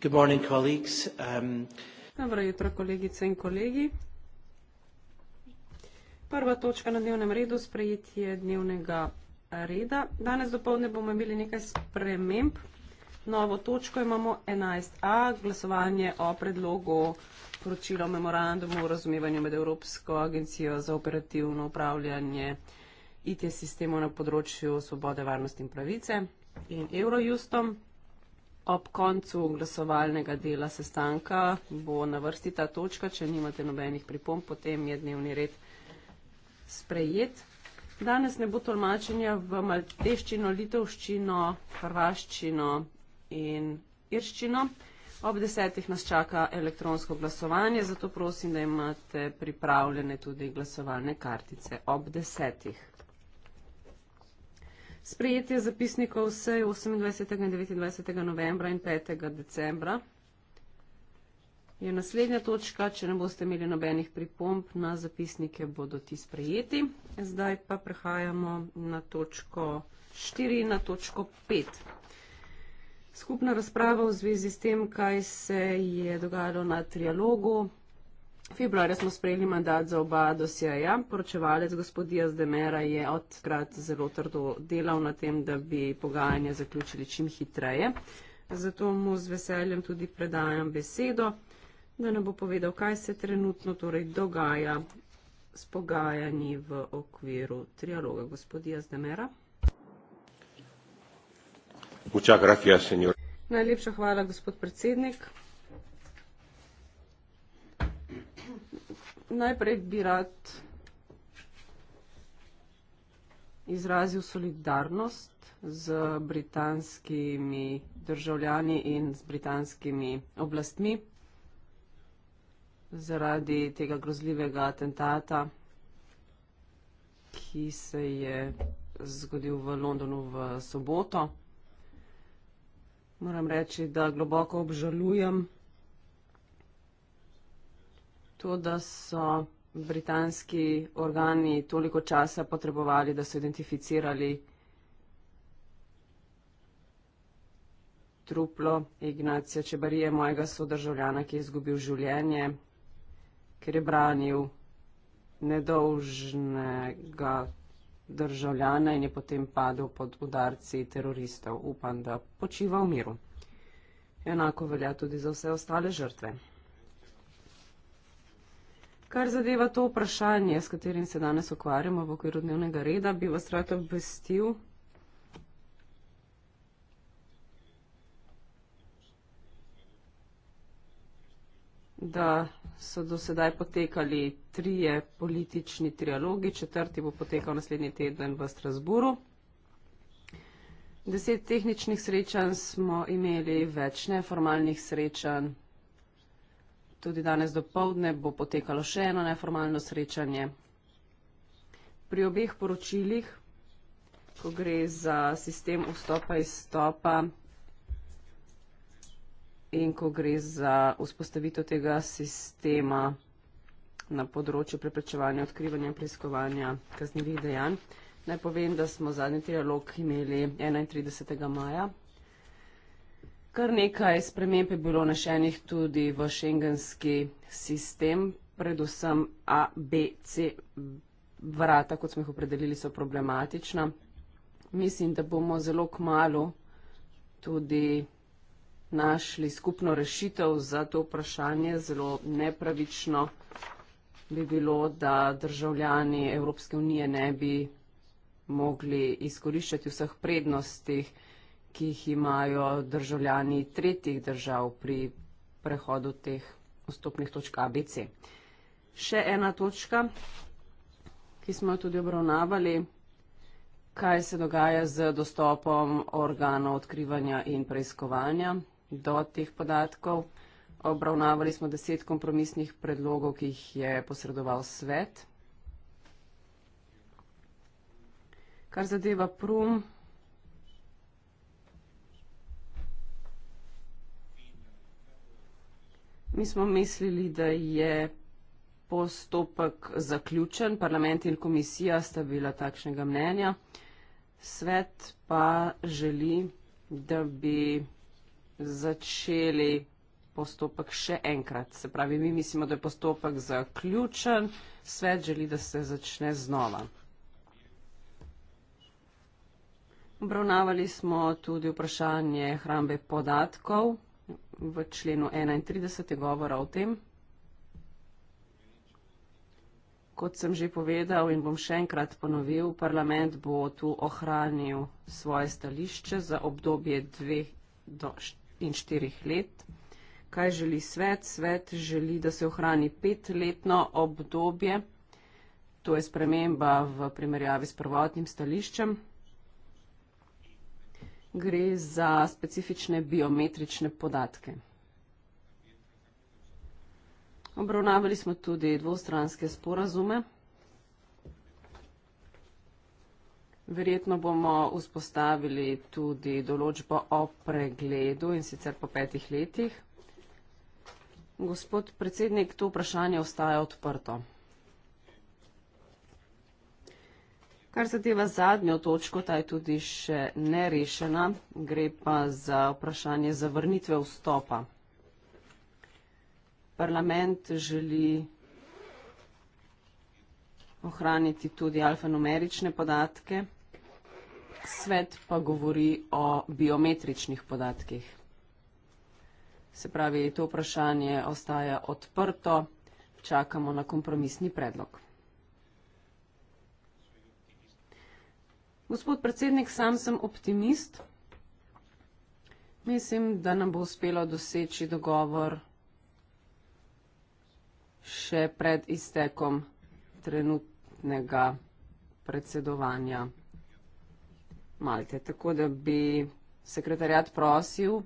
Good morning, colleagues. Um... Dobro jutro, kolegice in kolegi. Prva točka na dnevnem redu sprejetje dnevnega reda. Danes dopolne bomo imeli nekaj sprememb. Novo točko imamo 11a, glasovanje o predlogu poročila o memorandumu o razumevanju med Evropsko agencijo za operativno upravljanje IT sistemov na področju svobode, varnosti in pravice in Eurojustom. Ob koncu glasovalnega dela sestanka bo na vrsti ta točka, če nimate nobenih pripomb, potem je dnevni red sprejet. Danes ne bo tolmačenja v malteščino, litovščino, hrvaščino in irščino. Ob desetih nas čaka elektronsko glasovanje, zato prosim, da imate pripravljene tudi glasovalne kartice ob desetih sprejetje zapisnikov vsej 28. in 29. novembra in 5. decembra. Je naslednja točka, če ne boste imeli nobenih pripomb na zapisnike, bodo ti sprejeti. Zdaj pa prehajamo na točko 4 in na točko 5. Skupna razprava v zvezi s tem, kaj se je dogajalo na trialogu Februarja smo sprejeli mandat za oba dosjeja. Poročevalec gospodija Zdemera je odkrat zelo trdo delal na tem, da bi pogajanja zaključili čim hitreje. Zato mu z veseljem tudi predajam besedo, da ne bo povedal, kaj se trenutno torej dogaja s pogajanji v okviru trialoga gospodija Zdemera. Gracias, Najlepša hvala, gospod predsednik. najprej bi rad izrazil solidarnost z britanskimi državljani in z britanskimi oblastmi zaradi tega grozljivega atentata, ki se je zgodil v Londonu v soboto. Moram reči, da globoko obžalujem, da to, da so britanski organi toliko časa potrebovali, da so identificirali truplo Ignacija Čebarije, mojega sodržavljana, ki je izgubil življenje, ker je branil nedolžnega državljana in je potem padel pod udarci teroristov. Upam, da počiva v miru. Enako velja tudi za vse ostale žrtve. Kar zadeva to vprašanje, s katerim se danes ukvarjamo v okviru dnevnega reda, bi vas rad obvestil. da so do sedaj potekali trije politični trialogi, četrti bo potekal naslednji teden v Strasburu. Deset tehničnih srečanj smo imeli, več neformalnih srečanj Tudi danes do povdne bo potekalo še eno neformalno srečanje. Pri obeh poročilih, ko gre za sistem vstopa in stopa in ko gre za vzpostavitev tega sistema na področju preprečevanja, odkrivanja in preiskovanja kaznjivih dejanj, naj povem, da smo zadnji trialog imeli 31. maja Kar nekaj sprememb je bilo našenih tudi v šengenski sistem, predvsem A, B, C vrata, kot smo jih opredelili, so problematična. Mislim, da bomo zelo k malu tudi našli skupno rešitev za to vprašanje. Zelo nepravično bi bilo, da državljani Evropske unije ne bi mogli izkoriščati vseh prednostih ki jih imajo državljani tretjih držav pri prehodu teh vstopnih točk ABC. Še ena točka, ki smo jo tudi obravnavali, kaj se dogaja z dostopom organov odkrivanja in preiskovanja do teh podatkov. Obravnavali smo deset kompromisnih predlogov, ki jih je posredoval svet. Kar zadeva prum, Mi smo mislili, da je postopek zaključen, parlament in komisija sta bila takšnega mnenja. Svet pa želi, da bi začeli postopek še enkrat. Se pravi, mi mislimo, da je postopek zaključen, svet želi, da se začne znova. Obravnavali smo tudi vprašanje hrambe podatkov v členu 31 je govora o tem, kot sem že povedal in bom še enkrat ponovil, parlament bo tu ohranil svoje stališče za obdobje dveh do in štirih let. Kaj želi svet? Svet želi, da se ohrani petletno obdobje. To je sprememba v primerjavi s prvotnim stališčem gre za specifične biometrične podatke. Obravnavali smo tudi dvostranske sporazume. Verjetno bomo vzpostavili tudi določbo o pregledu in sicer po petih letih. Gospod predsednik, to vprašanje ostaja odprto. Kar zadeva zadnjo točko, ta je tudi še nerešena, gre pa za vprašanje zavrnitve vstopa. Parlament želi ohraniti tudi alfanumerične podatke, svet pa govori o biometričnih podatkih. Se pravi, to vprašanje ostaja odprto, čakamo na kompromisni predlog. Gospod predsednik, sam sem optimist. Mislim, da nam bo uspelo doseči dogovor še pred iztekom trenutnega predsedovanja Malte. Tako da bi sekretarjat prosil,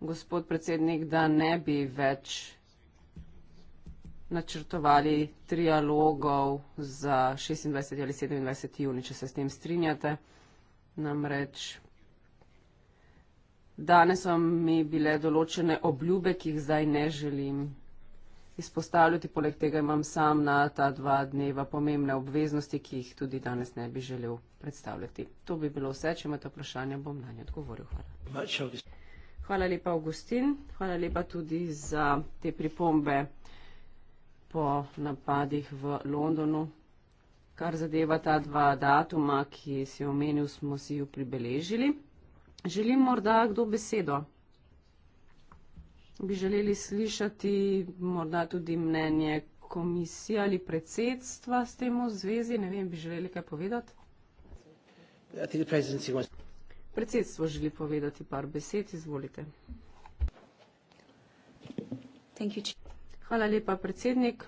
gospod predsednik, da ne bi več načrtovali trialogov za 26 ali 27 juni, če se s tem strinjate. Namreč danes so mi bile določene obljube, ki jih zdaj ne želim izpostavljati. Poleg tega imam sam na ta dva dneva pomembne obveznosti, ki jih tudi danes ne bi želel predstavljati. To bi bilo vse, če imate vprašanje, bom na nje odgovoril. Hvala. Hvala lepa, Augustin. Hvala lepa tudi za te pripombe po napadih v Londonu. Kar zadeva ta dva datuma, ki si omenil, smo si ju pribeležili. Želim morda kdo besedo? Bi želeli slišati morda tudi mnenje komisije ali predsedstva s tem v zvezi? Ne vem, bi želeli kaj povedati? Predsedstvo želi povedati par besed, izvolite. Thank you. Hvala lepa, predsednik.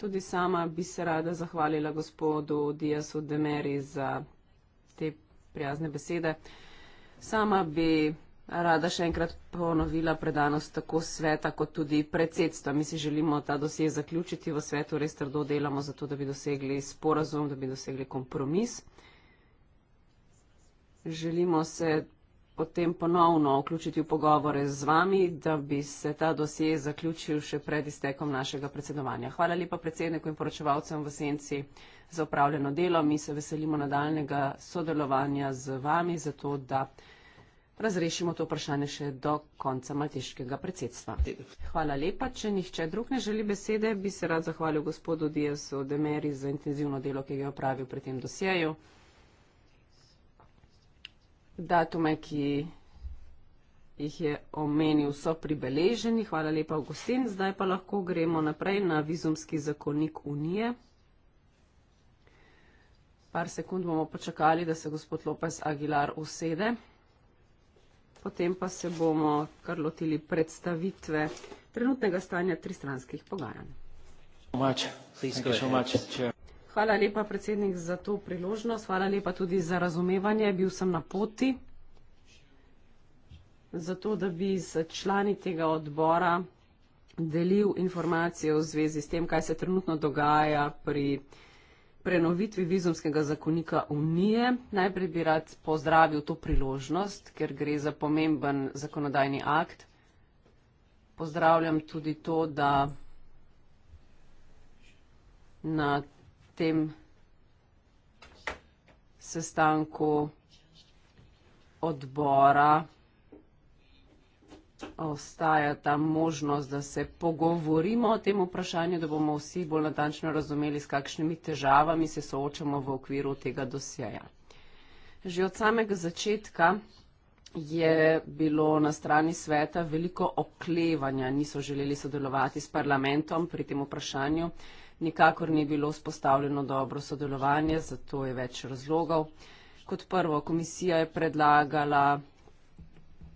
Tudi sama bi se rada zahvalila gospodu Diasu Demeri za te prijazne besede. Sama bi rada še enkrat ponovila predanost tako sveta kot tudi predsedstva. Mi si želimo ta dosje zaključiti v svetu, res trdo delamo za to, da bi dosegli sporazum, da bi dosegli kompromis. Želimo se potem ponovno vključiti v pogovore z vami, da bi se ta dosje zaključil še pred iztekom našega predsedovanja. Hvala lepa predsedniku in poročevalcem v Senci za upravljeno delo. Mi se veselimo nadaljnega sodelovanja z vami, zato da razrešimo to vprašanje še do konca maltiškega predsedstva. Hvala lepa. Če nihče drug ne želi besede, bi se rad zahvalil gospodu Diasu Demeri za intenzivno delo, ki ga je opravil pri tem dosjeju datume, ki jih je omenil, so pribeleženi. Hvala lepa, Augustin. Zdaj pa lahko gremo naprej na vizumski zakonnik Unije. Par sekund bomo počakali, da se gospod Lopez Aguilar usede. Potem pa se bomo kar lotili predstavitve trenutnega stanja tristranskih pogajanj. Thank you so much. Please Thank go you ahead. so much. Chair. Hvala lepa, predsednik, za to priložnost. Hvala lepa tudi za razumevanje. Bil sem na poti zato, da bi z člani tega odbora delil informacije v zvezi s tem, kaj se trenutno dogaja pri prenovitvi vizumskega zakonika Unije. Najprej bi rad pozdravil to priložnost, ker gre za pomemben zakonodajni akt. Pozdravljam tudi to, da na tem sestanku odbora ostaja ta možnost, da se pogovorimo o tem vprašanju, da bomo vsi bolj natančno razumeli, s kakšnimi težavami se soočamo v okviru tega dosjeja. Že od samega začetka je bilo na strani sveta veliko oklevanja, niso želeli sodelovati s parlamentom pri tem vprašanju nikakor ni bilo spostavljeno dobro sodelovanje, zato je več razlogov. Kot prvo, komisija je predlagala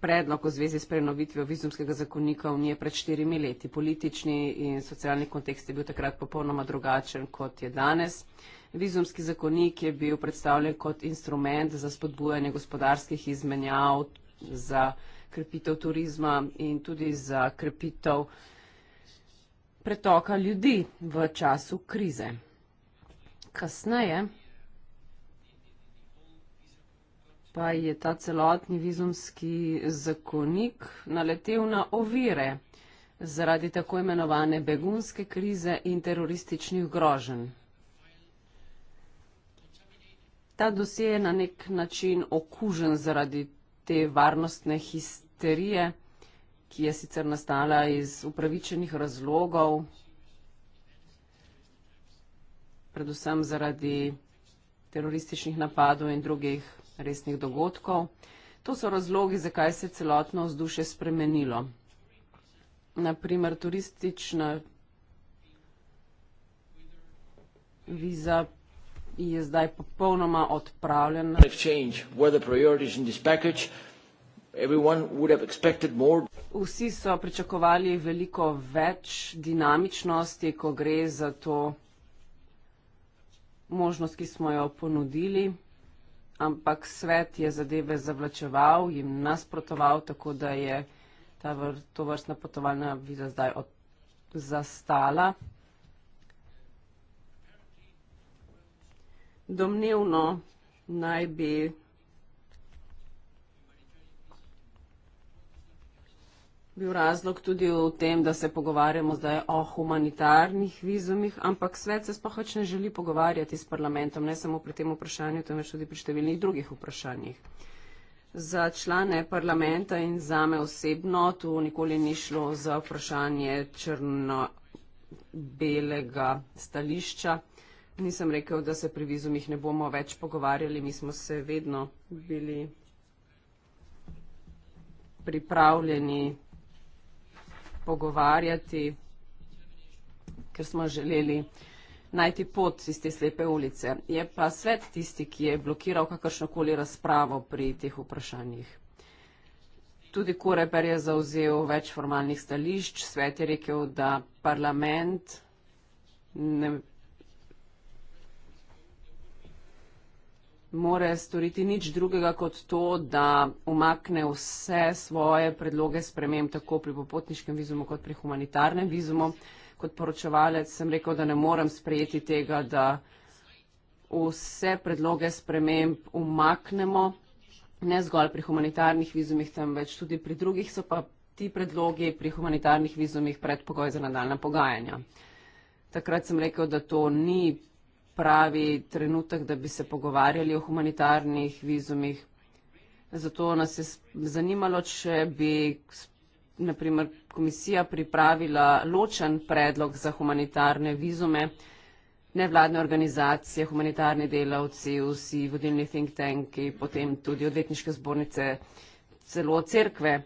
predlog v zvezi s prenovitvijo vizumskega zakonika unije pred štirimi leti. Politični in socialni kontekst je bil takrat popolnoma drugačen, kot je danes. Vizumski zakonik je bil predstavljen kot instrument za spodbujanje gospodarskih izmenjav, za krepitev turizma in tudi za krepitev pretoka ljudi v času krize. Kasneje pa je ta celotni vizumski zakonik naletel na ovire zaradi tako imenovane begunske krize in terorističnih groženj. Ta dosje je na nek način okužen zaradi te varnostne histerije ki je sicer nastala iz upravičenih razlogov, predvsem zaradi terorističnih napadov in drugih resnih dogodkov. To so razlogi, zakaj se je celotno vzdušje spremenilo. Naprimer, turistična viza je zdaj popolnoma odpravljena. Vsi so pričakovali veliko več dinamičnosti, ko gre za to možnost, ki smo jo ponudili, ampak svet je zadeve zavlačeval, jim nasprotoval, tako da je ta vr to vrstna potovalna viza zdaj zastala. Domnevno naj bi bil razlog tudi v tem, da se pogovarjamo zdaj o humanitarnih vizumih, ampak svet se spohač ne želi pogovarjati s parlamentom, ne samo pri tem vprašanju, temveč tudi pri številnih drugih vprašanjih. Za člane parlamenta in za me osebno tu nikoli ni šlo za vprašanje črno-belega stališča. Nisem rekel, da se pri vizumih ne bomo več pogovarjali, mi smo se vedno bili pripravljeni pogovarjati, ker smo želeli najti pot iz te slepe ulice. Je pa svet tisti, ki je blokiral kakršnokoli razpravo pri teh vprašanjih. Tudi Kureper je zauzel več formalnih stališč. Svet je rekel, da parlament ne more storiti nič drugega kot to, da umakne vse svoje predloge sprememb tako pri popotniškem vizumu kot pri humanitarnem vizumu. Kot poročevalec sem rekel, da ne morem sprejeti tega, da vse predloge sprememb umaknemo, ne zgolj pri humanitarnih vizumih, temveč tudi pri drugih so pa ti predlogi pri humanitarnih vizumih predpogoj za nadaljna pogajanja. Takrat sem rekel, da to ni pravi trenutek, da bi se pogovarjali o humanitarnih vizumih. Zato nas je zanimalo, če bi naprimer komisija pripravila ločen predlog za humanitarne vizume, nevladne organizacije, humanitarni delavci, vsi vodilni think tanki, potem tudi odvetniške zbornice, celo cerkve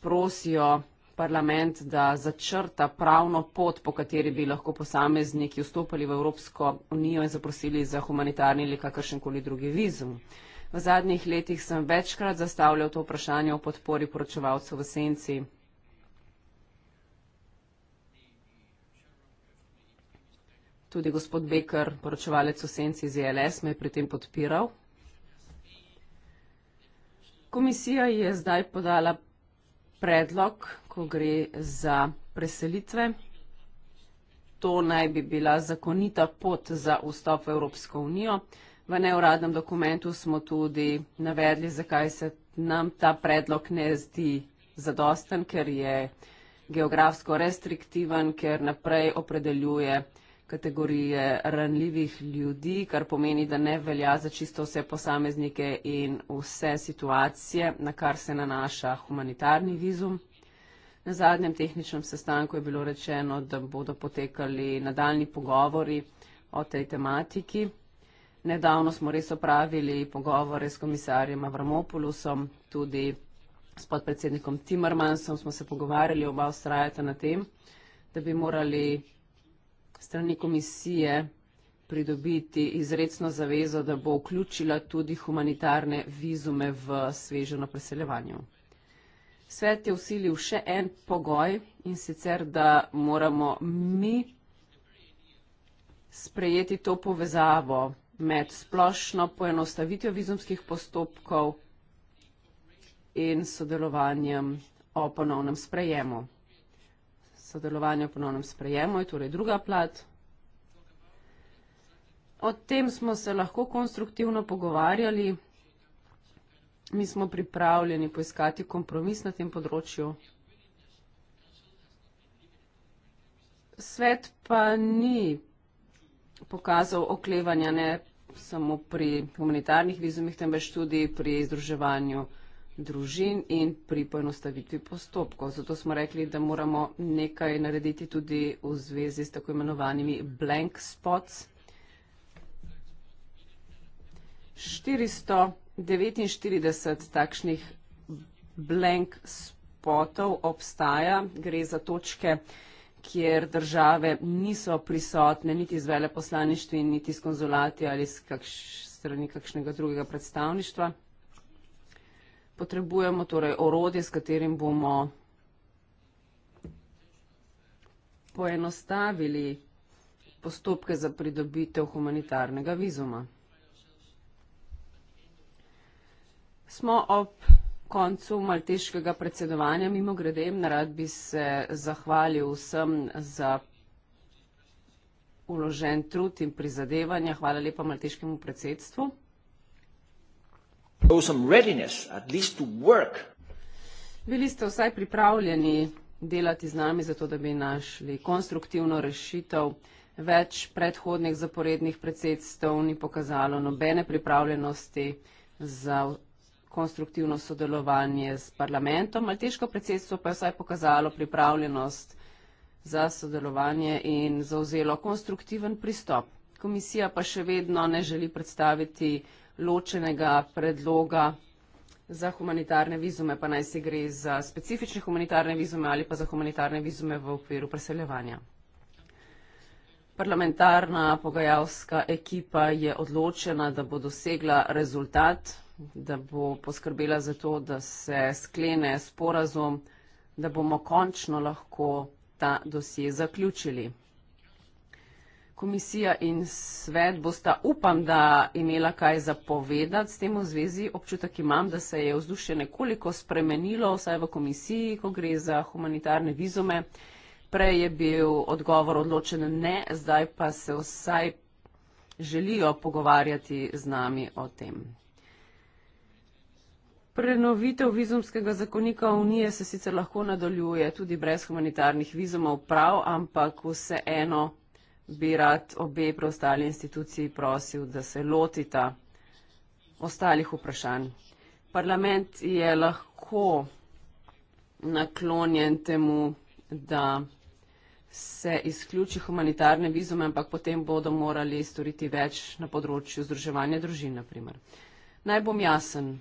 prosijo parlament, da začrta pravno pot, po kateri bi lahko posamezniki vstopili v Evropsko unijo in zaprosili za humanitarni ali kakršenkoli drugi vizum. V zadnjih letih sem večkrat zastavljal to vprašanje o podpori poročevalcev v senci. Tudi gospod Beker, poročevalec v senci z ELS, me je pri tem podpiral. Komisija je zdaj podala predlog, ko gre za preselitve. To naj bi bila zakonita pot za vstop v Evropsko unijo. V neuradnem dokumentu smo tudi navedli, zakaj se nam ta predlog ne zdi zadosten, ker je geografsko restriktiven, ker naprej opredeljuje kategorije ranljivih ljudi, kar pomeni, da ne velja za čisto vse posameznike in vse situacije, na kar se nanaša humanitarni vizum. Na zadnjem tehničnem sestanku je bilo rečeno, da bodo potekali nadaljni pogovori o tej tematiki. Nedavno smo res opravili pogovore s komisarjem Avramopulusom, tudi s podpredsednikom Timmermansom smo se pogovarjali, oba ustrajata na tem, da bi morali strani komisije pridobiti izredno zavezo, da bo vključila tudi humanitarne vizume v sveže na preseljevanju. Svet je usilil še en pogoj in sicer, da moramo mi sprejeti to povezavo med splošno poenostavitvijo vizumskih postopkov in sodelovanjem o ponovnem sprejemu sodelovanju v ponovnem sprejemu, je torej druga plat. O tem smo se lahko konstruktivno pogovarjali. Mi smo pripravljeni poiskati kompromis na tem področju. Svet pa ni pokazal oklevanja ne samo pri humanitarnih vizumih, temveč tudi pri združevanju družin in pri poenostavitvi postopkov. Zato smo rekli, da moramo nekaj narediti tudi v zvezi s tako imenovanimi blank spots. 449 takšnih blank spotov obstaja, gre za točke, kjer države niso prisotne niti z veleposlaništvi, niti s konzulati ali s kakš, strani kakšnega drugega predstavništva potrebujemo torej orodje, s katerim bomo poenostavili postopke za pridobitev humanitarnega vizuma. Smo ob koncu malteškega predsedovanja, mimo gredem, narad bi se zahvalil vsem za uložen trud in prizadevanja. Hvala lepa malteškemu predsedstvu. Bili ste vsaj pripravljeni delati z nami, zato da bi našli konstruktivno rešitev. Več predhodnih zaporednih predsedstv ni pokazalo nobene pripravljenosti za konstruktivno sodelovanje s parlamentom. Malteško predsedstvo pa je vsaj pokazalo pripravljenost za sodelovanje in zauzelo konstruktiven pristop. Komisija pa še vedno ne želi predstaviti ločenega predloga za humanitarne vizume, pa naj si gre za specifične humanitarne vizume ali pa za humanitarne vizume v okviru preseljevanja. Parlamentarna pogajalska ekipa je odločena, da bo dosegla rezultat, da bo poskrbela za to, da se sklene sporazum, da bomo končno lahko ta dosje zaključili komisija in svet bosta, upam, da imela kaj zapovedati s tem v zvezi. Občutek imam, da se je vzdušje nekoliko spremenilo, vsaj v komisiji, ko gre za humanitarne vizume. Prej je bil odgovor odločen ne, zdaj pa se vsaj želijo pogovarjati z nami o tem. Prenovitev vizumskega zakonika Unije se sicer lahko nadaljuje tudi brez humanitarnih vizumov prav, ampak vseeno bi rad obe preostali instituciji prosil, da se lotita ostalih vprašanj. Parlament je lahko naklonjen temu, da se izključi humanitarne vizume, ampak potem bodo morali storiti več na področju združevanja družin, naprimer. Naj bom jasen.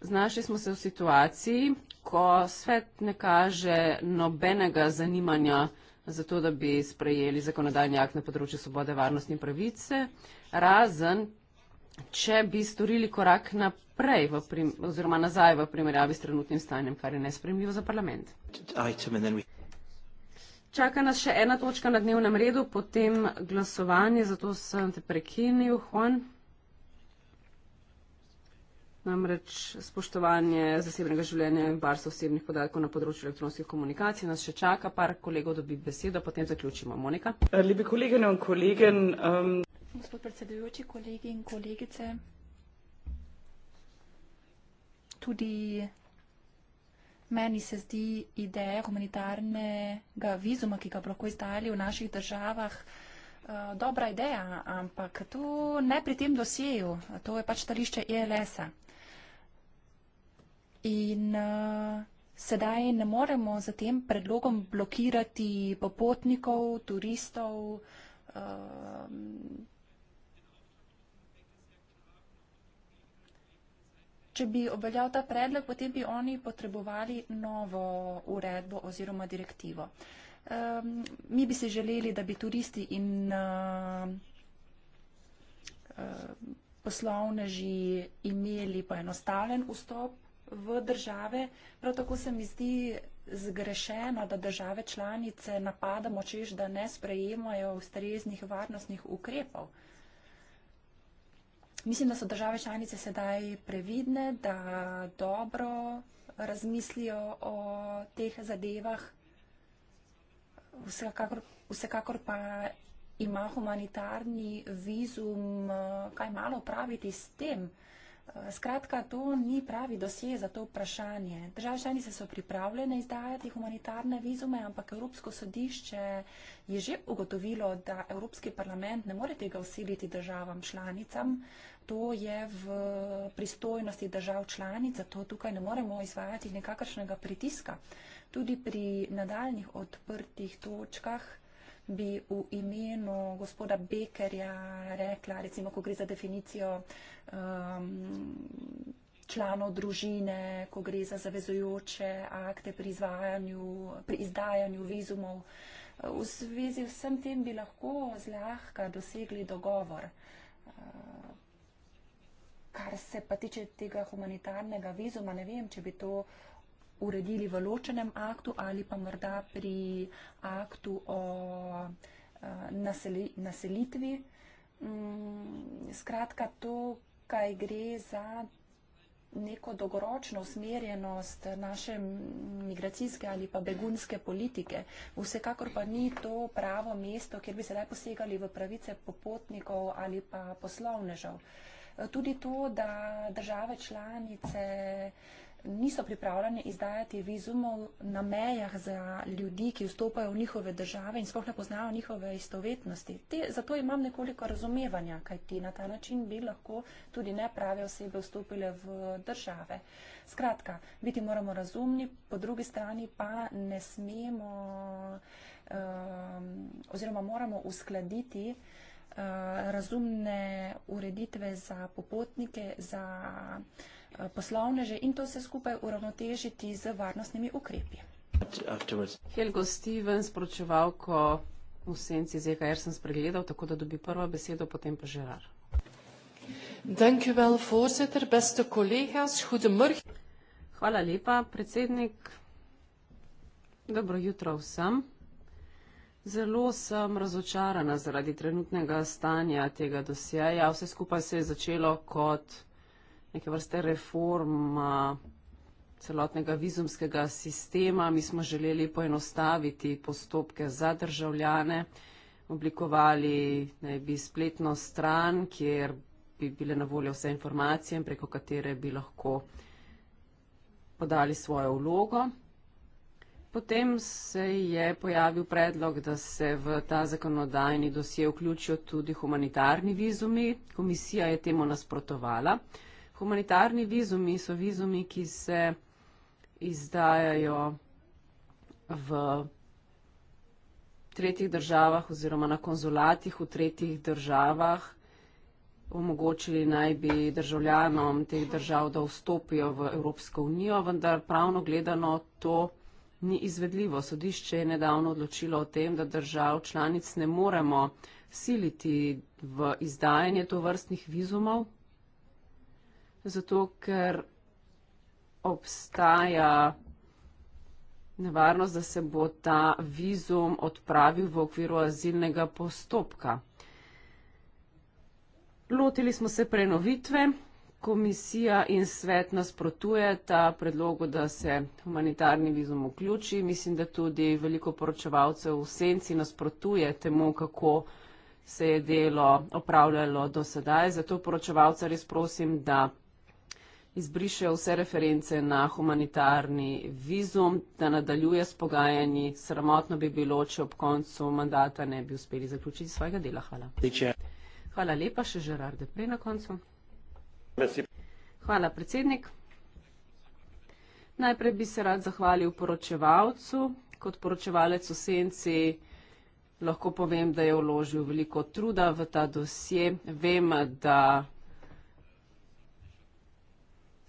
Znašli smo se v situaciji, ko svet ne kaže nobenega zanimanja, zato da bi sprejeli zakonodajni akt na področju svobode, varnosti in pravice, razen če bi storili korak naprej prim, oziroma nazaj v primerjavi s trenutnim stanjem, kar je nespremljivo za parlament. Čaka nas še ena točka na dnevnem redu, potem glasovanje, zato sem te prekinil, Juan. Namreč spoštovanje zasebnega življenja in varstvo osebnih podatkov na področju elektronskih komunikacij nas še čaka, par kolegov dobi besedo, potem zaključimo. Monika. Lepi kolegen in kolegen. Um... Gospod predsedujoči, kolegi in kolegice, tudi meni se zdi ideja humanitarnega vizuma, ki ga lahko izdali v naših državah. Eh, dobra ideja, ampak to ne pri tem dosjeju, to je pač stališče ELS-a. In uh, sedaj ne moremo za tem predlogom blokirati popotnikov, turistov. Um, Če bi obveljal ta predlog, potem bi oni potrebovali novo uredbo oziroma direktivo. Um, mi bi si želeli, da bi turisti in uh, uh, poslovneži imeli poenostalen vstop v države. Prav tako se mi zdi zgrešeno, da države članice napadamo, češ da ne sprejemajo ustreznih varnostnih ukrepov. Mislim, da so države članice sedaj previdne, da dobro razmislijo o teh zadevah. Vsekakor, vsekakor pa ima humanitarni vizum eh, kaj malo praviti s tem, Skratka, to ni pravi dosje za to vprašanje. Države članice so pripravljene izdajati humanitarne vizume, ampak Evropsko sodišče je že ugotovilo, da Evropski parlament ne more tega usiliti državam članicam. To je v pristojnosti držav članic, zato tukaj ne moremo izvajati nekakršnega pritiska. Tudi pri nadaljnih odprtih točkah bi v imenu gospoda Bekerja rekla, recimo, ko gre za definicijo um, članov družine, ko gre za zavezujoče akte pri, pri izdajanju vizumov. V zvezi vsem tem bi lahko zlahka dosegli dogovor. Uh, kar se pa tiče tega humanitarnega vizuma, ne vem, če bi to uh, uredili v ločenem aktu ali pa morda pri aktu o eh, naseli, naselitvi. Mm, skratka, to, kaj gre za neko dolgoročno usmerjenost naše migracijske ali pa begunske politike. Vsekakor pa ni to pravo mesto, kjer bi se daj posegali v pravice popotnikov ali pa poslovnežev. Tudi to, da države članice niso pripravljeni izdajati vizumov na mejah za ljudi, ki vstopajo v njihove države in sploh ne poznajo njihove istovetnosti. Te, zato imam nekoliko razumevanja, kaj ti na ta način bi lahko tudi ne prave osebe vstopile v države. Skratka, biti moramo razumni, po drugi strani pa ne smemo um, oziroma moramo uskladiti uh, razumne ureditve za popotnike, za uh, poslovneže in to vse skupaj uravnotežiti z varnostnimi ukrepi. Helgo Steven, spročevalko v senci ZKR sem spregledal, tako da dobi prvo besedo, potem pa Žerar. Wel, beste kolegas, Hvala lepa, predsednik. Dobro jutro vsem. Zelo sem razočarana zaradi trenutnega stanja tega dosjeja. Vse skupaj se je začelo kot neke vrste reforma celotnega vizumskega sistema. Mi smo želeli poenostaviti postopke za državljane, oblikovali naj bi spletno stran, kjer bi bile na voljo vse informacije, preko katere bi lahko podali svojo vlogo. Potem se je pojavil predlog, da se v ta zakonodajni dosje vključijo tudi humanitarni vizumi. Komisija je temu nasprotovala. Humanitarni vizumi so vizumi, ki se izdajajo v tretjih državah oziroma na konzulatih v tretjih državah. Omogočili naj bi državljanom teh držav, da vstopijo v Evropsko unijo, vendar pravno gledano to ni izvedljivo. Sodišče je nedavno odločilo o tem, da držav članic ne moremo siliti v izdajanje tovrstnih vizumov zato ker obstaja nevarnost, da se bo ta vizum odpravil v okviru azilnega postopka. Lotili smo se prenovitve. Komisija in svet nasprotuje ta predlogu, da se humanitarni vizum vključi. Mislim, da tudi veliko poročevalcev v senci nasprotuje temu, kako se je delo opravljalo do sedaj. Zato poročevalce res prosim, da izbriše vse reference na humanitarni vizum, da nadaljuje s pogajanji. Sramotno bi bilo, če ob koncu mandata ne bi uspeli zaključiti svojega dela. Hvala. Hvala lepa, še Žerarde. Prej na koncu. Hvala, predsednik. Najprej bi se rad zahvalil poročevalcu. Kot poročevalec v senci lahko povem, da je vložil veliko truda v ta dosje. Vem, da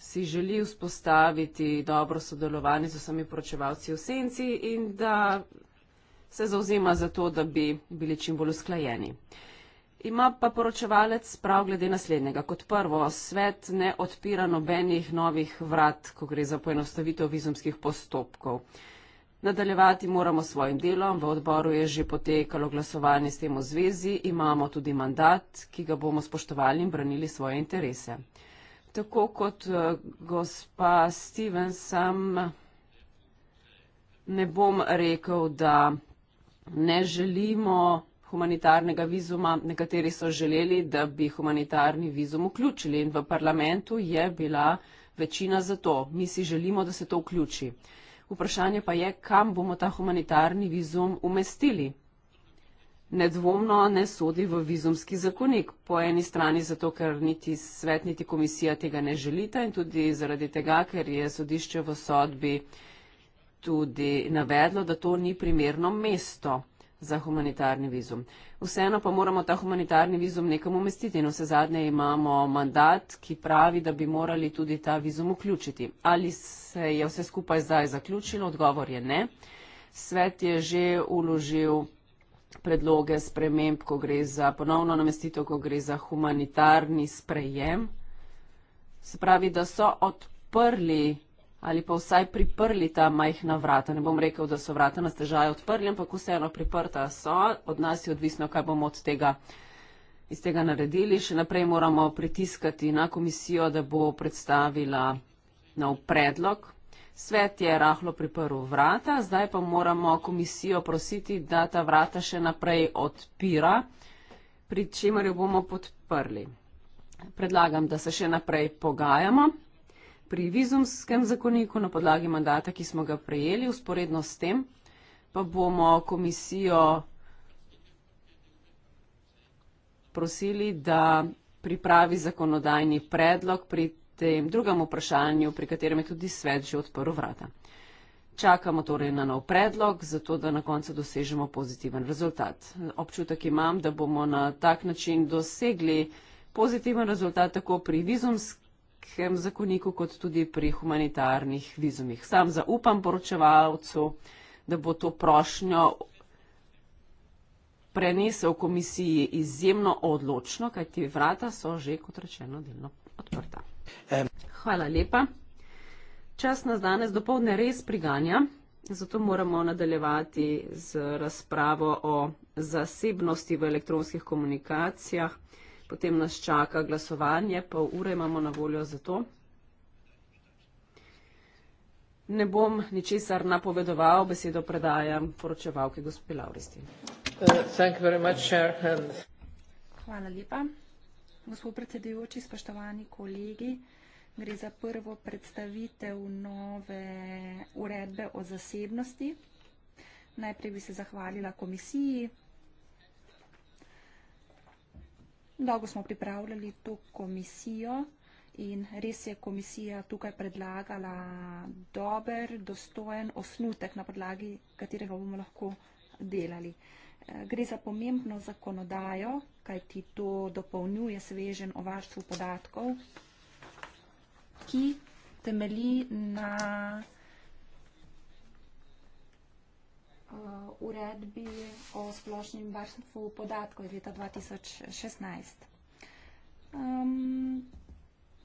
si želi vzpostaviti dobro sodelovanje z vsemi poročevalci v senci in da se zauzima za to, da bi bili čim bolj usklajeni. Ima pa poročevalec prav glede naslednjega. Kot prvo, svet ne odpira nobenih novih vrat, ko gre za poenostavitev vizumskih postopkov. Nadaljevati moramo s svojim delom, v odboru je že potekalo glasovanje s tem v zvezi, imamo tudi mandat, ki ga bomo spoštovali in branili svoje interese tako kot eh, gospa Steven, sam ne bom rekel, da ne želimo humanitarnega vizuma. Nekateri so želeli, da bi humanitarni vizum vključili in v parlamentu je bila večina za to. Mi si želimo, da se to vključi. Vprašanje pa je, kam bomo ta humanitarni vizum umestili nedvomno ne sodi v vizumski zakonik. Po eni strani zato, ker niti svet, niti komisija tega ne želita in tudi zaradi tega, ker je sodišče v sodbi tudi navedlo, da to ni primerno mesto za humanitarni vizum. Vseeno pa moramo ta humanitarni vizum nekam umestiti in vse zadnje imamo mandat, ki pravi, da bi morali tudi ta vizum vključiti. Ali se je vse skupaj zdaj zaključilo? Odgovor je ne. Svet je že uložil predloge sprememb, ko gre za ponovno namestitev, ko gre za humanitarni sprejem. Se pravi, da so odprli ali pa vsaj priprli ta majhna vrata. Ne bom rekel, da so vrata na stežaj odprli, ampak vseeno priprta so. Od nas je odvisno, kaj bomo od tega, iz tega naredili. Še naprej moramo pritiskati na komisijo, da bo predstavila nov predlog Svet je rahlo priprl vrata, zdaj pa moramo komisijo prositi, da ta vrata še naprej odpira, pri čemer jo bomo podprli. Predlagam, da se še naprej pogajamo. Pri vizumskem zakoniku na podlagi mandata, ki smo ga prejeli, usporedno s tem, pa bomo komisijo prosili, da pripravi zakonodajni predlog pri tem drugem vprašanju, pri katerem je tudi svet že odprl vrata. Čakamo torej na nov predlog, zato da na koncu dosežemo pozitiven rezultat. Občutek imam, da bomo na tak način dosegli pozitiven rezultat tako pri vizumskem zakoniku, kot tudi pri humanitarnih vizumih. Sam zaupam poročevalcu, da bo to prošnjo prenesel komisiji izjemno odločno, kajti vrata so že, kot rečeno, delno Hvala lepa. Čas nas danes dopoledne res priganja, zato moramo nadaljevati z razpravo o zasebnosti v elektronskih komunikacijah. Potem nas čaka glasovanje, pol ure imamo na voljo za to. Ne bom ničesar napovedoval, besedo predajam poročevalki gospe Lauristi. Uh, Hvala lepa. Gospod predsedujoči, spoštovani kolegi, gre za prvo predstavitev nove uredbe o zasebnosti. Najprej bi se zahvalila komisiji. Dolgo smo pripravljali to komisijo in res je komisija tukaj predlagala dober, dostojen osnutek, na podlagi katerega bomo lahko delali. Uh, Gre za pomembno zakonodajo, kaj ti to dopolnjuje svežen o varstvu podatkov, ki temeli na eh, uredbi o splošnjem varstvu podatkov iz leta 2016.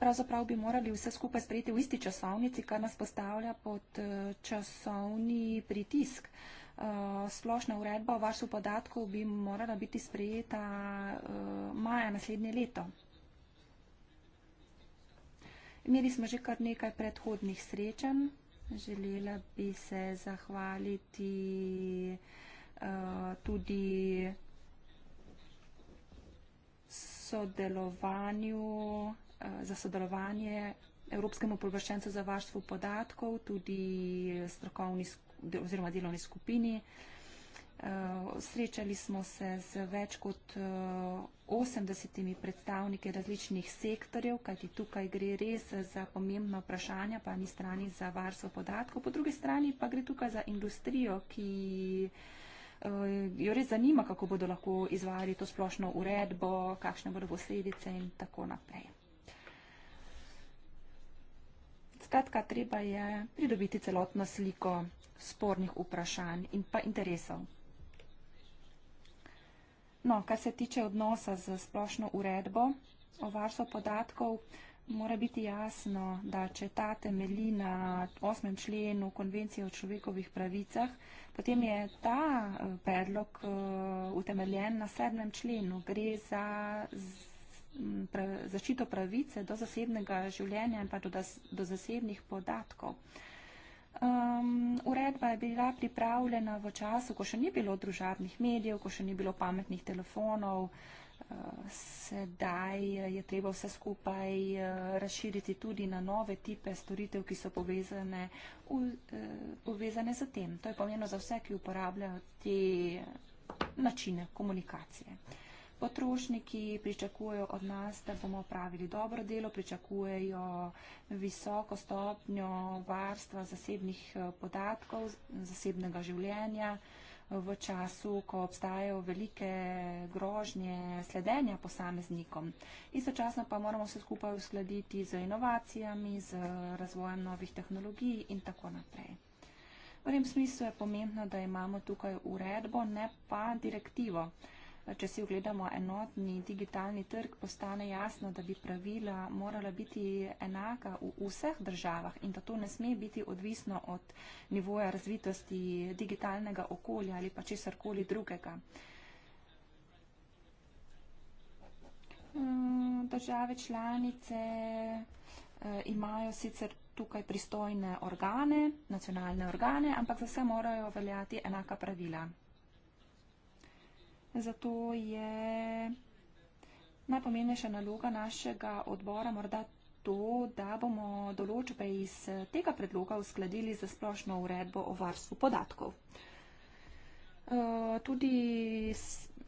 Pravzaprav bi morali vse skupaj sprejeti v isti časovnici, kar nas postavlja pod eh, časovni pritisk. Eh, splošna uredba o varstvu podatkov bi morala biti sprejeta eh, maja naslednje leto. Imeli smo že kar nekaj predhodnih srečen. Želela bi se zahvaliti eh, tudi sodelovanju, za sodelovanje Evropskemu površencu za varstvo podatkov, tudi strokovni skupaj oziroma delovni skupini. Eh, srečali smo se z več kot 80 eh, predstavniki različnih sektorjev, kajti tukaj gre res za pomembna vprašanja, pa ni strani za varstvo podatkov, po drugi strani pa gre tukaj za industrijo, ki eh, jo res zanima, kako bodo lahko izvajali to splošno uredbo, kakšne bodo posledice in tako naprej. Skratka, treba je pridobiti celotno sliko spornih vprašanj in pa interesov. No, kar se tiče odnosa z splošno uredbo o varstvu podatkov, mora biti jasno, da če ta temelji na 8. členu Konvencije o človekovih pravicah, potem je ta eh, predlog eh, utemeljen na 7. členu. Gre za pra, zaščito pravice do zasebnega življenja in pa do, do zasebnih podatkov. Um, uredba je bila pripravljena v času, ko še ni bilo družabnih medijev, ko še ni bilo pametnih telefonov. Uh, sedaj je treba vse skupaj uh, razširiti tudi na nove tipe storitev, ki so povezane, uh, povezane z tem. To je pomeno za vse, ki uporabljajo te načine komunikacije. Potrošniki pričakujejo od nas, da bomo pravili dobro delo, pričakujejo visoko stopnjo varstva zasebnih eh, podatkov, zasebnega življenja eh, v času, ko obstajajo velike grožnje sledenja posameznikom. Istočasno pa moramo se skupaj uskladiti z inovacijami, z razvojem novih tehnologij in tako naprej. V tem smislu je pomembno, da imamo tukaj uredbo, ne pa direktivo če si ogledamo enotni digitalni trg, postane jasno, da bi pravila morala biti enaka v vseh državah in da to ne sme biti odvisno od nivoja razvitosti digitalnega okolja ali pa česarkoli drugega. Mm, države članice eh, imajo sicer tukaj pristojne organe, nacionalne organe, ampak za vse morajo veljati enaka pravila. Zato je najpomembnejša naloga našega odbora morda to, da bomo določbe iz tega predloga uskladili za splošno uredbo o varstvu podatkov. E, tudi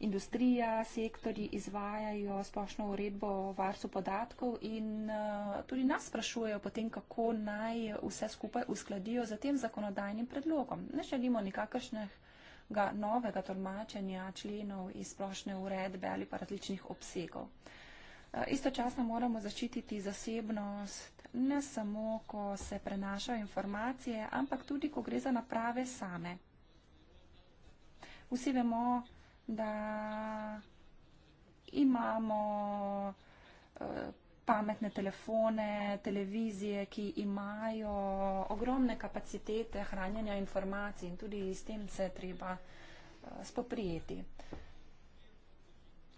industrija, sektori izvajajo splošno uredbo o varstvu podatkov in e, tudi nas sprašujejo potem, kako naj vse skupaj uskladijo za tem zakonodajnim predlogom. Ne želimo nikakršnih ga novega tolmačenja členov iz splošne uredbe ali pa različnih obsegov. Eh, istočasno moramo zaščititi zasebnost ne samo, ko se prenašajo informacije, ampak tudi, ko gre za naprave same. Vsi vemo, da imamo eh, pametne telefone, televizije, ki imajo ogromne kapacitete hranjenja informacij in tudi s tem se treba eh, spoprijeti.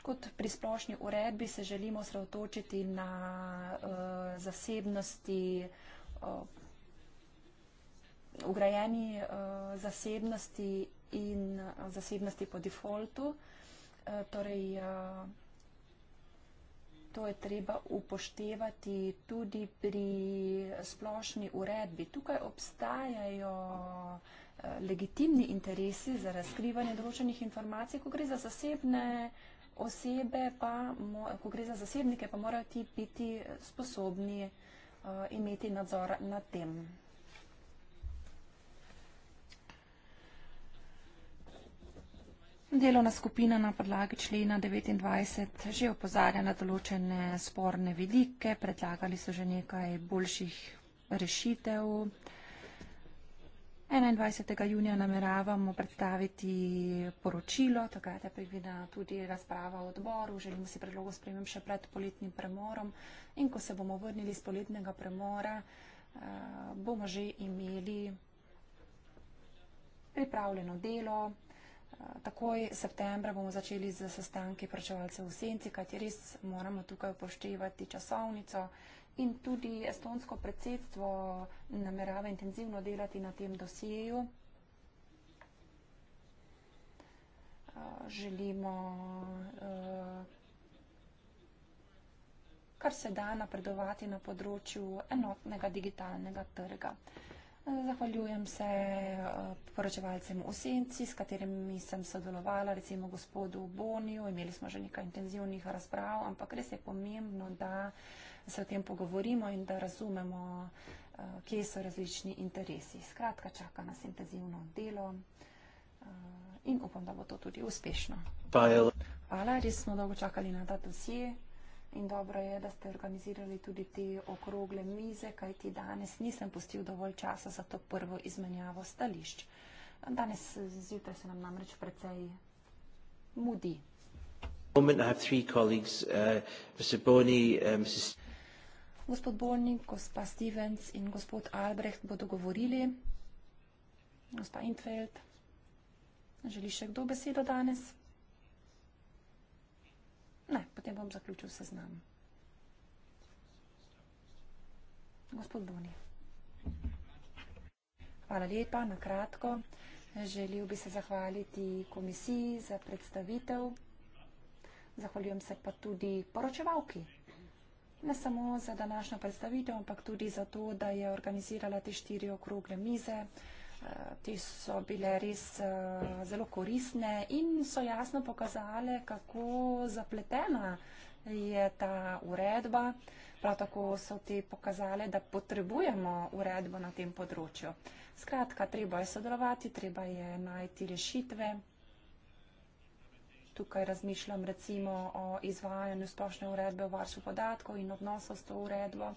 Kot pri splošni uredbi se želimo sravtočiti na uh, zasebnosti, uh, eh, ugrajeni uh, zasebnosti in uh, zasebnosti po defaultu, uh, torej uh, to je treba upoštevati tudi pri splošni uredbi. Tukaj obstajajo eh, legitimni interesi za razkrivanje določenih informacij, ko gre za zasebne osebe, pa, ko gre za zasebnike, pa morajo ti biti eh, sposobni eh, imeti nadzor nad tem. Delovna skupina na podlagi člena 29 že opozarja na določene sporne vidike, predlagali so že nekaj boljših rešitev. 21. junija nameravamo predstaviti poročilo, takrat je predvidena tudi razprava v odboru, želimo si predlogo spremem še pred poletnim premorom in ko se bomo vrnili z poletnega premora, eh, bomo že imeli pripravljeno delo, Takoj septembra bomo začeli z sestanki pračevalcev v senci, kajti res moramo tukaj upoštevati časovnico in tudi estonsko predsedstvo namerava intenzivno delati na tem dosijeju. Želimo eh, kar se da napredovati na področju enotnega digitalnega trga. Zahvaljujem se eh, poročevalcem v senci, s katerimi sem sodelovala, recimo gospodu Boniju. Imeli smo že nekaj intenzivnih razprav, ampak res je pomembno, da se o tem pogovorimo in da razumemo, eh, kje so različni interesi. Skratka, čaka nas intenzivno delo eh, in upam, da bo to tudi uspešno. Hvala, res smo dolgo čakali na ta dosje. In dobro je, da ste organizirali tudi te okrogle mize, kajti danes nisem pustil dovolj časa za to prvo izmenjavo stališč. Danes zjutraj se nam namreč precej mudi. Uh, uh, gospod Bolni, gospa Stevens in gospod Albrecht bodo govorili. Gospa Intfeld, želi še kdo besedo danes? Ne, potem bom zaključil seznam. Gospod Boni. Hvala lepa, na kratko. Želil bi se zahvaliti komisiji za predstavitev. Zahvaljujem se pa tudi poročevalki. Ne samo za današnjo predstavitev, ampak tudi za to, da je organizirala te štiri okrogle mize, Ti so bile res eh, zelo koristne in so jasno pokazale, kako zapletena je ta uredba. Prav tako so ti pokazale, da potrebujemo uredbo na tem področju. Skratka, treba je sodelovati, treba je najti rešitve. Tukaj razmišljam recimo o izvajanju splošne uredbe o varstvu podatkov in odnosu s to uredbo.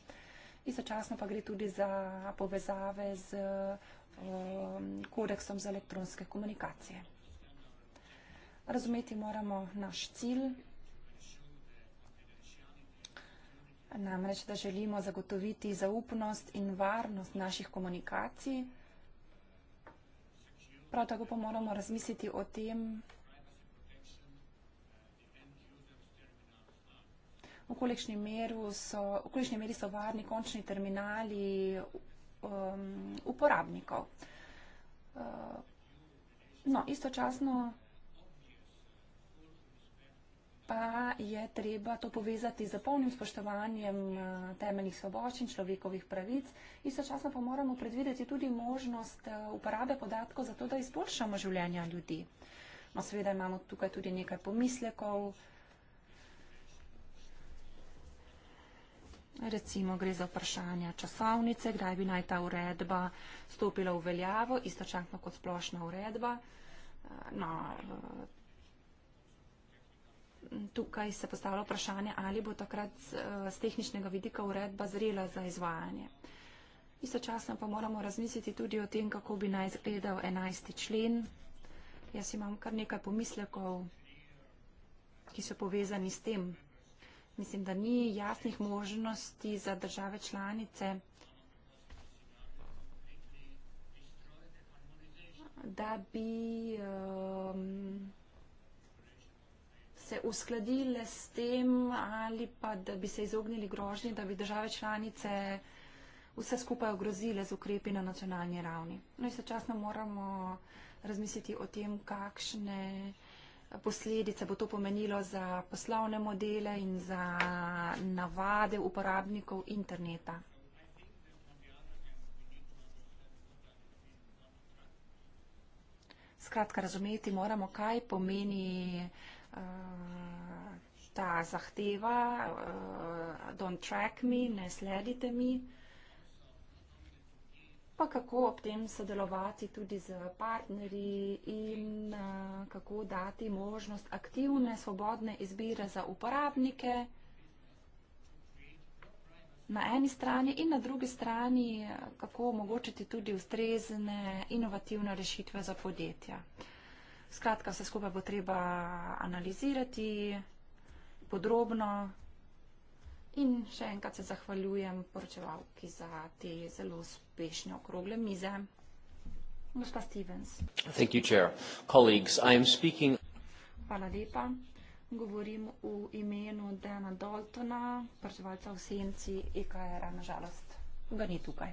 Istočasno pa gre tudi za povezave z Um, kodeksom za elektronske komunikacije. Razumeti moramo naš cilj, namreč, da želimo zagotoviti zaupnost in varnost naših komunikacij. Prav tako pa moramo razmisliti o tem, v kolikšni meri so varni končni terminali um, uporabnikov. Uh, no, istočasno pa je treba to povezati z polnim spoštovanjem uh, temeljnih svoboščin, človekovih pravic. Istočasno pa moramo predvideti tudi možnost uh, uporabe podatkov za to, da izboljšamo življenja ljudi. No, seveda imamo tukaj tudi nekaj pomislekov. Uh, Recimo gre za vprašanja časovnice, kdaj bi naj ta uredba stopila v veljavo, istočasno kot splošna uredba. Eh, no, eh, tukaj se postavlja vprašanje, ali bo takrat z eh, tehničnega vidika uredba zrela za izvajanje. Istočasno pa moramo razmisliti tudi o tem, kako bi naj izgledal 11. člen. Jaz imam kar nekaj pomislekov, ki so povezani s tem mislim, da ni jasnih možnosti za države članice, da bi um, se uskladile s tem ali pa da bi se izognili grožnji, da bi države članice vse skupaj ogrozile z ukrepi na nacionalni ravni. No in sočasno moramo razmisliti o tem, kakšne uh, posledice bo to pomenilo za poslovne modele in za navade uporabnikov interneta. Skratka, razumeti moramo, kaj pomeni uh, ta zahteva uh, don't track me, ne sledite mi pa kako ob tem sodelovati tudi z partnerji in eh, kako dati možnost aktivne, svobodne izbire za uporabnike na eni strani in na drugi strani, eh, kako omogočiti tudi ustrezne, inovativne rešitve za podjetja. Skratka, vse skupaj bo treba analizirati podrobno. In še enkrat se zahvaljujem poročevalki za te zelo uspešne okrogle mize. Gospa Stevens. Thank you, Chair. Colleagues, I am speaking... Hvala lepa. Govorim v imenu Dana Daltona, poročevalca v senci EKR-a. Nažalost, ga ni tukaj.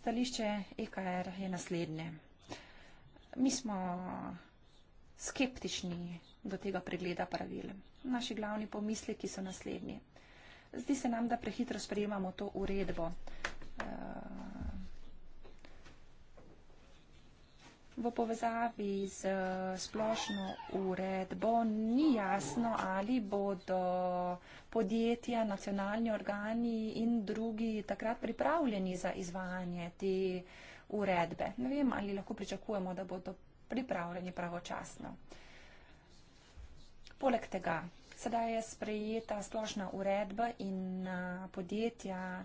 Stališče EKR je naslednje. Mi smo skeptični do tega pregleda pravil. Naši glavni pomisleki so naslednji. Zdi se nam, da prehitro sprejemamo to uredbo. Eh, v povezavi z eh, splošno uredbo ni jasno, ali bodo podjetja, nacionalni organi in drugi takrat pripravljeni za izvajanje te uredbe. Ne vem, ali lahko pričakujemo, da bodo pripravljeni pravočasno. Uh, Poleg tega, sedaj je sprejeta splošna uredba in podjetja e,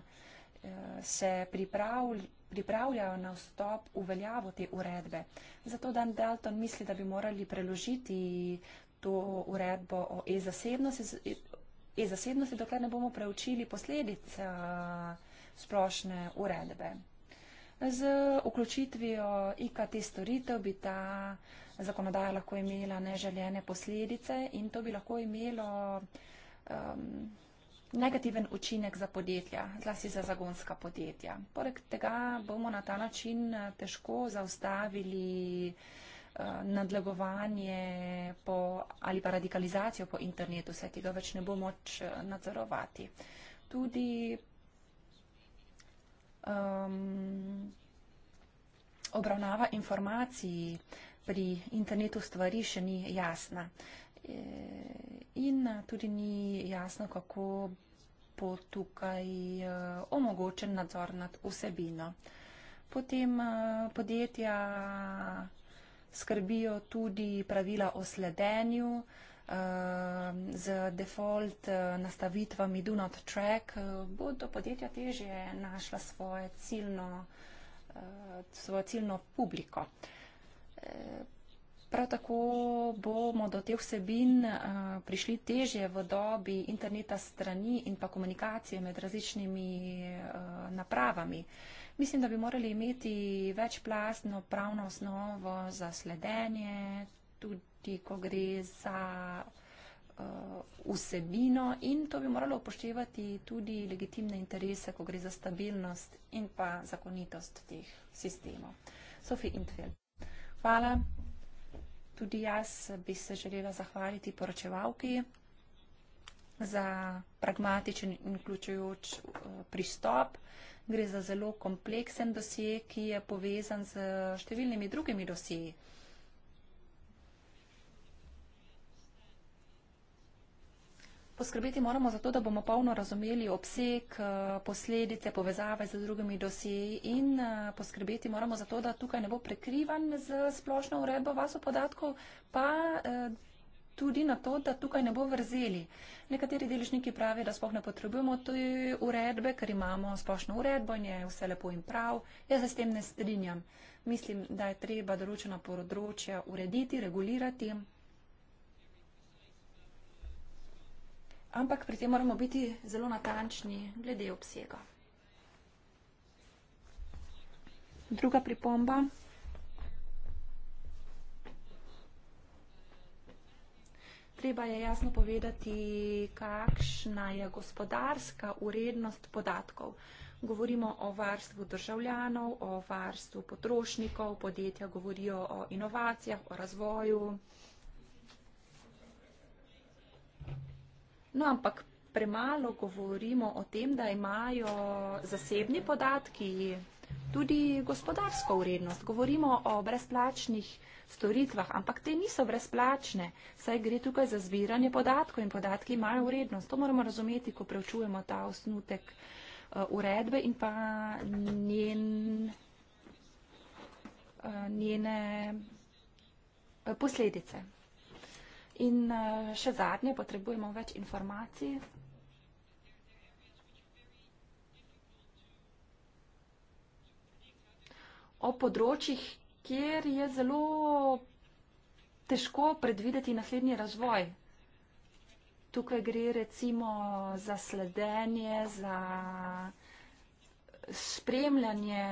se pripravljajo na vstop v veljavo te uredbe. Zato Dan Dalton misli, da bi morali preložiti to uredbo o e-zasebnosti, dokler ne bomo preučili posledic splošne uredbe. Z vključitvijo IKT storitev bi ta uh, zakonodaja lahko imela neželjene posledice in to bi lahko imelo um, negativen učinek za podjetja, zlasti za zagonska podjetja. Poleg tega bomo na ta način uh, težko zaustavili uh, nadlegovanje po, ali pa radikalizacijo po internetu, saj tega več ne bo moč uh, nadzorovati. Tudi um, obravnava informacij uh, pri internetu stvari še ni jasna. E, in tudi ni jasno, kako bo tukaj e, omogočen nadzor nad vsebino. Potem e, podjetja skrbijo tudi pravila o sledenju z default nastavitvami Do Not Track. Bodo podjetja težje našla svojo ciljno, svojo ciljno publiko. Prav tako bomo do teh vsebin eh, prišli težje v dobi interneta strani in pa komunikacije med različnimi eh, napravami. Mislim, da bi morali imeti večplastno pravno osnovo za sledenje, tudi ko gre za eh, vsebino in to bi moralo upoštevati tudi legitimne interese, ko gre za stabilnost in pa zakonitost teh sistemov. Sofi Intfeld. Hvala. Tudi jaz bi se želela zahvaliti poročevalki za pragmatičen in vključujoč eh, pristop. Gre za zelo kompleksen dosje, ki je povezan z številnimi drugimi dosjeji. Poskrbeti moramo za to, da bomo polno razumeli obseg, eh, posledice, povezave z drugimi dosjeji in eh, poskrbeti moramo za to, da tukaj ne bo prekrivan z splošno uredbo vaso podatkov, pa eh, tudi na to, da tukaj ne bo vrzeli. Nekateri deležniki pravijo, da spoh ne potrebujemo tudi uredbe, ker imamo splošno uredbo in je vse lepo in prav. Jaz se s tem ne strinjam. Mislim, da je treba določena področja urediti, regulirati. ampak pri tem moramo biti zelo natančni glede obsega. Druga pripomba. Treba je jasno povedati, kakšna je gospodarska urednost podatkov. Govorimo o varstvu državljanov, o varstvu potrošnikov, podjetja govorijo o inovacijah, o razvoju. No, ampak premalo govorimo o tem, da imajo zasebni podatki tudi gospodarsko vrednost. Govorimo o brezplačnih storitvah, ampak te niso brezplačne, saj gre tukaj za zbiranje podatkov in podatki imajo vrednost. To moramo razumeti, ko preučujemo ta osnutek uh, uredbe in pa njen, uh, njene uh, posledice. In eh, še zadnje, potrebujemo več informacij. O področjih, kjer je zelo težko predvideti naslednji razvoj. Tukaj gre recimo za sledenje, za spremljanje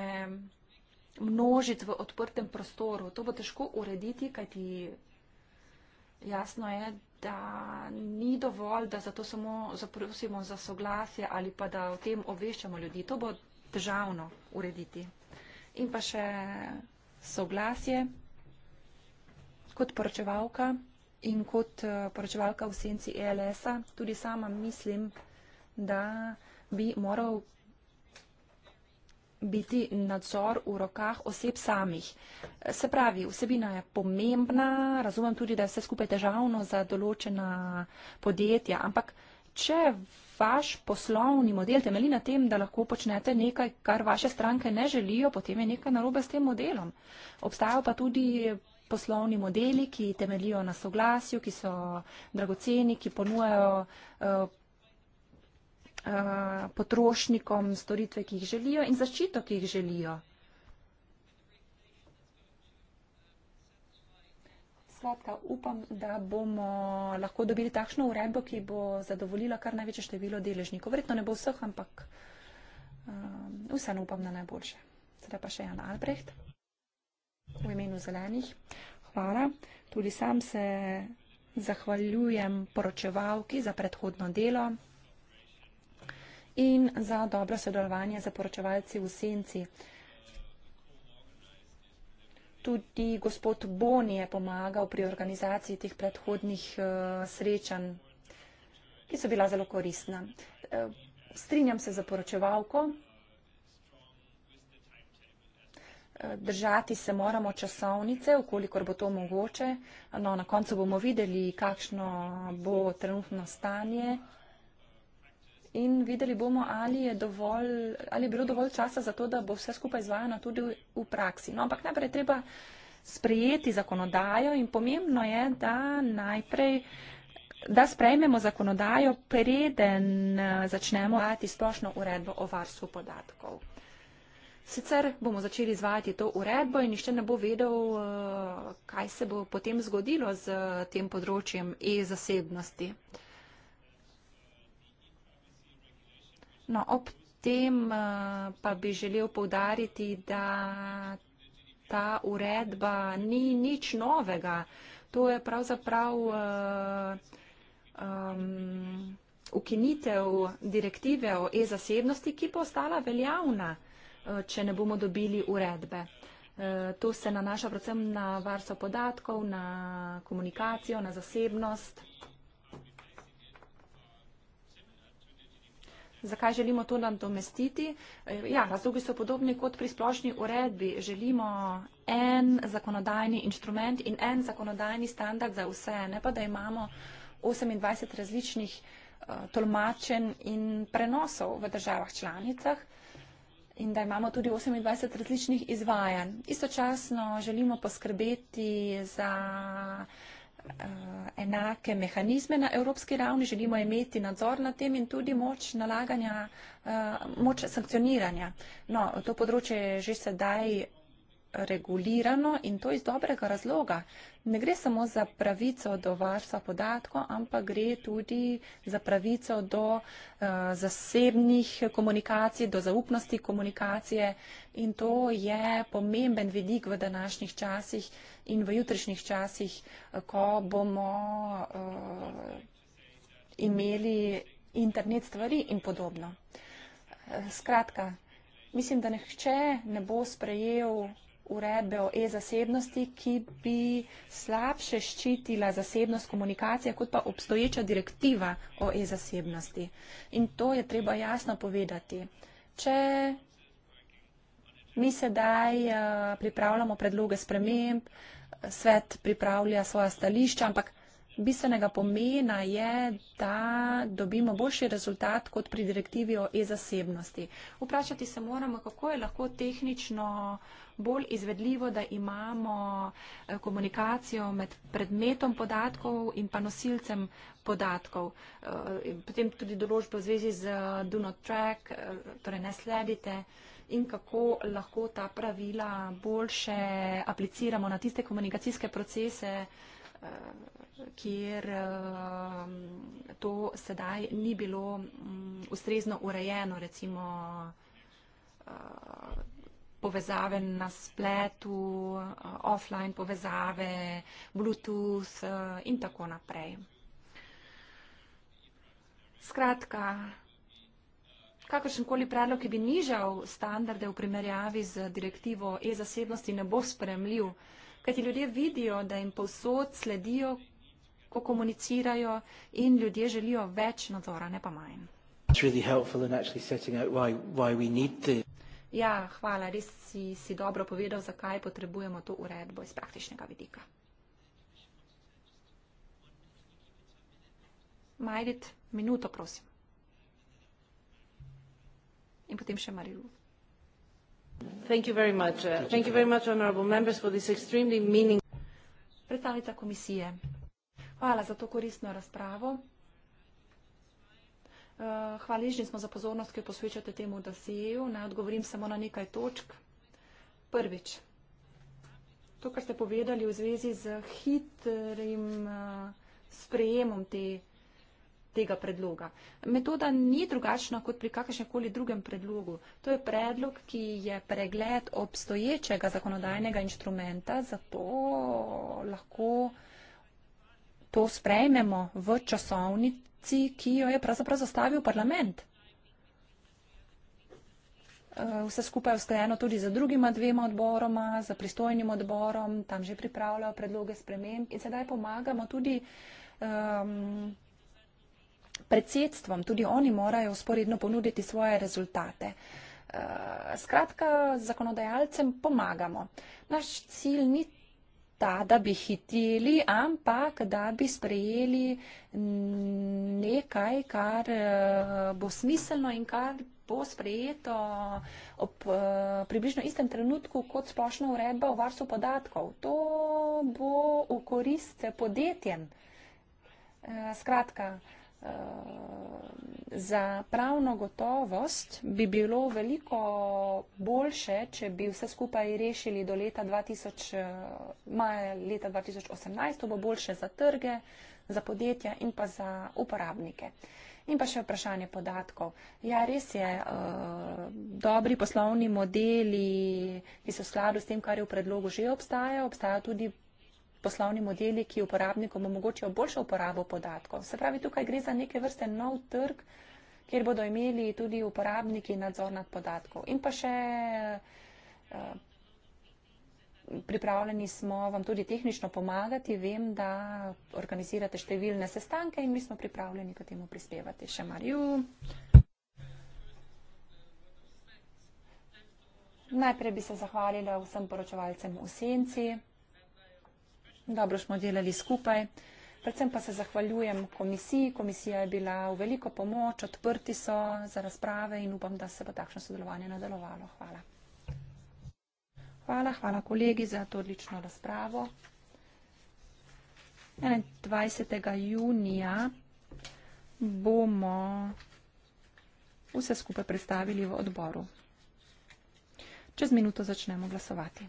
množic v odprtem prostoru. To bo težko urediti, kajti Jasno je, da ni dovolj, da zato samo zaprosimo za soglasje ali pa da o tem obveščamo ljudi. To bo državno urediti. In pa še soglasje kot poročevalka in kot eh, poročevalka v senci ELS-a. Tudi sama mislim, da bi moral biti nadzor v rokah oseb samih. Se pravi, vsebina je pomembna, razumem tudi, da je vse skupaj težavno za določena podjetja, ampak če vaš poslovni model temelji na tem, da lahko počnete nekaj, kar vaše stranke ne želijo, potem je nekaj narobe s tem modelom. Obstajajo pa tudi poslovni modeli, ki temelijo na soglasju, ki so dragoceni, ki ponujajo. Uh, Eh, potrošnikom storitve, ki jih želijo in zaščito, ki jih želijo. Skratka, upam, da bomo lahko dobili takšno uredbo, ki bo zadovoljila kar največje število deležnikov. Verjetno ne bo vseh, ampak um, vseeno upam na najboljše. Sedaj pa še Jan Albrecht v imenu zelenih. Hvala. Tudi sam se zahvaljujem poročevalki za predhodno delo in za dobro sodelovanje za poročevalci v senci. Tudi gospod Boni je pomagal pri organizaciji teh predhodnih eh, srečanj, ki so bila zelo koristna. Eh, strinjam se za poročevalko. Eh, držati se moramo časovnice, ukolikor bo to mogoče. No, na koncu bomo videli, kakšno bo trenutno stanje in videli bomo, ali je, dovolj, ali je bilo dovolj časa za to, da bo vse skupaj izvajano tudi v, v praksi. No, ampak najprej treba sprejeti zakonodajo in pomembno je, da najprej da sprejmemo zakonodajo, preden eh, začnemo vajati splošno uredbo o varstvu podatkov. Sicer bomo začeli izvajati to uredbo in nišče ne bo vedel, eh, kaj se bo potem zgodilo z tem področjem e-zasebnosti. No, ob tem eh, pa bi želel povdariti, da ta uredba ni nič novega. To je pravzaprav um, ukinitev direktive o e-zasebnosti, ki bo ostala veljavna, eh, če ne bomo dobili uredbe. To se nanaša predvsem na varstvo podatkov, na komunikacijo, na zasebnost. Zakaj želimo to nam domestiti? Eh, ja, razlogi so podobni kot pri splošni uredbi. Želimo en zakonodajni inštrument in en zakonodajni standard za vse, ne pa da imamo 28 različnih eh, tolmačen in prenosov v državah članicah in da imamo tudi 28 različnih izvajanj. Istočasno želimo poskrbeti za Eh, enake mehanizme na evropski ravni, želimo imeti nadzor nad tem in tudi moč nalaganja, eh, moč sankcioniranja. No, to področje je že sedaj regulirano in to iz dobrega razloga. Ne gre samo za pravico do varstva podatkov, ampak gre tudi za pravico do uh, zasebnih komunikacij, do zaupnosti komunikacije in to je pomemben vidik v današnjih časih in v jutrišnjih časih, eh, ko bomo uh, imeli internet stvari in podobno. Skratka, mislim, da nihče ne bo sprejel uredbe o e-zasebnosti, ki bi slabše ščitila zasebnost komunikacije kot pa obstoječa direktiva o e-zasebnosti. In to je treba jasno povedati. Če mi sedaj eh, pripravljamo predloge sprememb, svet pripravlja svoja stališča, ampak bistvenega pomena je, da dobimo boljši rezultat kot pri direktivi o e-zasebnosti. Vprašati se moramo, kako je lahko tehnično bolj izvedljivo, da imamo eh, komunikacijo med predmetom podatkov in pa nosilcem podatkov. Eh, potem tudi določbo v zvezi z eh, do not track, torej ne sledite in kako lahko ta pravila boljše apliciramo na tiste komunikacijske procese, kjer um, to sedaj ni bilo um, ustrezno urejeno, recimo uh, povezave na spletu, uh, offline povezave, Bluetooth uh, in tako naprej. Skratka, kakršenkoli predlog, ki bi nižal standarde v primerjavi z direktivo e-zasebnosti, ne bo spremljiv, kajti ljudje vidijo, da jim povsod sledijo ko komunicirajo in ljudje želijo več nadzora, ne pa manj. Ja, hvala, res si, si dobro povedal, zakaj potrebujemo to uredbo iz praktičnega vidika. Majdit, minuto, prosim. In potem še Marilu. Thank you very much. Uh, thank you very much, honorable members, for this extremely meaningful. Predstavnica komisije, Hvala za to koristno razpravo. Eh, hvaležni smo za pozornost, ki jo posvečate temu dosijeju. Naj odgovorim samo na nekaj točk. Prvič, to, kar ste povedali v zvezi z hitrim eh, sprejemom te, tega predloga. Metoda ni drugačna kot pri kakršnekoli drugem predlogu. To je predlog, ki je pregled obstoječega zakonodajnega inštrumenta, zato lahko to sprejmemo v časovnici, ki jo je pravzaprav zastavil parlament. Eh, vse skupaj je usklajeno tudi za drugima dvema odboroma, za pristojnim odborom, tam že pripravljajo predloge sprememb in sedaj pomagamo tudi um, predsedstvom, tudi oni morajo usporedno ponuditi svoje rezultate. Uh, skratka, zakonodajalcem pomagamo. Naš cilj ni ta, da bi hiteli, ampak da bi sprejeli nekaj, kar eh, bo smiselno in kar bo sprejeto ob eh, približno istem trenutku kot splošna uredba o varstvu podatkov. To bo v korist podetjem. Eh, skratka, Eh, za pravno gotovost bi bilo veliko boljše, če bi vse skupaj rešili do leta 2000, eh, maja leta 2018, to bo boljše za trge, za podjetja in pa za uporabnike. In pa še vprašanje podatkov. Ja, res je, eh, dobri poslovni modeli, ki so v skladu s tem, kar je v predlogu že obstajajo, obstajajo tudi poslovni modeli, ki uporabnikom omogočajo boljšo uporabo podatkov. Se pravi, tukaj gre za neke vrste nov trg, kjer bodo imeli tudi uporabniki nadzor nad podatkov. In pa še eh, pripravljeni smo vam tudi tehnično pomagati. Vem, da organizirate številne sestanke in mi smo pripravljeni k temu prispevati. Še Marju. Najprej bi se zahvalila vsem poročevalcem v Senci dobro smo delali skupaj. Predvsem pa se zahvaljujem komisiji. Komisija je bila v veliko pomoč, odprti so za razprave in upam, da se bo takšno sodelovanje nadaljevalo. Hvala. Hvala, hvala kolegi za to odlično razpravo. 21. junija bomo vse skupaj predstavili v odboru. Čez minuto začnemo glasovati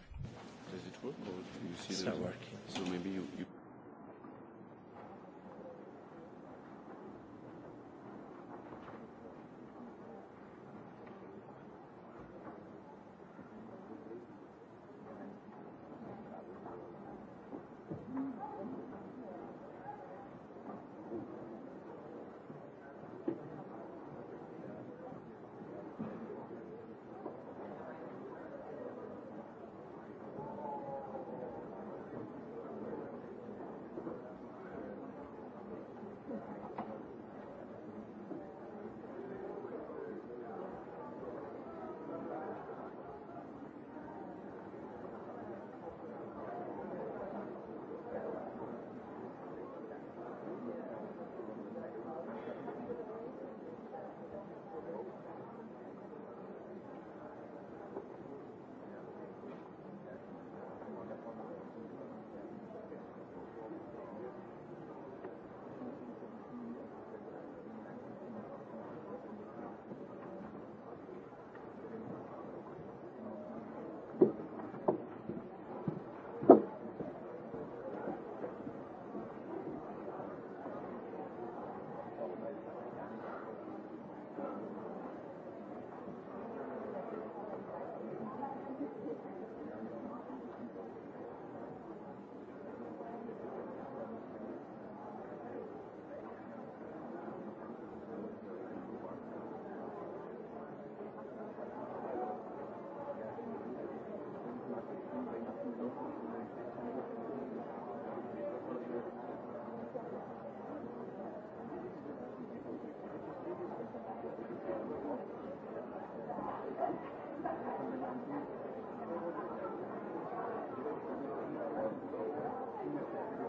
so maybe you, you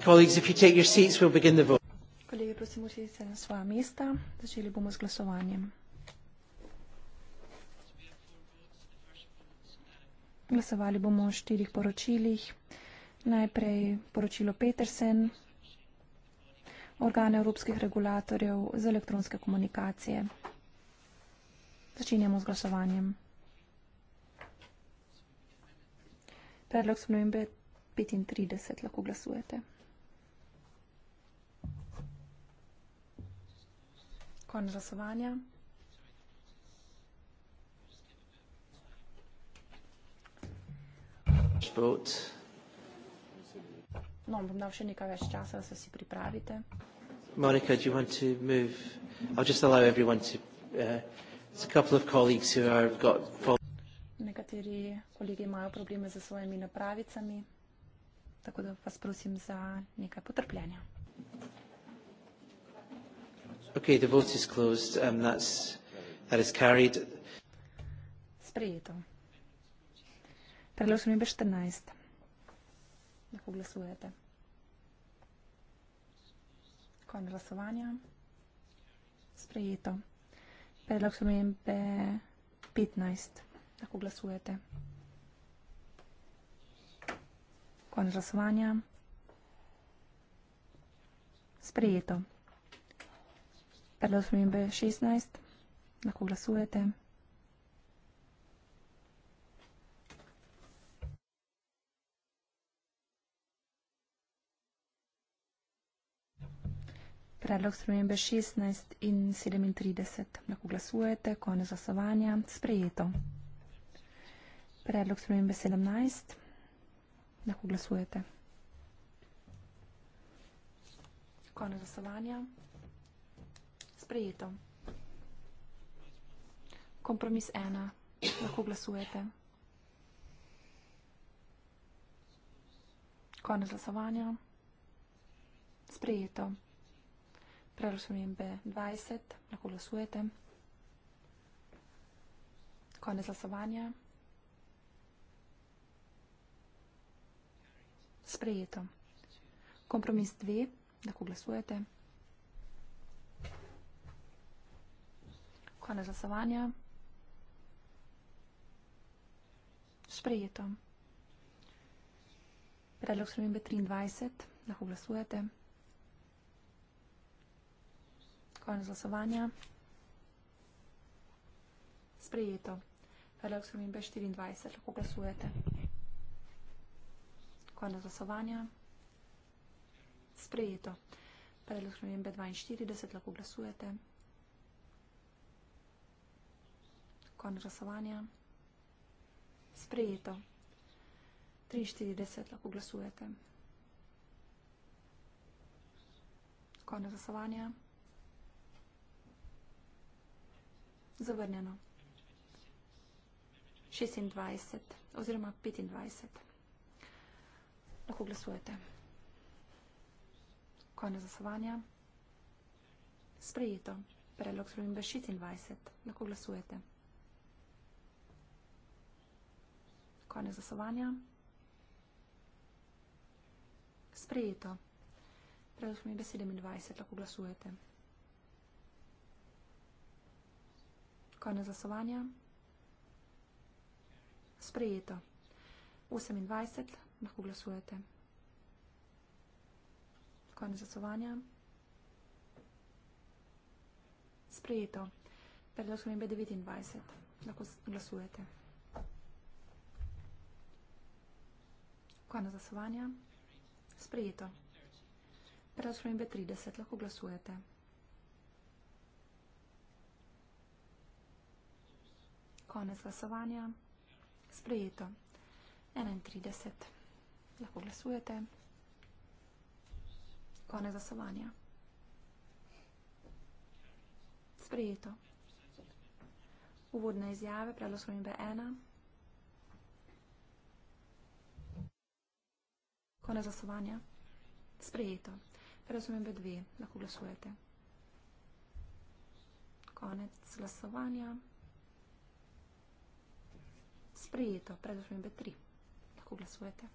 Colleagues, if you take your seats, we'll begin the vote. Kolegi, prosim, usedite na svoja mesta. Začeli bomo z glasovanjem. Glasovali bomo o štirih poročilih. Najprej poročilo Petersen, organe evropskih regulatorjev za elektronske komunikacije. Začenjamo z glasovanjem. Predlog spremembe 35 lahko glasujete. Konec glasovanja. No, bom dal še nekaj več časa, da se si pripravite. Monika, do you want to move? I'll just allow everyone to... Uh, a couple of colleagues who have got... Nekateri kolegi imajo probleme za svojimi napravicami, tako da vas prosim za nekaj potrpljenja. Okay, the vote is closed. Um, that's, that is carried. Sprejeto. Predložim imbe 14. Lahko glasujete. Kon glasovanja. Sprejeto. Predložim imbe 15. Lahko glasujete. Kon glasovanja. Sprejeto. Predlog spremembe je 16. Lahko glasujete. Predlog spremembe 16 in 37. Lahko glasujete. Konec glasovanja. Sprejeto. Predlog spremembe 17. Lahko glasujete. Konec glasovanja sprejeto. Kompromis ena. Lahko glasujete. Konec glasovanja. Sprejeto. Prerosumembe 20. Lahko glasujete. Konec glasovanja. Sprejeto. Kompromis dve. Lahko glasujete. Sprejeto. Konec glasovanja. Sprejeto. Predlog spremembe 23. Lahko glasujete. Konec glasovanja. Sprejeto. Predlog spremembe 24. Lahko glasujete. Konec glasovanja. Sprejeto. Predlog spremembe 42. Lahko glasujete. Konj glasovanja. Sprejeto. 43 lahko glasujete. Konj glasovanja. Zavrnjeno. 26 oziroma 25. Lahko glasujete. Konj glasovanja. Sprejeto. Predlog spremembe 26. Lahko glasujete. konec glasovanja. Sprejeto. Pred 27 lahko glasujete. Konec glasovanja. Sprejeto. 28 lahko glasujete. Konec glasovanja. Sprejeto. Pred 29 lahko glasujete. Konec glasovanja. Sprejeto. Predlog spremembe 30. Lahko glasujete. Konec glasovanja. Sprejeto. 31. Lahko glasujete. Konec glasovanja. Sprejeto. Uvodne izjave, predlog spremembe 1. Konec glasovanja. Sprejeto. Razumem, da dve lahko glasujete. Konec glasovanja. Sprejeto. Razumem, da tri lahko glasujete.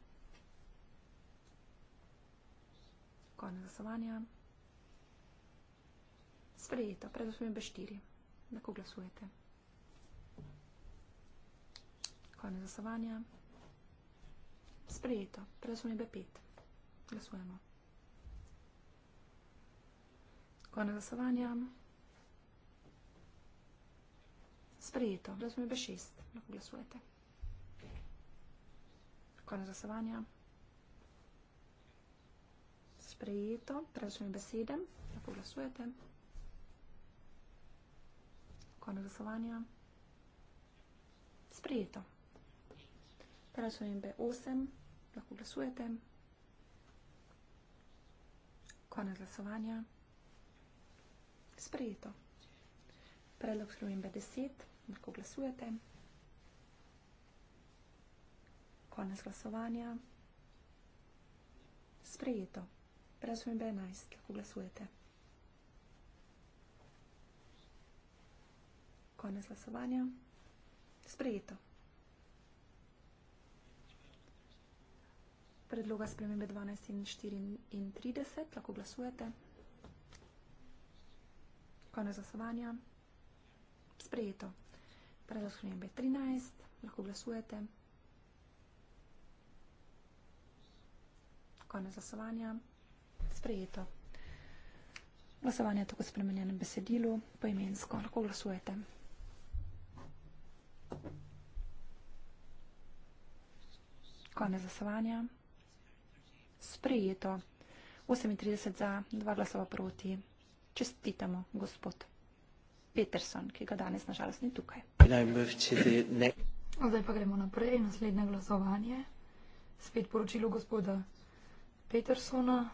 Konec glasovanja. Sprejeto. Razumem, da štiri lahko glasujete. Konec glasovanja. Sprejeto. Prosim, IB5. Glasujemo. Konec glasovanja. Sprejeto. Prosim, IB6. Lahko glasujete. Konec glasovanja. Sprejeto. Prosim, IB7. Lahko glasujete. Konec glasovanja. Sprejeto. Razumem B8, lahko glasujete. Konec glasovanja. Sprejeto. Predlog spremembe 10, lahko glasujete. Konec glasovanja. Sprejeto. Predlog spremembe 11, lahko glasujete. Konec glasovanja. Sprejeto. predloga spremembe 12 in 34, lahko glasujete. Konec glasovanja. Sprejeto. Predlog spremembe 13, lahko glasujete. Konec glasovanja. Sprejeto. Glasovanje je tako spremenjeno v besedilu, poimensko, lahko glasujete. Konec glasovanja sprejeto. 38 za, 2 glasova proti. Čestitamo, gospod Peterson, ki ga danes nažalost ni tukaj. Zdaj pa gremo naprej. Naslednje glasovanje. Spet poročilo gospoda Petersona.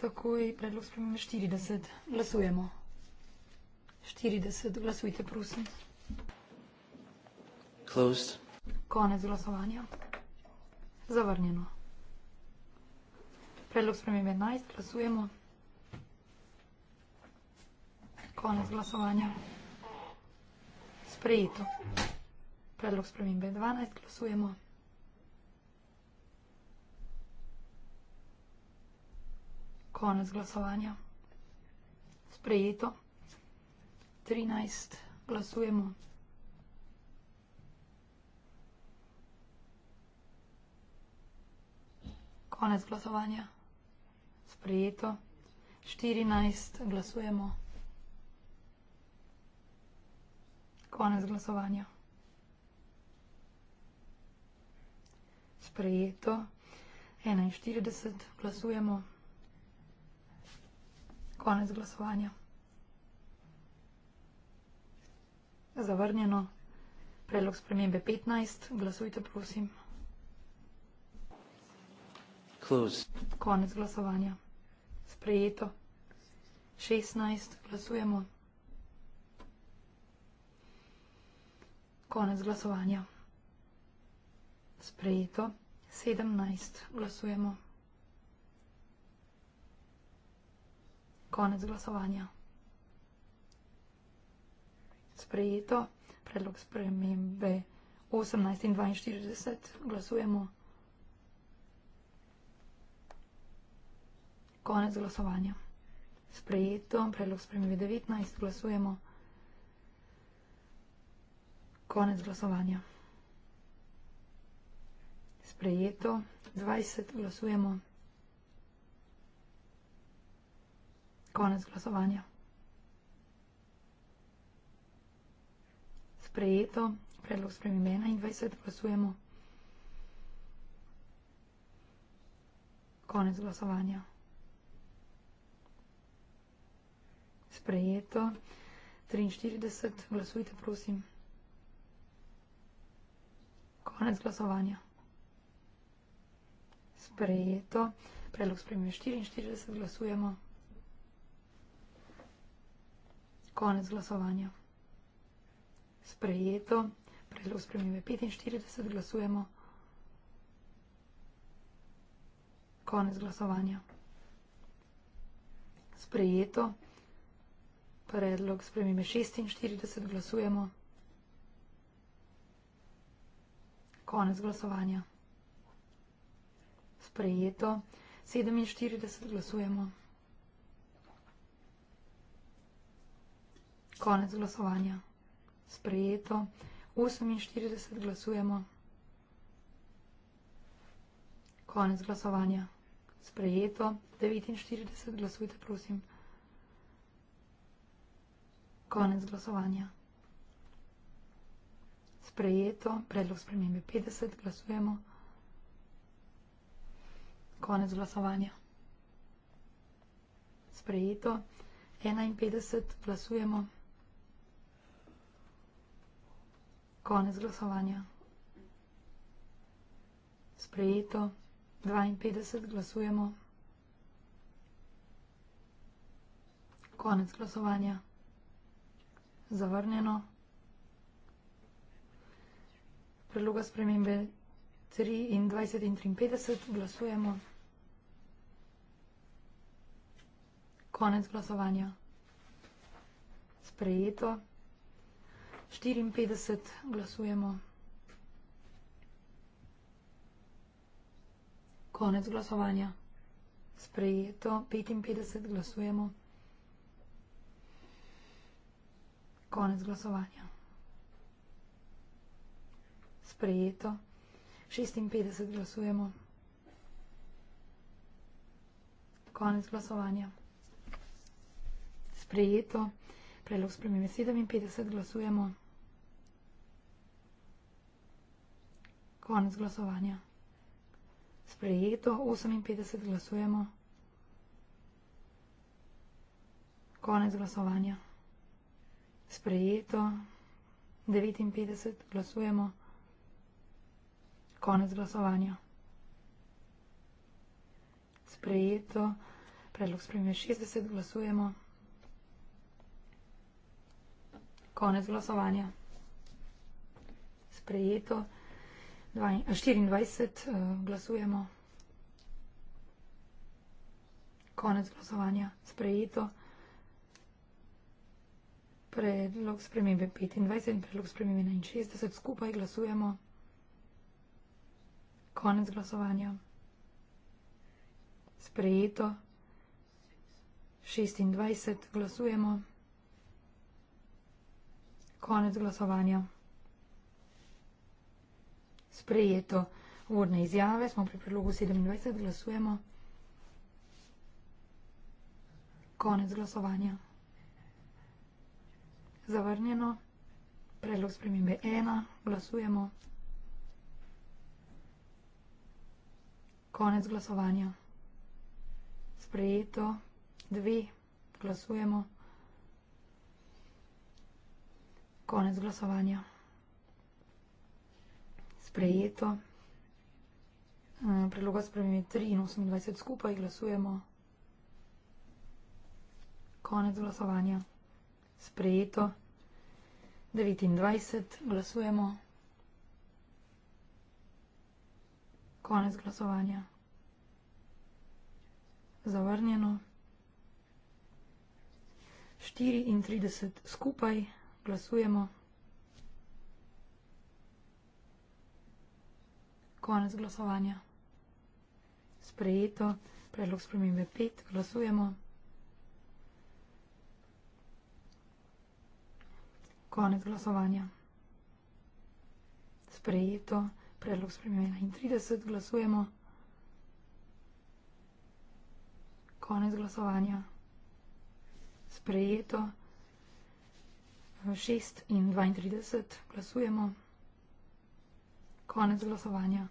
Takoj predlog spremembe 40. Glasujemo. 40. Glasujte, prosim. Closed. Konec glasovanja. Zavrnjeno. Predlog spremembe 11, glasujemo. Konec glasovanja. Sprejeto. Predlog spremembe 12, glasujemo. Konec glasovanja. Sprejeto. 13, glasujemo. Konec glasovanja sprejeto. 14 glasujemo. Konec glasovanja. Sprejeto. 41 glasujemo. Konec glasovanja. Zavrnjeno. Predlog spremembe 15. Glasujte, prosim. Close. Konec glasovanja sprejeto. 16 glasujemo. Konec glasovanja. Sprejeto. 17 glasujemo. Konec glasovanja. Sprejeto. Predlog spremembe 18 in 42 glasujemo. Konec glasovanja. Sprejeto, predlog spremembe 19, glasujemo. Konec glasovanja. Sprejeto, 20, glasujemo. Konec glasovanja. Sprejeto, predlog spremembe 21, glasujemo. Konec glasovanja. sprejeto. 43, glasujte, prosim. Konec glasovanja. Sprejeto. Predlog sprejme 44, glasujemo. Konec glasovanja. Sprejeto. Predlog sprejme 45, glasujemo. Konec glasovanja. Sprejeto predlog spremime 46, glasujemo. Konec glasovanja. Sprejeto. 47 glasujemo. Konec glasovanja. Sprejeto. 48 glasujemo. Konec glasovanja. Sprejeto. 49 glasujte, prosim. Konec glasovanja. Sprejeto, predlog spremembe 50, glasujemo. Konec glasovanja. Sprejeto, 51, glasujemo. Konec glasovanja. Sprejeto, 52, glasujemo. Konec glasovanja zavrnjeno. Predloga spremembe 23 in 53 glasujemo. Konec glasovanja. Sprejeto. 54 glasujemo. Konec glasovanja. Sprejeto. 55 glasujemo. Konec glasovanja. Sprejeto. 56 glasujemo. Konec glasovanja. Sprejeto. Predlog spremembe 57 glasujemo. Konec glasovanja. Sprejeto. 58 glasujemo. Konec glasovanja sprejeto, 59 glasujemo, konec glasovanja. Sprejeto, predlog spremembe 60 glasujemo, konec glasovanja. Sprejeto, 24 eh, glasujemo, konec glasovanja. Sprejeto, 24 glasujemo predlog spremembe 25 in predlog spremembe 61 skupaj glasujemo. Konec glasovanja. Sprejeto. 26 glasujemo. Konec glasovanja. Sprejeto. Vodne izjave smo pri predlogu 27 glasujemo. Konec glasovanja. Zavrnjeno. Predlog spremembe ena. Glasujemo. Konec glasovanja. Sprejeto. Dve. Glasujemo. Konec glasovanja. Sprejeto. Eh, predloga spremembe 3 in 28 skupaj glasujemo. Konec glasovanja sprejeto. 29 glasujemo. Konec glasovanja. Zavrnjeno. 34 skupaj glasujemo. Konec glasovanja. Sprejeto. Predlog spremembe 5. Glasujemo. Konec glasovanja. Sprejeto, predlog spremenja 31, glasujemo. Konec glasovanja. Sprejeto, 6 in 32, glasujemo. Konec glasovanja.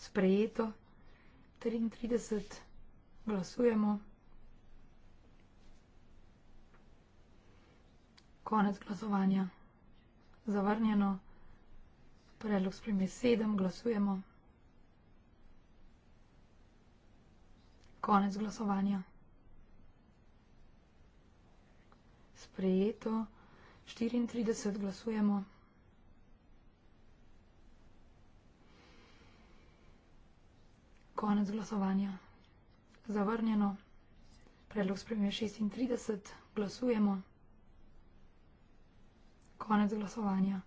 Sprejeto, 33, glasujemo. konec glasovanja. Zavrnjeno. Predlog spremlja sedem. Glasujemo. Konec glasovanja. Sprejeto. 34 glasujemo. Konec glasovanja. Zavrnjeno. Predlog spremlja 36. Glasujemo. Konec glasovanja.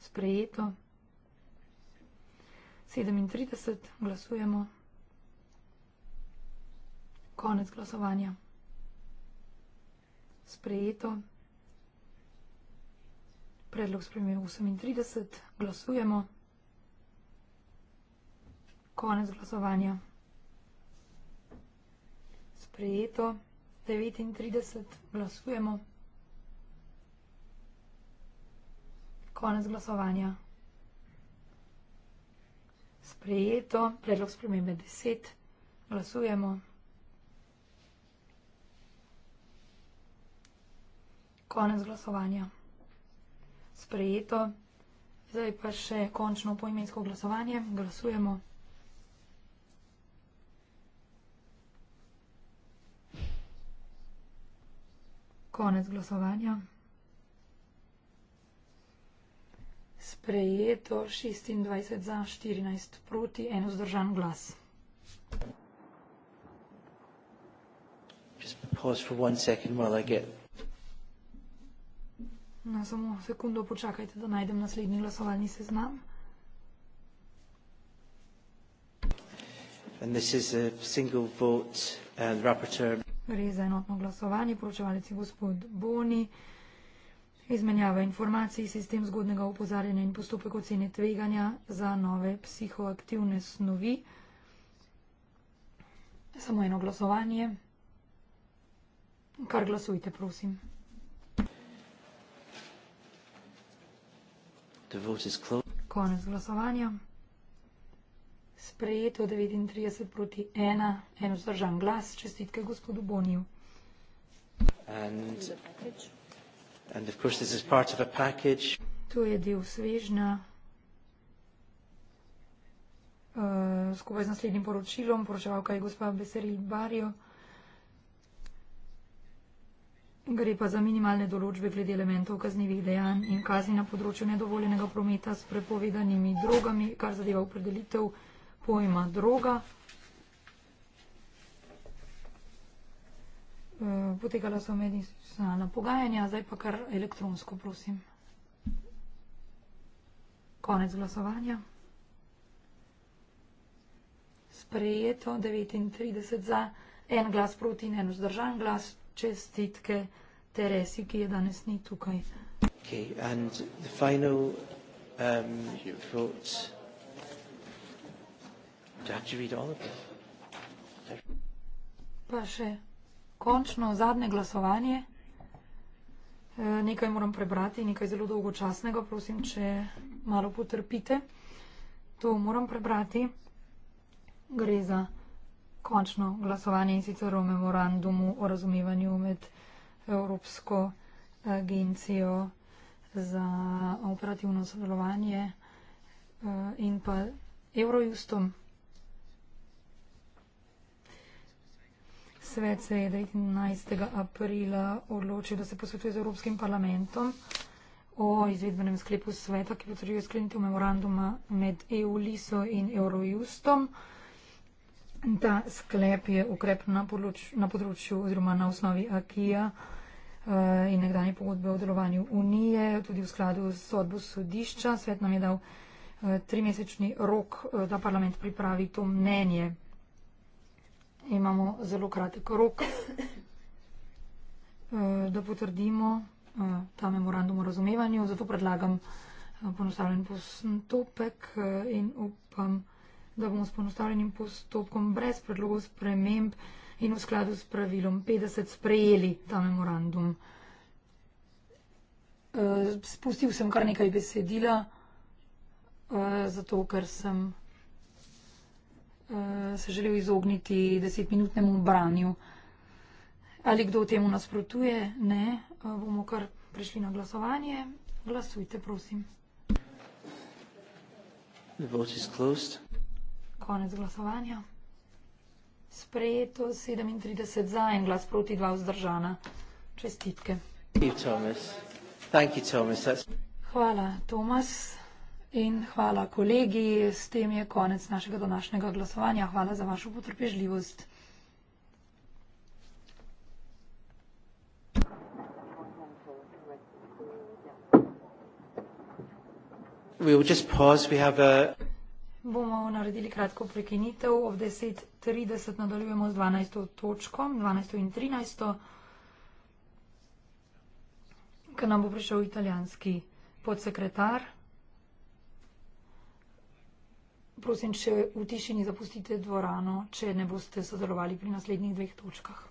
Sprejeto. 37 glasujemo. Konec glasovanja. Sprejeto. Predlog spremije 38. Glasujemo. Konec glasovanja. Sprejeto. 39. Glasujemo. Glasujemo. Konec glasovanja. Sprejeto. Predlog spremembe 10. Glasujemo. Konec glasovanja. Sprejeto. Zdaj pa še končno poimensko glasovanje. Glasujemo. Konec glasovanja. sprejeto 26 za, 14 proti, en vzdržan glas. No, samo sekundo počakajte, da najdem naslednji glasovalni seznam. And this is a single vote and uh, rapporteur. Gre za enotno glasovanje, poročevalec je gospod Boni. Izmenjava informacij, sistem zgodnega upozarjanja in postopek ocene tveganja za nove psihoaktivne snovi. Samo eno glasovanje. Kar glasujte, prosim. Konec glasovanja. Sprejeto 39 proti 1, eno zdržan glas. Čestitke gospodu Boniju. And... Thank you. And of course, this is part of a package. To je del svežnja uh, eh, skupaj z naslednjim poročilom, poročevalka je gospa Beseril Barjo. Gre pa za minimalne določbe glede elementov kaznjivih dejanj in kazni na področju nedovoljenega prometa s prepovedanimi drogami, kar zadeva opredelitev pojma droga. Eh, potekala so medinstitucionalna pogajanja, zdaj pa kar elektronsko, prosim. Konec glasovanja. Sprejeto 39 za, en glas proti in en vzdržan glas. Čestitke Teresi, ki je danes ni tukaj. Okay, and the final um, votes. Do I have to read all of them? Pa še končno zadnje glasovanje. E, nekaj moram prebrati, nekaj zelo dolgočasnega, prosim, če malo potrpite. To moram prebrati. Gre za končno glasovanje in sicer o memorandumu o razumevanju med Evropsko agencijo za operativno sodelovanje e, in pa Eurojustom. Svet se je 19. aprila odločil, da se posvetuje z Evropskim parlamentom o izvedbenem sklepu sveta, ki potrebuje sklenitev memoranduma med EU-LISO in Eurojustom. Ta sklep je ukrep na, podloč, na področju oziroma na osnovi AKIA eh, in nekdanje pogodbe o delovanju Unije, tudi v skladu s sodbo sodišča. Svet nam je dal eh, trimesečni rok, eh, da parlament pripravi to mnenje imamo zelo kratek rok, eh, da potrdimo eh, ta memorandum o razumevanju. Zato predlagam eh, ponostavljen postopek in upam, da bomo s ponostavljenim postopkom brez predlogov sprememb in v skladu s pravilom 50 sprejeli ta memorandum. Spustil sem kar nekaj besedila, zato ker sem uh, se želel izogniti desetminutnemu branju. Ali kdo temu nasprotuje? Ne, uh, bomo kar prišli na glasovanje. Glasujte, prosim. Konec glasovanja. Sprejeto 37 za en glas proti dva vzdržana. Čestitke. Thank you, Thomas. Thank you, Thomas. Hvala, Tomas. In hvala kolegi, s tem je konec našega današnjega glasovanja. Hvala za vašo potrpežljivost. We will just pause. We have a... Bomo naredili kratko prekinitev. Ob 10.30 nadaljujemo z 12. točko, 12. in 13. ker nam bo prišel italijanski podsekretar. Prosim, če v tišini zapustite dvorano, če ne boste sodelovali pri naslednjih dveh točkah.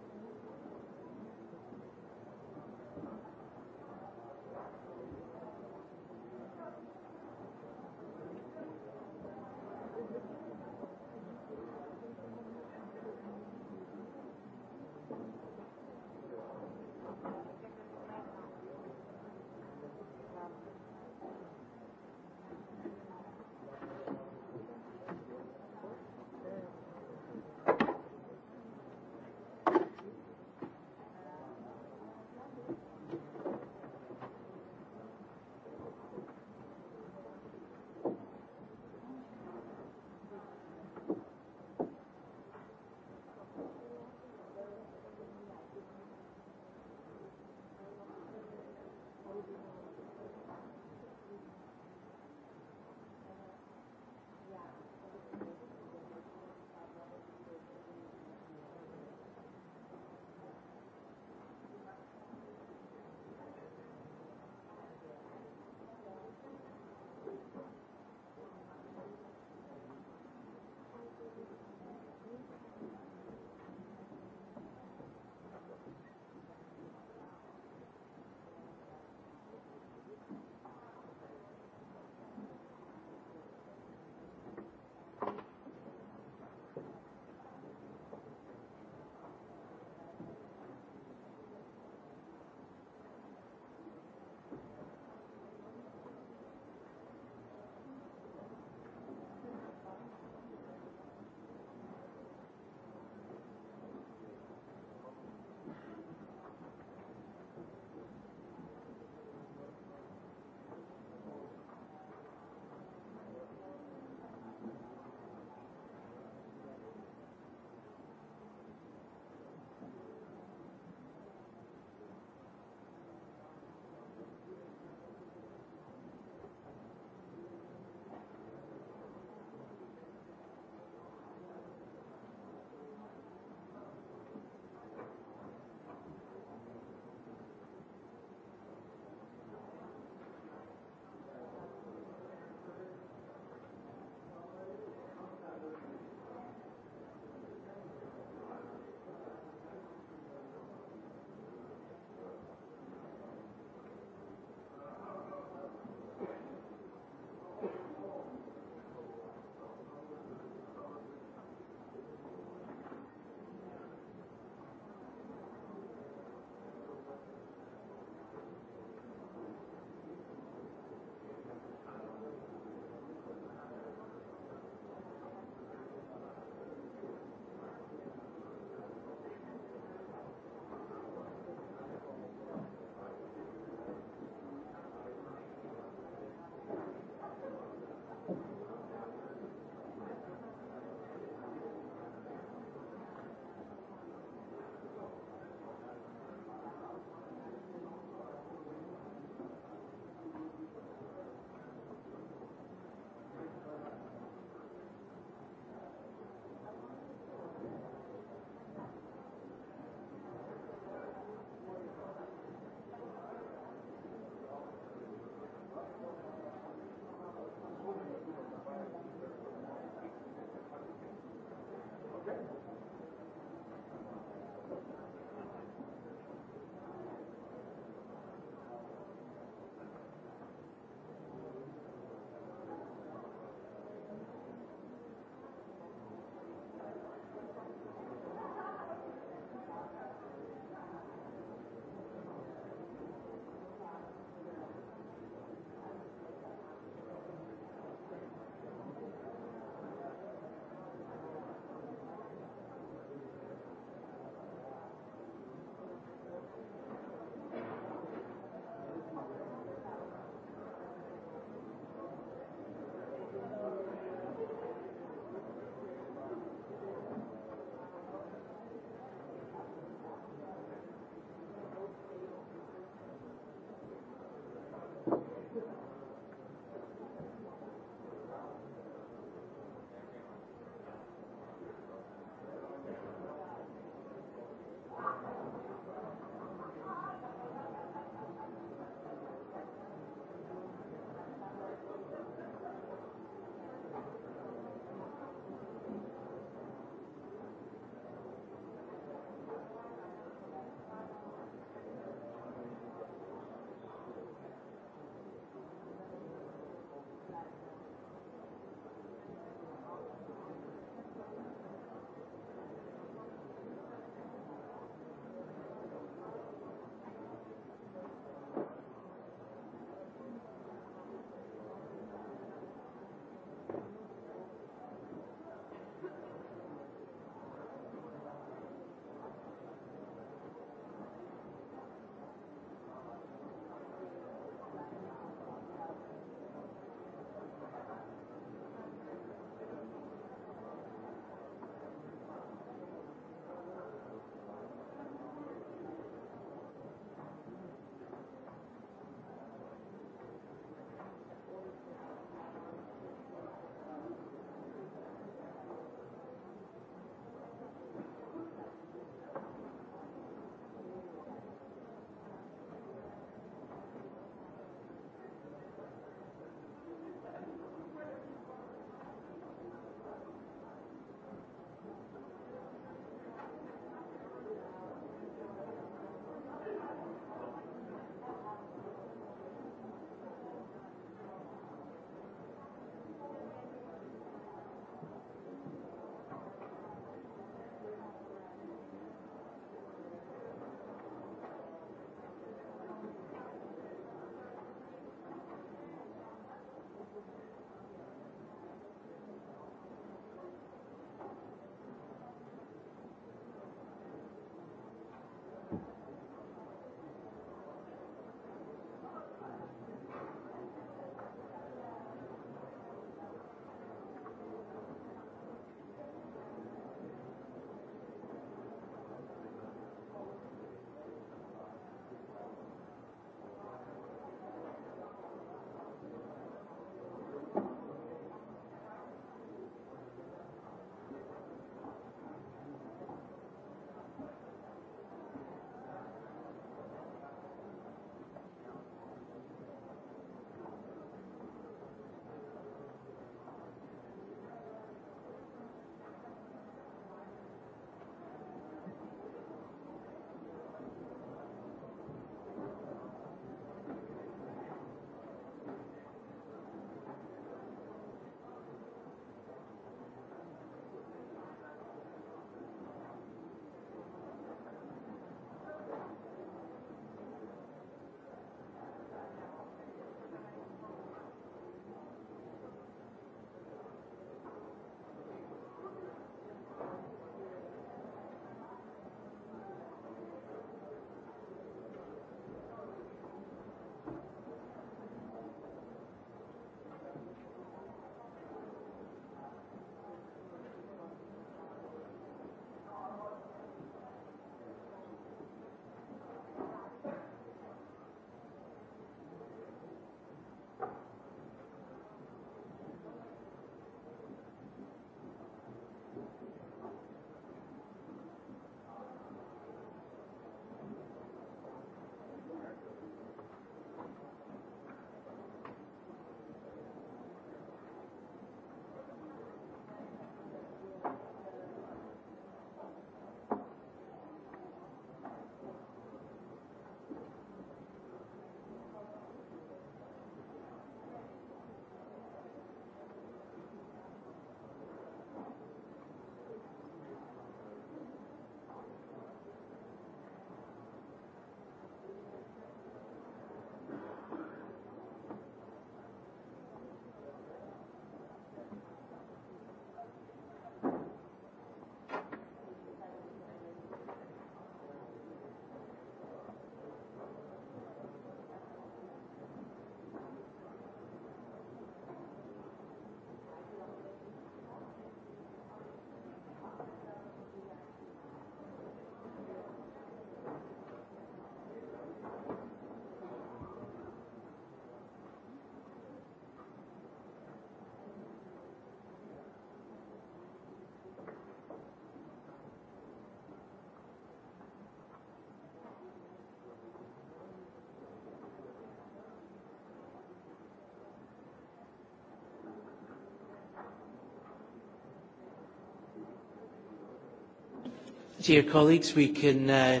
Dear colleagues, we can, uh,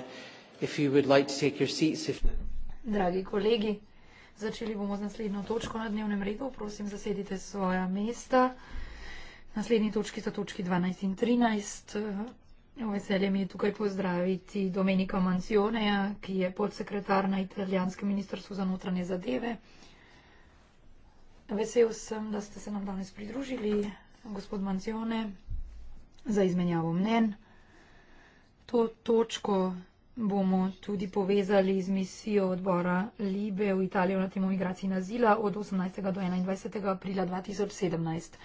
if you would like to take your seats. If... Dragi kolegi, začeli bomo z naslednjo točko na dnevnem redu. Prosim, zasedite svoja mesta. Naslednji točki so točki 12 in 13. Veselje mi je tukaj pozdraviti Domenika Mancioneja, ki je podsekretar na italijanskem ministrstvu za notranje zadeve. Vesel sem, da ste se nam danes pridružili, gospod Mancione, za izmenjavo mnen. To točko bomo tudi povezali z misijo odbora Libe v Italijo na temo migracij in azila od 18. do 21. aprila 2017.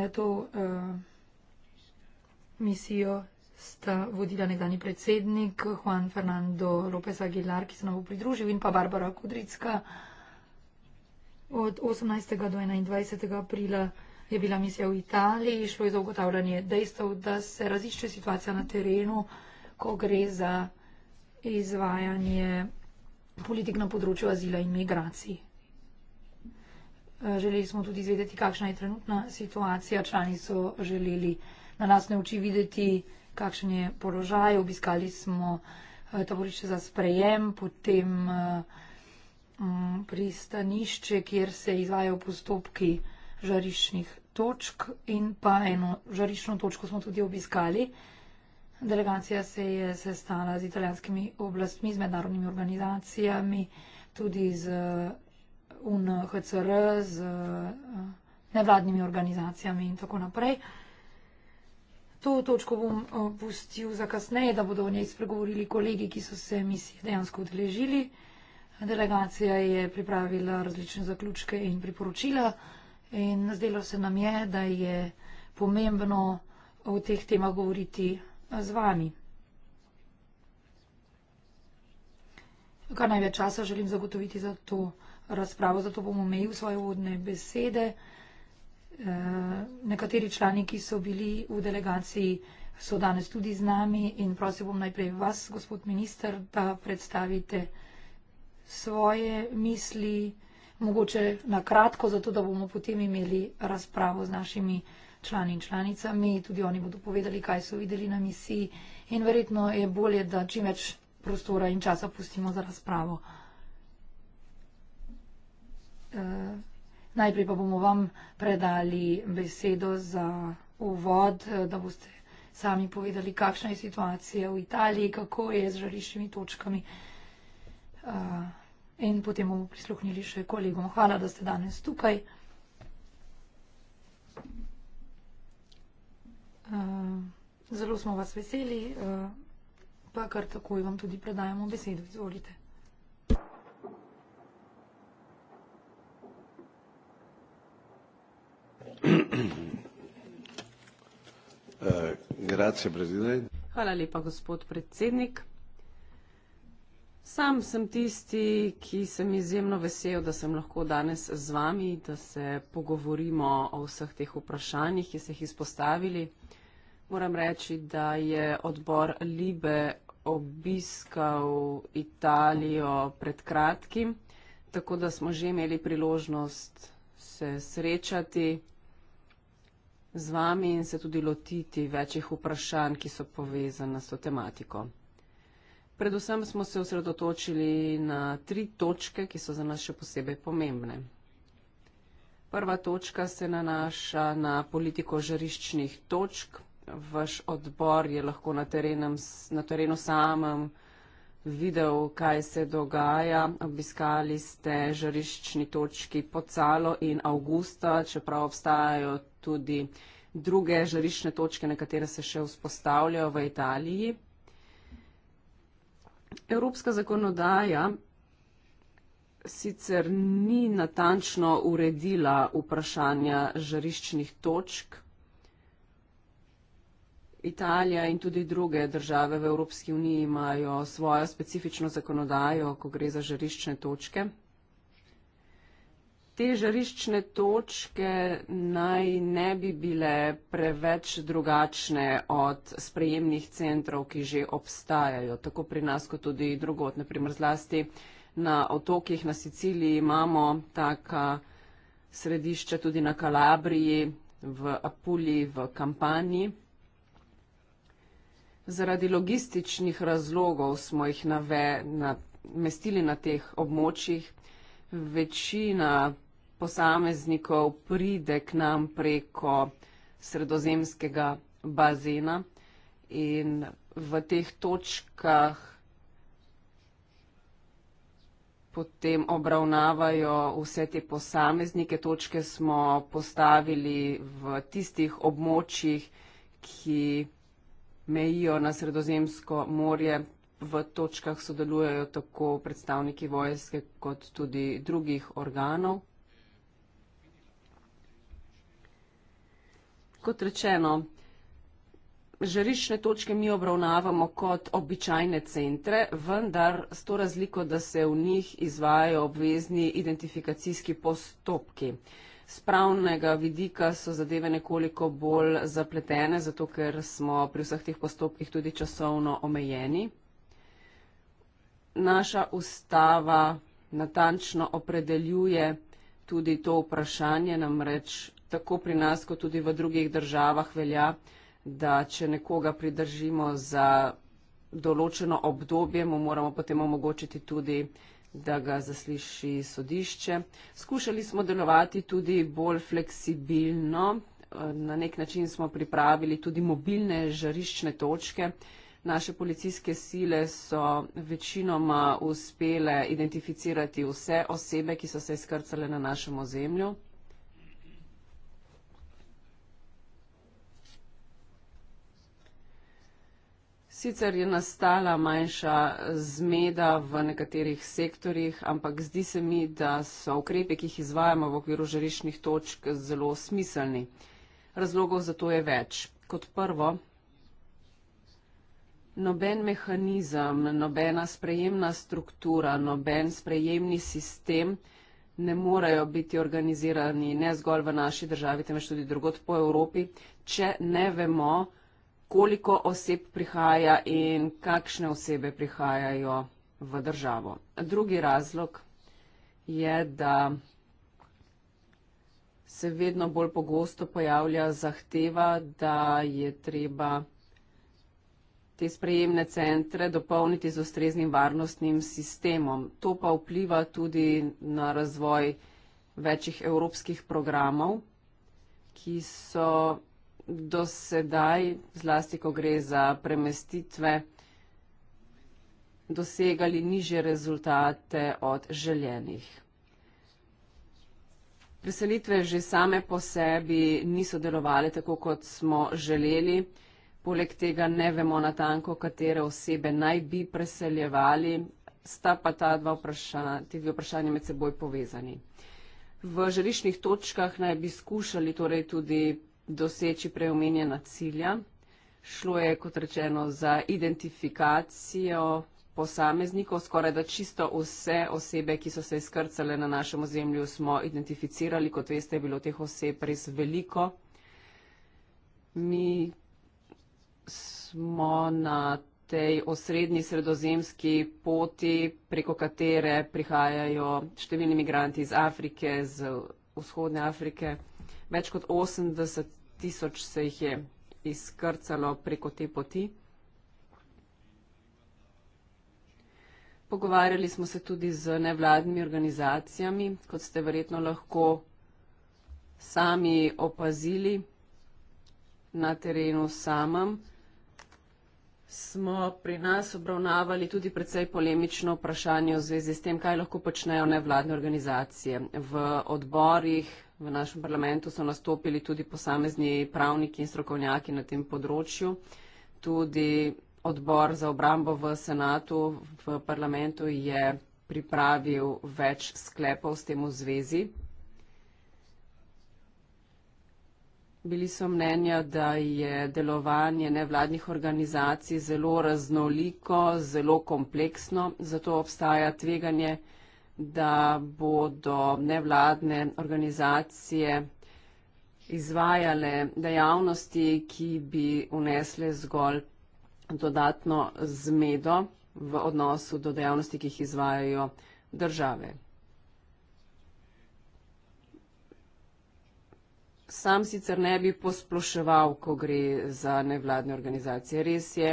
E, to e, misijo sta vodila nekdani predsednik Juan Fernando López Aguilar, ki se nam bo pridružil, in pa Barbara Kudricka od 18. do 21. aprila 2017 je bila misija v Italiji, šlo je za ugotavljanje dejstev, da se razišče situacija na terenu, ko gre za izvajanje politik na področju azila in migracij. Želeli smo tudi izvedeti, kakšna je trenutna situacija. Člani so želeli na lastne oči videti, kakšen je položaj. Obiskali smo eh, taborišče za sprejem, potem eh, pristanišče, kjer se izvajo postopki žariščnih točk in pa eno žarično točko smo tudi obiskali. Delegacija se je sestala z italijanskimi oblastmi, z mednarodnimi organizacijami, tudi z UNHCR, z nevladnimi organizacijami in tako naprej. To točko bom pustil za kasneje, da bodo o njej spregovorili kolegi, ki so se misije dejansko udeležili. Delegacija je pripravila različne zaključke in priporočila. In zdelo se nam je, da je pomembno o teh temah govoriti z vami. Kar največ časa želim zagotoviti za to razpravo, zato bom omejil svoje vodne besede. Eh, nekateri člani, ki so bili v delegaciji, so danes tudi z nami in prosim bom najprej vas, gospod minister, da predstavite svoje misli mogoče na kratko, zato da bomo potem imeli razpravo z našimi člani in članicami. Tudi oni bodo povedali, kaj so videli na misiji in verjetno je bolje, da čim več prostora in časa pustimo za razpravo. E, najprej pa bomo vam predali besedo za uvod, eh, da boste sami povedali, kakšna je situacija v Italiji, kako je z žariščimi točkami. Uh, In potem bomo prisluhnili še kolegom. Hvala, da ste danes tukaj. Eh, zelo smo vas veseli, eh, pa kar takoj vam tudi predajamo besedo. Izvolite. Eh, Hvala lepa, gospod predsednik. Sam sem tisti, ki sem izjemno vesel, da sem lahko danes z vami, da se pogovorimo o vseh teh vprašanjih, ki ste jih izpostavili. Moram reči, da je odbor Libe obiskal Italijo pred kratkim, tako da smo že imeli priložnost se srečati z vami in se tudi lotiti večjih vprašanj, ki so povezane s to tematiko. Predvsem smo se osredotočili na tri točke, ki so za nas še posebej pomembne. Prva točka se nanaša na politiko žariščnih točk. Vaš odbor je lahko na, terenem, na terenu samem videl, kaj se dogaja. Obiskali ste žariščni točki Pocalo in Augusta, čeprav obstajajo tudi druge žariščne točke, na katere se še vzpostavljajo v Italiji. Evropska zakonodaja sicer ni natančno uredila vprašanja žariščnih točk. Italija in tudi druge države v Evropski uniji imajo svojo specifično zakonodajo, ko gre za žariščne točke te žariščne točke naj ne bi bile preveč drugačne od sprejemnih centrov, ki že obstajajo, tako pri nas kot tudi drugot, naprimer zlasti na otokih na Siciliji imamo taka središča tudi na Kalabriji, v Apuliji, v Kampaniji. Zaradi logističnih razlogov smo jih nave, na, mestili na teh območjih večina posameznikov pride k nam preko sredozemskega bazena in v teh točkah potem obravnavajo vse te posameznike. Točke smo postavili v tistih območjih, ki mejijo na sredozemsko morje, v točkah sodelujejo tako predstavniki vojske kot tudi drugih organov. Kot rečeno, žarišne točke mi obravnavamo kot običajne centre, vendar s to razliko, da se v njih izvajajo obvezni identifikacijski postopki. Z pravnega vidika so zadeve nekoliko bolj zapletene, zato ker smo pri vseh teh postopkih tudi časovno omejeni naša ustava natančno opredeljuje tudi to vprašanje, namreč tako pri nas, kot tudi v drugih državah velja, da če nekoga pridržimo za določeno obdobje, mu moramo potem omogočiti tudi, da ga zasliši sodišče. Skušali smo delovati tudi bolj fleksibilno, na nek način smo pripravili tudi mobilne žariščne točke, Naše policijske sile so večinoma uspele identificirati vse osebe, ki so se izkrcale na našem ozemlju. Sicer je nastala manjša zmeda v nekaterih sektorjih, ampak zdi se mi, da so ukrepe, ki jih izvajamo v okviru žariščnih točk, zelo smiselni. Razlogov za to je več. Kot prvo, Noben mehanizem, nobena sprejemna struktura, noben sprejemni sistem ne morejo biti organizirani ne zgolj v naši državi, temveč tudi drugot po Evropi, če ne vemo, koliko oseb prihaja in kakšne osebe prihajajo v državo. Drugi razlog je, da se vedno bolj pogosto pojavlja zahteva, da je treba te sprejemne centre dopolniti z ustreznim varnostnim sistemom. To pa vpliva tudi na razvoj večjih evropskih programov, ki so do sedaj, zlasti ko gre za premestitve, dosegali niže rezultate od željenih. Preselitve že same po sebi niso delovale tako, kot smo želeli. Poleg tega ne vemo natanko, katere osebe naj bi preseljevali, sta pa ta dva vprašanja, ti dve vprašanje med seboj povezani. V želišnih točkah naj bi skušali torej tudi doseči preomenjena cilja. Šlo je, kot rečeno, za identifikacijo posameznikov, skoraj da čisto vse osebe, ki so se izkrcale na našem ozemlju, smo identificirali. Kot veste, je bilo teh oseb res veliko. Mi smo na tej osrednji sredozemski poti, preko katere prihajajo številni migranti iz Afrike, z vzhodne Afrike. Več kot 80 tisoč se jih je izkrcalo preko te poti. Pogovarjali smo se tudi z nevladnimi organizacijami, kot ste verjetno lahko sami opazili na terenu samem smo pri nas obravnavali tudi precej polemično vprašanje v zvezi s tem, kaj lahko počnejo nevladne organizacije. V odborih v našem parlamentu so nastopili tudi posamezni pravniki in strokovnjaki na tem področju. Tudi odbor za obrambo v senatu v parlamentu je pripravil več sklepov s tem v zvezi. Bili so mnenja, da je delovanje nevladnih organizacij zelo raznoliko, zelo kompleksno, zato obstaja tveganje, da bodo nevladne organizacije izvajale dejavnosti, ki bi unesle zgolj dodatno zmedo v odnosu do dejavnosti, ki jih izvajajo države. sam sicer ne bi posploševal, ko gre za nevladne organizacije. Res je,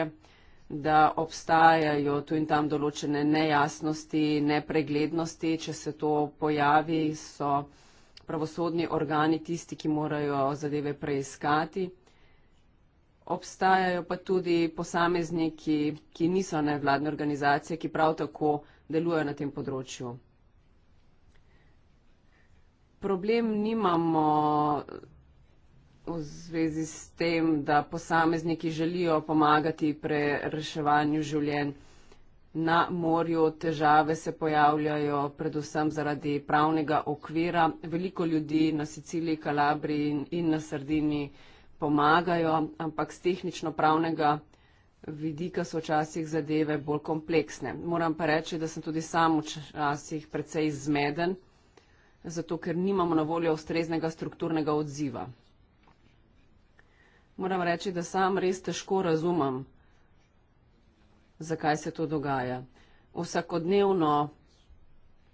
da obstajajo tu in tam določene nejasnosti, nepreglednosti. Če se to pojavi, so pravosodni organi tisti, ki morajo zadeve preiskati. Obstajajo pa tudi posamezniki, ki niso nevladne organizacije, ki prav tako delujejo na tem področju problem nimamo v zvezi s tem, da posamezniki želijo pomagati pri reševanju življenj. Na morju težave se pojavljajo predvsem zaradi pravnega okvira. Veliko ljudi na Siciliji, Kalabriji in na Sardini pomagajo, ampak z tehnično pravnega vidika so včasih zadeve bolj kompleksne. Moram pa reči, da sem tudi sam včasih precej zmeden zato ker nimamo na voljo ustreznega strukturnega odziva. Moram reči, da sam res težko razumem, zakaj se to dogaja. Vsakodnevno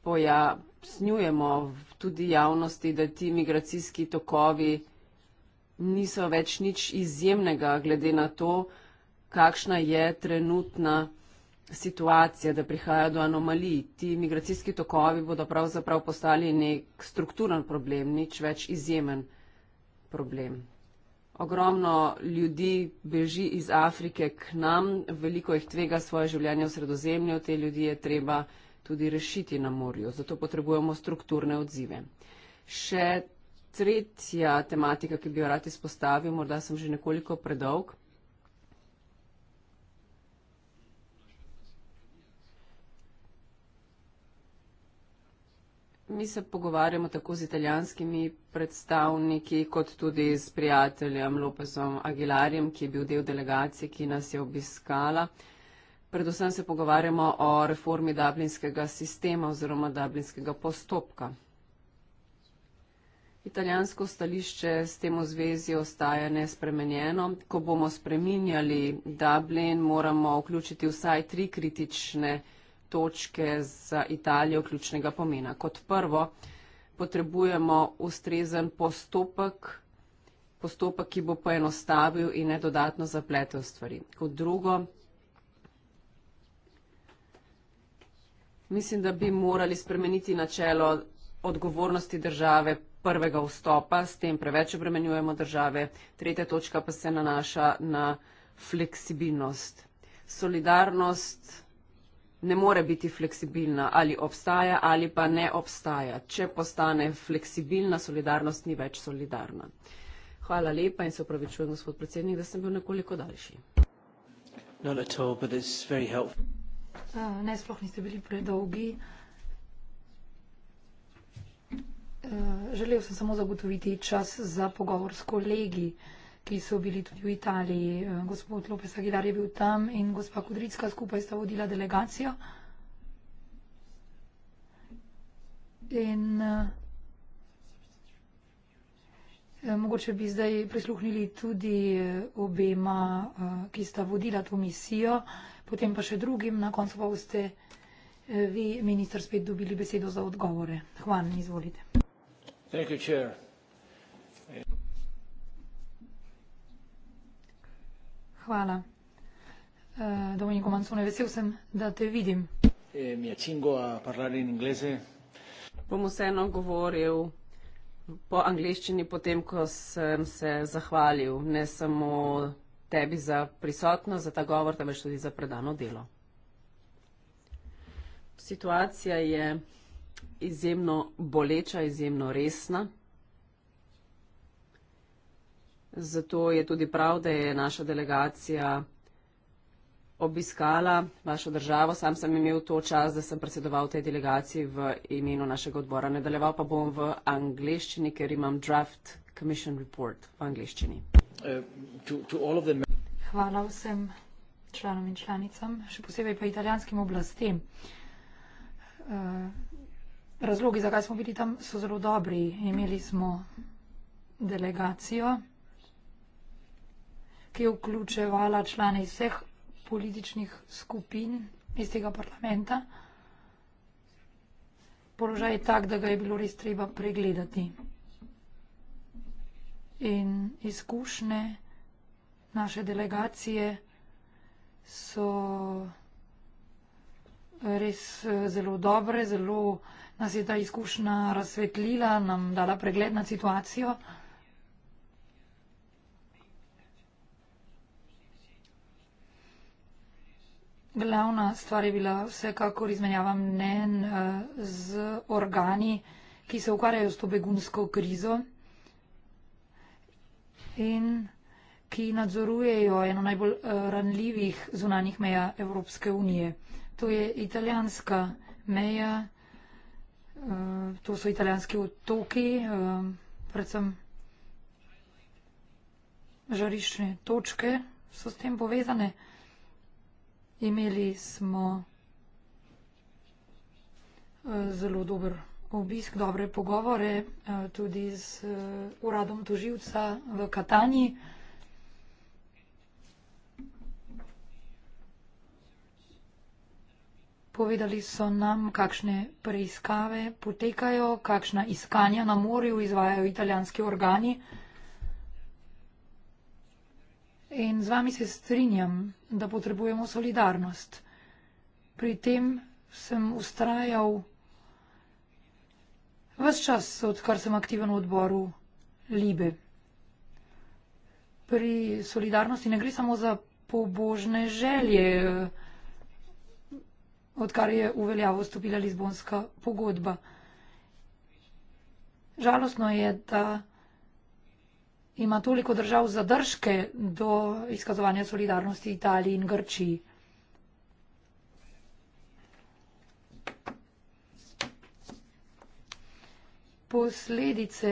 pojasnjujemo tudi javnosti, da ti migracijski tokovi niso več nič izjemnega, glede na to, kakšna je trenutna situacije, da prihaja do anomalij. Ti migracijski tokovi bodo pravzaprav postali nek strukturen problem, nič več izjemen problem. Ogromno ljudi beži iz Afrike k nam, veliko jih tvega svoje življenje v sredozemlju, te ljudi je treba tudi rešiti na morju, zato potrebujemo strukturne odzive. Še tretja tematika, ki bi jo rad izpostavil, morda sem že nekoliko predolg. Mi se pogovarjamo tako z italijanskimi predstavniki, kot tudi s prijateljem Lopezom Aguilarjem, ki je bil del delegacije, ki nas je obiskala. Predvsem se pogovarjamo o reformi dublinskega sistema oziroma dublinskega postopka. Italijansko stališče s tem v zvezi ostaja nespremenjeno. Ko bomo spreminjali Dublin, moramo vključiti vsaj tri kritične točke za Italijo ključnega pomena. Kot prvo, potrebujemo ustrezen postopek, postopek, ki bo poenostavil in ne dodatno zapletel stvari. Kot drugo, mislim, da bi morali spremeniti načelo odgovornosti države prvega vstopa, s tem preveč obremenjujemo države. Tretja točka pa se nanaša na fleksibilnost. Solidarnost ne more biti fleksibilna, ali obstaja ali pa ne obstaja. Če postane fleksibilna, solidarnost ni več solidarna. Hvala lepa in se upravičujem, gospod predsednik, da sem bil nekoliko daljši. All, ne, sploh niste bili predolgi. E, želel sem samo zagotoviti čas za pogovor s kolegi ki so bili tudi v Italiji. Eh, gospod Lopes Aguilar je bil tam in gospa Kudricka skupaj sta vodila delegacijo. In eh, eh mogoče bi zdaj prisluhnili tudi eh, obema, eh, ki sta vodila to misijo, potem pa še drugim, na koncu pa boste eh, vi, minister, spet dobili besedo za odgovore. Hvala, izvolite. Thank you, chair. Hvala. Eh, Domenico Mancone, vesel sem, da te vidim. E, mi je cingo, a parlare in inglese. Bom vseeno govoril po angliščini, potem, ko sem se zahvalil ne samo tebi za prisotnost, za ta govor, temveč tudi za predano delo. Situacija je izjemno boleča, izjemno resna. Zato je tudi prav, da je naša delegacija obiskala vašo državo. Sam sem imel to čas, da sem predsedoval tej delegaciji v imenu našega odbora. Nadaljeval pa bom v angliščini, ker imam draft commission report v angliščini. Uh, eh, to, to Hvala vsem članom in članicam, še posebej pa italijanskim oblastem. Uh, razlogi, zakaj smo bili tam, so zelo dobri. Imeli smo delegacijo ki je vključevala člane iz vseh političnih skupin iz tega parlamenta. Položaj je tak, da ga je bilo res treba pregledati. In izkušnje naše delegacije so res eh, zelo dobre, zelo nas je ta izkušnja razsvetlila, nam dala pregled nad situacijo. Glavna stvar je bila vsekakor izmenjava mnen eh, z organi, ki se ukvarjajo s to begunsko krizo in ki nadzorujejo eno najbolj eh, ranljivih zunanjih meja Evropske unije. To je italijanska meja, eh, to so italijanski otoki, predvsem žariščne točke so s tem povezane. Imeli smo eh, zelo dober obisk, dobre pogovore eh, tudi z eh, uradom toživca v Katani. Povedali so nam, kakšne preiskave potekajo, kakšna iskanja na morju izvajajo italijanski organi. In z vami se strinjam, da potrebujemo solidarnost. Pri tem sem ustrajal vse čas, odkar sem aktiven v odboru Libe. Pri solidarnosti ne gre samo za pobožne želje, odkar je v veljavo stopila Lizbonska pogodba. Žalostno je, da ima toliko držav zadržke do izkazovanja solidarnosti Italiji in Grčiji. Posledice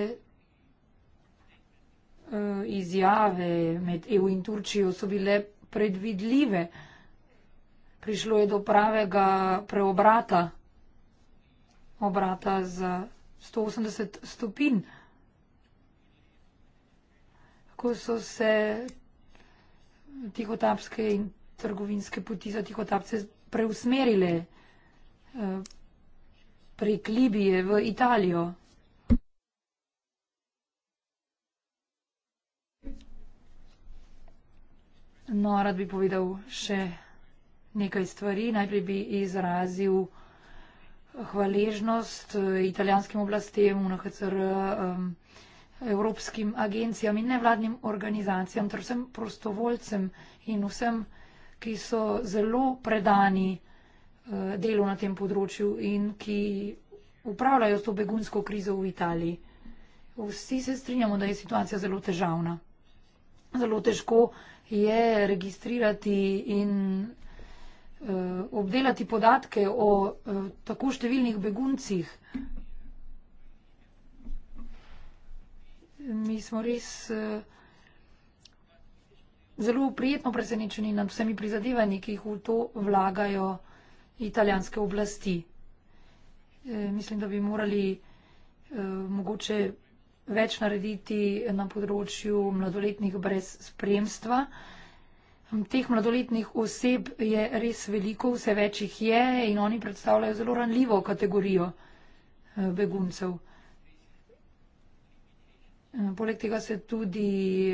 eh, izjave med EU in Turčijo so bile predvidljive. Prišlo je do pravega preobrata, obrata za 180 stopinj ko so se tihotapske in trgovinske poti za tihotapce preusmerile eh, prek Libije v Italijo. No, rad bi povedal še nekaj stvari. Najprej bi izrazil hvaležnost eh, italijanskim oblastem, UNHCR, um, evropskim agencijam in nevladnim organizacijam ter vsem prostovoljcem in vsem, ki so zelo predani eh, delu na tem področju in ki upravljajo to begunsko krizo v Italiji. Vsi se strinjamo, da je situacija zelo težavna. Zelo težko je registrirati in eh, obdelati podatke o eh, tako številnih beguncih, mi smo res eh, zelo prijetno presenečeni nad vsemi prizadevanji, ki jih v to vlagajo italijanske oblasti. Eh, mislim, da bi morali eh, mogoče več narediti na področju mladoletnih brez spremstva. Teh mladoletnih oseb je res veliko, vse več jih je in oni predstavljajo zelo ranljivo kategorijo beguncev. Eh, poleg tega se tudi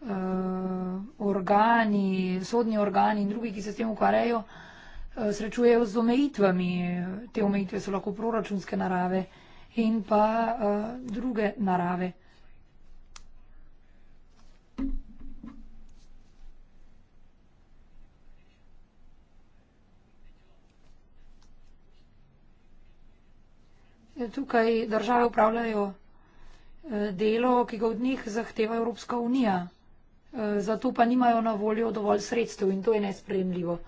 uh, organi, sodni organi in drugi, ki se s tem ukvarjajo, uh, srečujejo z omejitvami. Te omejitve so lahko proračunske narave in pa uh, druge narave. Tukaj države upravljajo delo, ki ga od njih zahteva Evropska unija. E, zato pa nimajo na voljo dovolj sredstev in to je nespremljivo.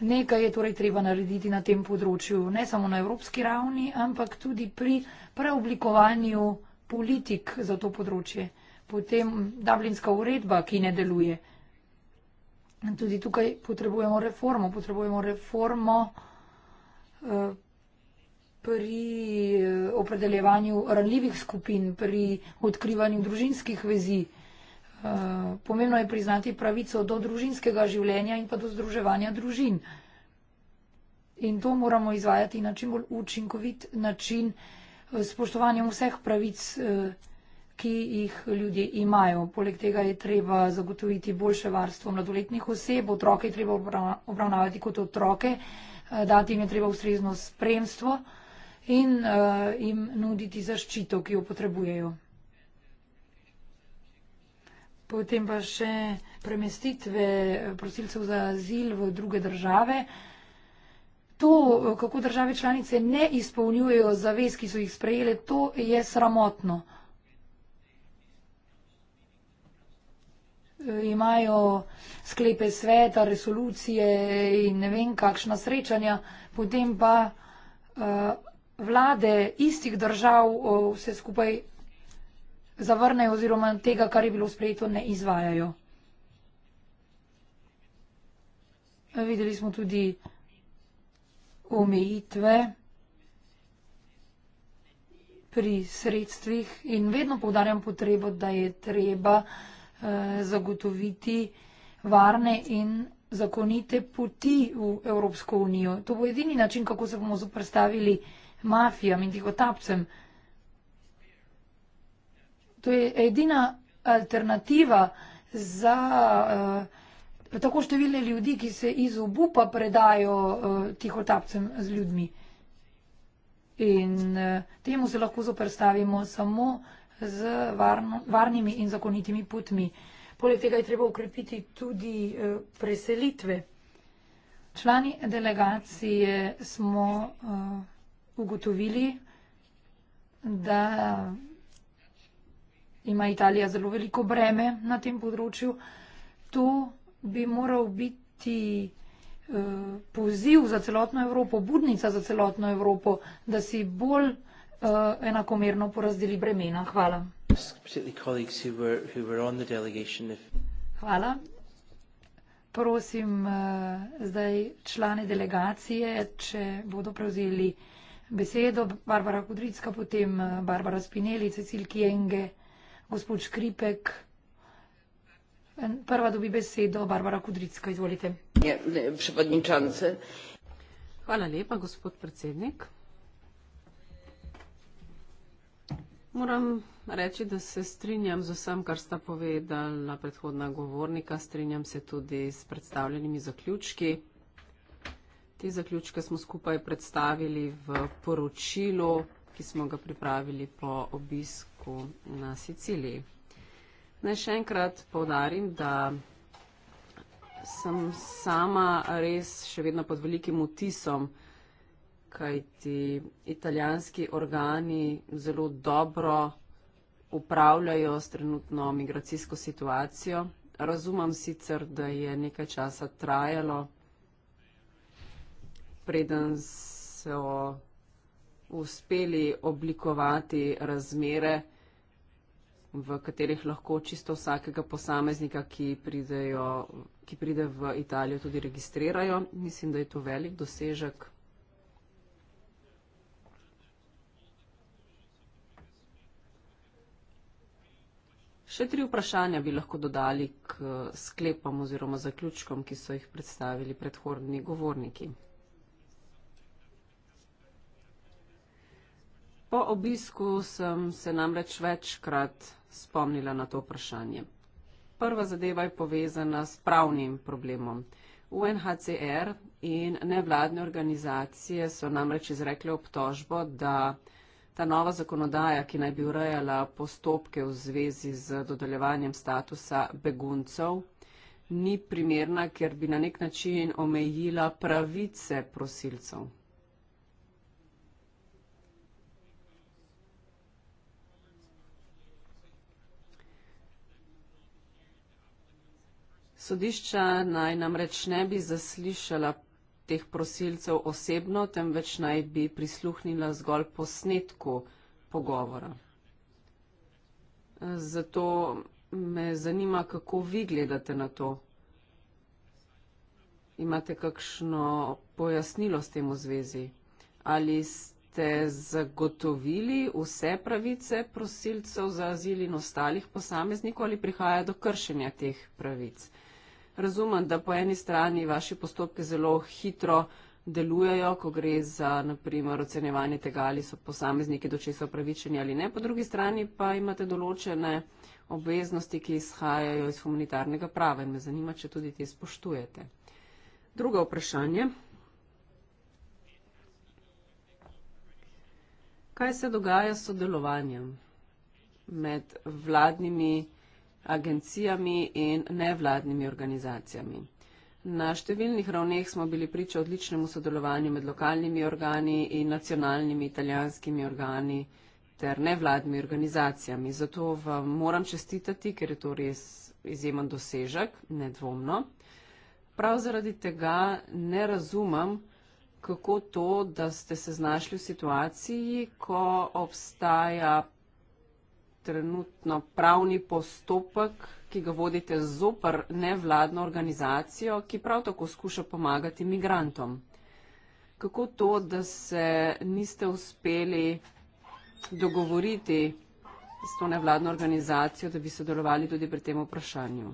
Nekaj je torej treba narediti na tem področju, ne samo na evropski ravni, ampak tudi pri preoblikovanju politik za to področje. Potem Dublinska uredba, ki ne deluje. Tudi tukaj potrebujemo reformo, potrebujemo reformo e, pri eh, opredeljevanju ranljivih skupin, pri odkrivanju družinskih vezi. Eh, pomembno je priznati pravico do družinskega življenja in pa do združevanja družin. In to moramo izvajati na čim bolj učinkovit način eh, s spoštovanjem vseh pravic, ki jih ljudje imajo. Poleg tega je treba zagotoviti boljše varstvo mladoletnih oseb, otroke je treba obravnavati kot otroke, dati jim je treba ustrezno spremstvo in uh, jim nuditi zaščito, ki jo potrebujejo. Potem pa še premestitve eh, prosilcev za azil v druge države. To, eh, kako države članice ne izpolnjujejo zavez, ki so jih sprejele, to je sramotno. Imajo sklepe sveta, resolucije in ne vem kakšna srečanja, potem pa. Uh, vlade istih držav vse skupaj zavrnejo oziroma tega, kar je bilo sprejeto, ne izvajajo. Videli smo tudi omejitve pri sredstvih in vedno povdarjam potrebo, da je treba eh, zagotoviti varne in zakonite poti v Evropsko unijo. To bo edini način, kako se bomo zoprstavili vsega mafijam in tihotapcem. To je edina alternativa za uh, tako številne ljudi, ki se iz obupa predajo uh, tihotapcem z ljudmi. In uh, temu se lahko zoprstavimo samo z varno, varnimi in zakonitimi putmi. Poleg tega je treba ukrepiti tudi uh, preselitve. Člani delegacije smo. Uh, ugotovili, da ima Italija zelo veliko breme na tem področju. To bi moral biti eh, poziv za celotno Evropo, budnica za celotno Evropo, da si bolj eh, enakomerno porazdeli bremena. Hvala. Hvala. Prosim eh, zdaj člane delegacije, če bodo prevzeli besedo, Barbara Kudricka, potem eh, Barbara Spinelli, Cecil Kienge, gospod Škripek. Prva dobi besedo, Barbara Kudricka, izvolite. Ja, Hvala lepa, gospod predsednik. Moram reči, da se strinjam z vsem, kar sta povedala predhodna govornika, strinjam se tudi s predstavljenimi zaključki. Te zaključke smo skupaj predstavili v poročilu, ki smo ga pripravili po obisku na Siciliji. Naj še enkrat povdarim, da sem sama res še vedno pod velikim vtisom, kaj ti italijanski organi zelo dobro upravljajo s trenutno migracijsko situacijo. Razumem sicer, da je nekaj časa trajalo, preden so uspeli oblikovati razmere, v katerih lahko čisto vsakega posameznika, ki, pridejo, ki pride v Italijo, tudi registrirajo. Mislim, da je to velik dosežek. Še tri vprašanja bi lahko dodali k sklepom oziroma zaključkom, ki so jih predstavili predhodni govorniki. Po obisku sem se namreč večkrat spomnila na to vprašanje. Prva zadeva je povezana s pravnim problemom. UNHCR in nevladne organizacije so namreč izrekle obtožbo, da ta nova zakonodaja, ki naj bi urejala postopke v zvezi z dodeljevanjem statusa beguncev, ni primerna, ker bi na nek način omejila pravice prosilcev. Sodišča naj namreč ne bi zaslišala teh prosilcev osebno, temveč naj bi prisluhnila zgolj posnetku pogovora. Zato me zanima, kako vi gledate na to. Imate kakšno pojasnilo s tem v zvezi? Ali ste zagotovili vse pravice prosilcev za azil in ostalih posameznikov ali prihaja do kršenja teh pravic? razumem, da po eni strani vaši postopki zelo hitro delujejo, ko gre za, naprimer, ocenjevanje tega, ali so posamezniki do česa upravičeni ali ne. Po drugi strani pa imate določene obveznosti, ki izhajajo iz humanitarnega prava in me zanima, če tudi te spoštujete. Drugo vprašanje. Kaj se dogaja s sodelovanjem med vladnimi agencijami in nevladnimi organizacijami. Na številnih ravneh smo bili priča odličnemu sodelovanju med lokalnimi organi in nacionalnimi italijanskimi organi ter nevladnimi organizacijami. Zato vam moram čestitati, ker je to res izjemen dosežek, nedvomno. Prav zaradi tega ne razumem, kako to, da ste se znašli v situaciji, ko obstaja trenutno pravni postopek, ki ga vodite zoper nevladno organizacijo, ki prav tako skuša pomagati migrantom. Kako to, da se niste uspeli dogovoriti s to nevladno organizacijo, da bi sodelovali tudi pri tem vprašanju?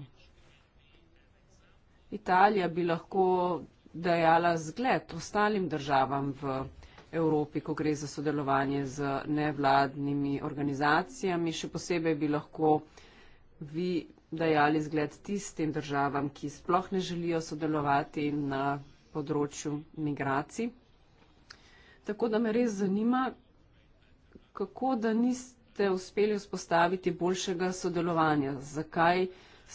Italija bi lahko dajala zgled ostalim državam v Evropi, ko gre za sodelovanje z nevladnimi organizacijami. Še posebej bi lahko vi dajali zgled tistim državam, ki sploh ne želijo sodelovati na področju migracij. Tako da me res zanima, kako da niste uspeli vzpostaviti boljšega sodelovanja, zakaj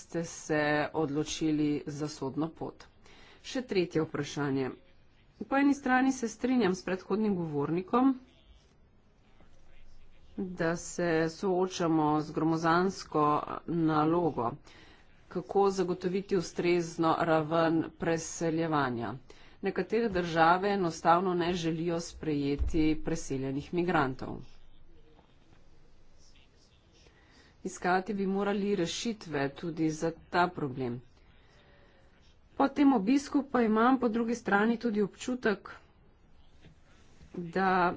ste se odločili za sodno pot. Še tretje vprašanje. Po eni strani se strinjam s predhodnim govornikom, da se soočamo z gromozansko nalogo, kako zagotoviti ustrezno raven preseljevanja. Nekatere države enostavno ne želijo sprejeti preseljenih migrantov. Iskati bi morali rešitve tudi za ta problem. Po tem obisku pa imam po drugi strani tudi občutek, da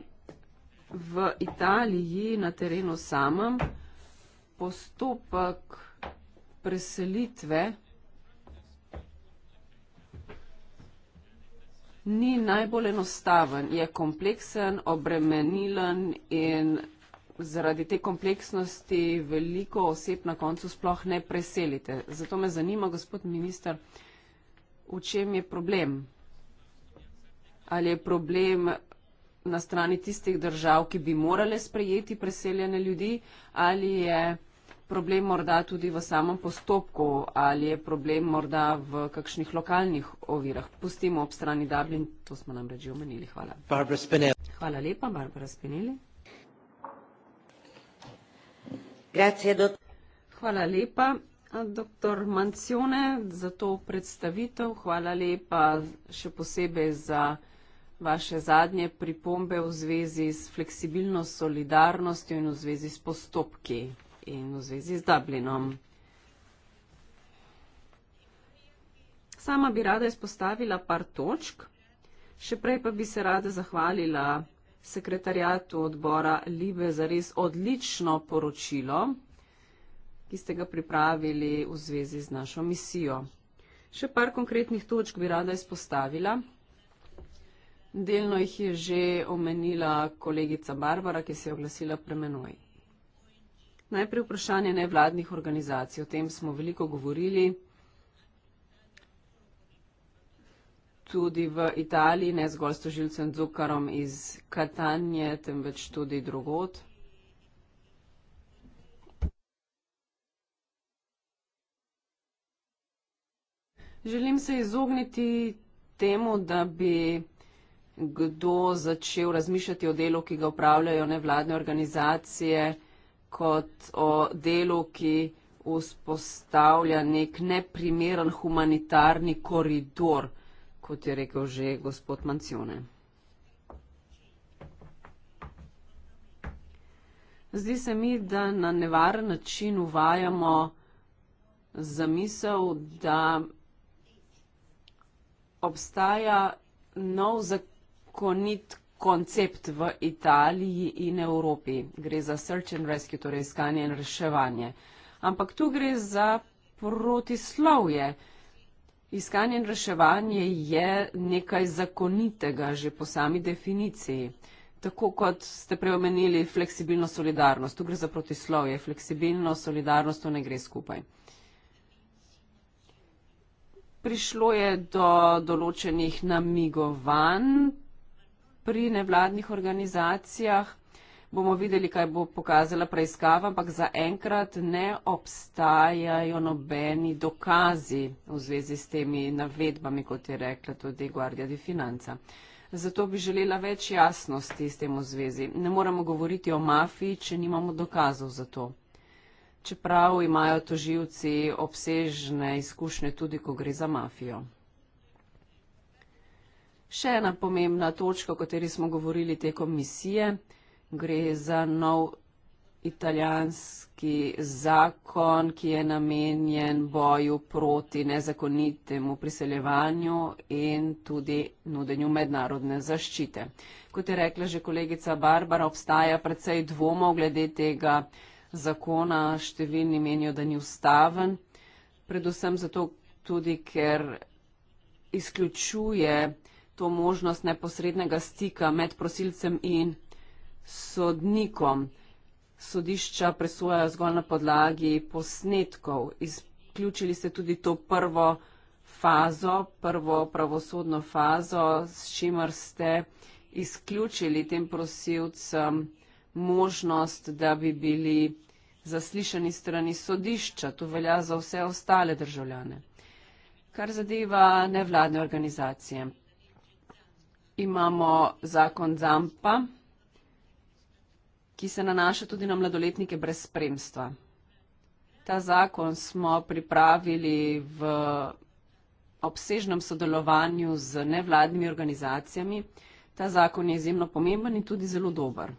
v Italiji na terenu samem postopek preselitve ni najbolj enostaven, je kompleksen, obremenilen in zaradi te kompleksnosti veliko oseb na koncu sploh ne preselite. Zato me zanima, gospod minister, v čem je problem? Ali je problem na strani tistih držav, ki bi morale sprejeti preseljene ljudi, ali je problem morda tudi v samem postopku, ali je problem morda v kakšnih lokalnih ovirah. Pustimo ob strani Dublin, to smo nam reči omenili. Hvala. Hvala lepa, Barbara Spinelli. Hvala lepa. Doktor Mancione, za to predstavitev hvala lepa še posebej za vaše zadnje pripombe v zvezi s fleksibilno solidarnostjo in v zvezi s postopki in v zvezi z Dublinom. Sama bi rada izpostavila par točk, še prej pa bi se rada zahvalila sekretarjatu odbora Libe za res odlično poročilo ki ste ga pripravili v zvezi z našo misijo. Še par konkretnih točk bi rada izpostavila. Delno jih je že omenila kolegica Barbara, ki se je oglasila premenoj. Najprej vprašanje nevladnih organizacij. O tem smo veliko govorili. Tudi v Italiji, ne zgolj s tožilcem Zukarom iz Katanje, temveč tudi drugot. Želim se izogniti temu, da bi kdo začel razmišljati o delu, ki ga upravljajo nevladne organizacije, kot o delu, ki vzpostavlja nek neprimeren humanitarni koridor, kot je rekel že gospod Mancione. Zdi se mi, da na nevaren način uvajamo zamisel, da obstaja nov zakonit koncept v Italiji in Evropi. Gre za search and rescue, torej iskanje in reševanje. Ampak tu gre za protislovje. Iskanje in reševanje je nekaj zakonitega že po sami definiciji. Tako kot ste preomenili fleksibilno solidarnost, tu gre za protislovje, fleksibilno solidarnost to ne gre skupaj prišlo je do določenih namigovanj pri nevladnih organizacijah. Bomo videli, kaj bo pokazala preiskava, ampak zaenkrat ne obstajajo nobeni dokazi v zvezi s temi navedbami, kot je rekla tudi Guardia di Financa. Zato bi želela več jasnosti s tem v zvezi. Ne moremo govoriti o mafiji, če nimamo dokazov za to čeprav imajo toživci obsežne izkušnje tudi, ko gre za mafijo. Še ena pomembna točka, o kateri smo govorili tekom misije, gre za nov italijanski zakon, ki je namenjen boju proti nezakonitemu priseljevanju in tudi nudenju mednarodne zaščite. Kot je rekla že kolegica Barbara, obstaja predvsej dvomov glede tega, zakona številni menijo, da ni ustaven, predvsem zato tudi, ker izključuje to možnost neposrednega stika med prosilcem in sodnikom. Sodišča presojajo zgolj na podlagi posnetkov. Izključili ste tudi to prvo fazo, prvo pravosodno fazo, s čimer ste izključili tem prosilcem možnost, da bi bili zaslišani strani sodišča. To velja za vse ostale državljane. Kar zadeva nevladne organizacije. Imamo zakon ZAMPA, ki se nanaša tudi na mladoletnike brez spremstva. Ta zakon smo pripravili v obsežnem sodelovanju z nevladnimi organizacijami. Ta zakon je izjemno pomemben in tudi zelo dober.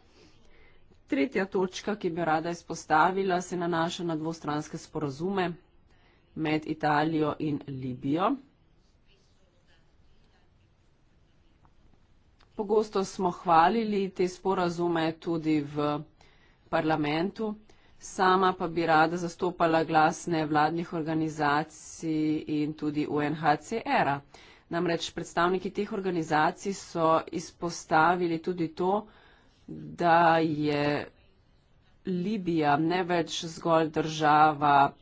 Tretja točka, ki bi rada izpostavila, se nanaša na dvostranske sporazume med Italijo in Libijo. Pogosto smo hvalili te sporazume tudi v parlamentu, sama pa bi rada zastopala glasne vladnih organizacij in tudi UNHCR-a. Namreč predstavniki teh organizacij so izpostavili tudi to, da je Libija ne več zgolj država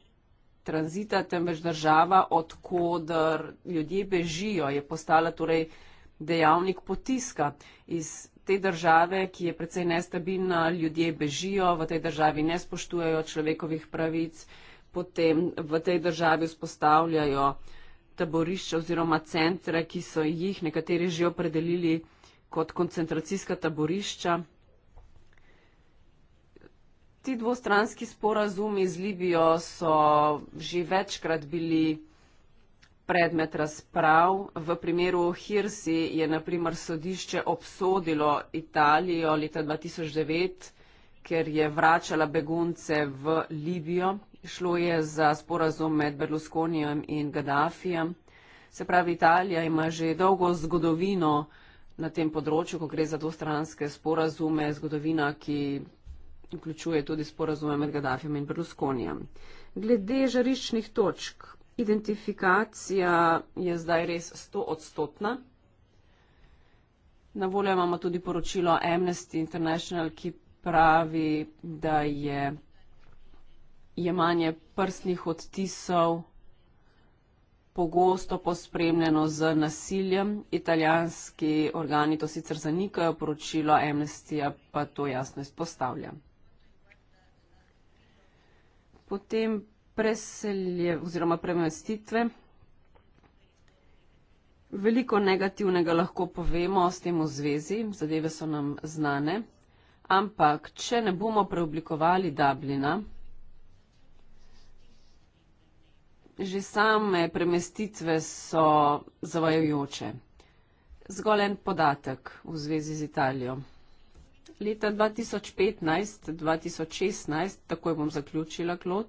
tranzita, temveč država, odkudar ljudje bežijo, je postala torej dejavnik potiska iz te države, ki je predvsej nestabilna, ljudje bežijo, v tej državi ne spoštujejo človekovih pravic, potem v tej državi vzpostavljajo taborišča oziroma centre, ki so jih nekateri že opredelili kot koncentracijska taborišča ti dvostranski sporazumi z Libijo so že večkrat bili predmet razprav. V primeru Hirsi je naprimer sodišče obsodilo Italijo leta 2009, ker je vračala begunce v Libijo. Šlo je za sporazum med Berlusconijem in Gaddafijem. Se pravi, Italija ima že dolgo zgodovino na tem področju, ko gre za dvostranske sporazume, zgodovina, ki ki vključuje tudi sporazume med Gaddafijem in Berlusconijem. Glede žariščnih točk, identifikacija je zdaj res 100 odstotna. Na voljo imamo tudi poročilo Amnesty International, ki pravi, da je jemanje prstnih odtisov pogosto pospremljeno z nasiljem. Italijanski organi to sicer zanikajo, poročilo Amnestyja pa to jasno izpostavlja potem preselje oziroma premestitve. Veliko negativnega lahko povemo s tem v zvezi, zadeve so nam znane, ampak če ne bomo preoblikovali Dublina, že same premestitve so zavajajoče. Zgolj en podatek v zvezi z Italijo leta 2015-2016, takoj bom zaključila klot,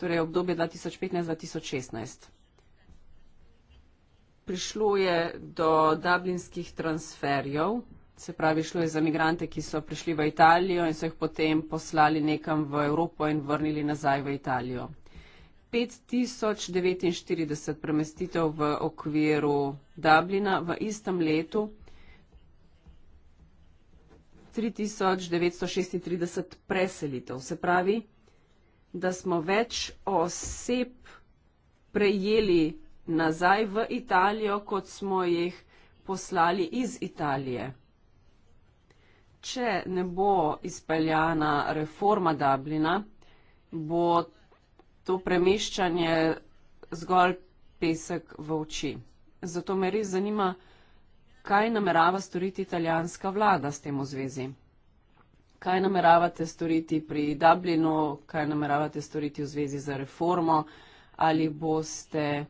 torej obdobje 2015-2016. Prišlo je do dublinskih transferjev, se pravi, šlo je za migrante, ki so prišli v Italijo in so jih potem poslali nekam v Evropo in vrnili nazaj v Italijo. 5049 premestitev v okviru Dublina v istem letu 3936 preselitev. Se pravi, da smo več oseb prejeli nazaj v Italijo, kot smo jih poslali iz Italije. Če ne bo izpeljana reforma Dublina, bo to premeščanje zgolj pesek v oči. Zato me res zanima, kaj namerava storiti italijanska vlada s tem v zvezi? Kaj nameravate storiti pri Dublinu, kaj nameravate storiti v zvezi za reformo? Ali boste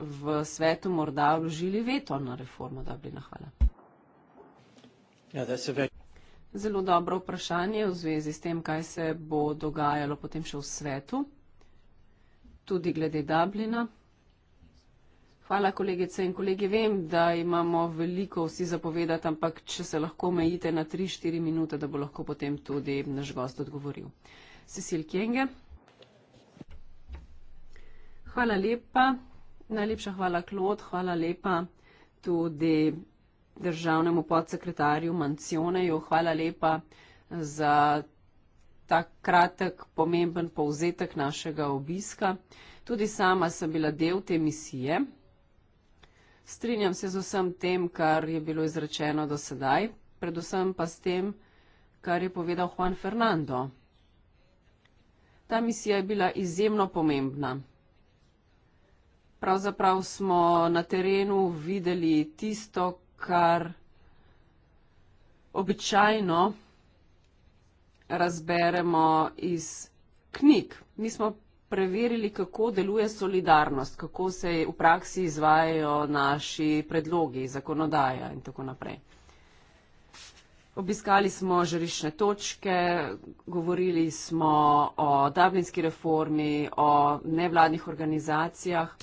v svetu morda vložili veto na reformo Dublina? Hvala. Ja, Zelo dobro vprašanje v zvezi s tem, kaj se bo dogajalo potem še v svetu, tudi glede Dublina. Hvala, kolegice in kolegi. Vem, da imamo veliko vsi zapovedati, ampak če se lahko omejite na 3-4 minute, da bo lahko potem tudi naš gost odgovoril. Cecil Kjenge. Hvala lepa. Najlepša hvala, Klod. Hvala lepa tudi državnemu podsekretarju Mancioneju. Hvala lepa za ta kratek, pomemben povzetek našega obiska. Tudi sama sem bila del te misije. Strinjam se z vsem tem, kar je bilo izrečeno do sedaj, predvsem pa s tem, kar je povedal Juan Fernando. Ta misija je bila izjemno pomembna. Pravzaprav smo na terenu videli tisto, kar običajno razberemo iz knjig. Mi smo preverili, kako deluje solidarnost, kako se v praksi izvajajo naši predlogi, zakonodaja in tako naprej. Obiskali smo žarišne točke, govorili smo o dublinski reformi, o nevladnih organizacijah.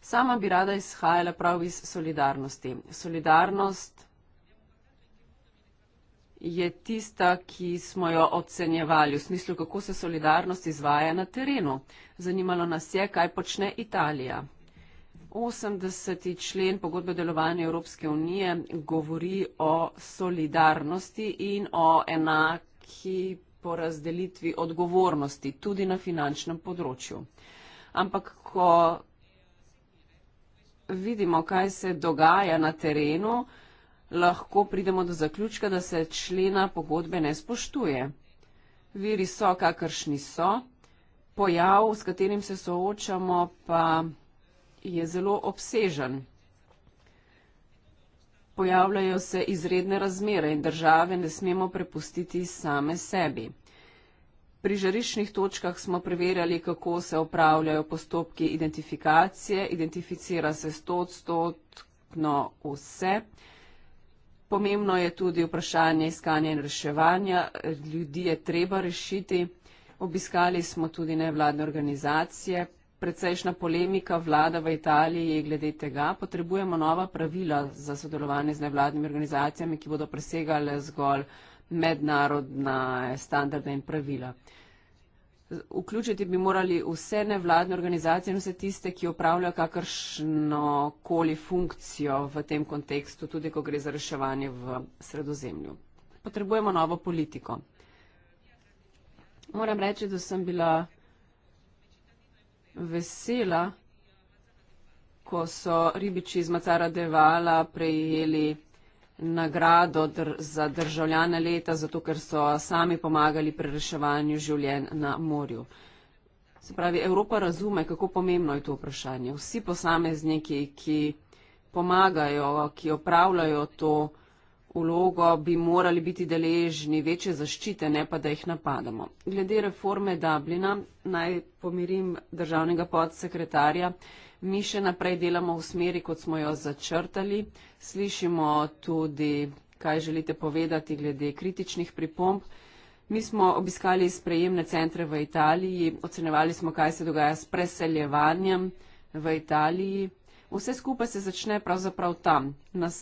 Sama bi rada izhajala prav iz solidarnosti. Solidarnost je tista, ki smo jo ocenjevali v smislu, kako se solidarnost izvaja na terenu. Zanimalo nas je, kaj počne Italija. 80. člen pogodbe delovanja Evropske unije govori o solidarnosti in o enaki porazdelitvi odgovornosti tudi na finančnem področju. Ampak ko vidimo, kaj se dogaja na terenu, lahko pridemo do zaključka, da se člena pogodbe ne spoštuje. Viri so, kakršni so, pojav, s katerim se soočamo, pa je zelo obsežen. Pojavljajo se izredne razmere in države ne smemo prepustiti same sebi. Pri žariščnih točkah smo preverjali, kako se upravljajo postopki identifikacije, identificira se 100 odstotkno vse. Pomembno je tudi vprašanje iskanja in reševanja. Ljudi je treba rešiti. Obiskali smo tudi nevladne organizacije. Precejšna polemika vlada v Italiji je glede tega. Potrebujemo nova pravila za sodelovanje z nevladnimi organizacijami, ki bodo presegale zgolj mednarodna standarde in pravila. Vključiti bi morali vse nevladne organizacije in vse tiste, ki opravljajo kakršno koli funkcijo v tem kontekstu, tudi ko gre za reševanje v sredozemlju. Potrebujemo novo politiko. Moram reči, da sem bila vesela, ko so ribiči iz Macara Devala prejeli nagrado dr za državljane leta, zato ker so sami pomagali pri reševanju življenj na morju. Se pravi, Evropa razume, kako pomembno je to vprašanje. Vsi posamezniki, ki pomagajo, ki opravljajo to vlogo, bi morali biti deležni večje zaščite, ne pa da jih napadamo. Glede reforme Dublina, naj pomirim državnega podsekretarja, mi še naprej delamo v smeri, kot smo jo začrtali. Slišimo tudi, kaj želite povedati glede kritičnih pripomb. Mi smo obiskali sprejemne centre v Italiji, ocenevali smo, kaj se dogaja s preseljevanjem v Italiji. Vse skupaj se začne pravzaprav tam, na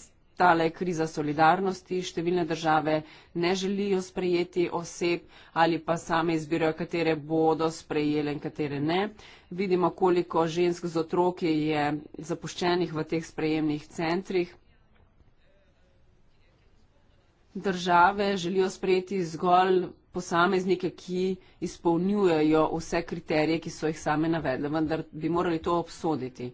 tale kriza solidarnosti, številne države ne želijo sprejeti oseb ali pa same izbirajo, katere bodo sprejele in katere ne. Vidimo, koliko žensk z otroki je zapuščenih v teh sprejemnih centrih. Države želijo sprejeti zgolj posameznike, ki izpolnjujejo vse kriterije, ki so jih same navedle, vendar bi morali to obsoditi.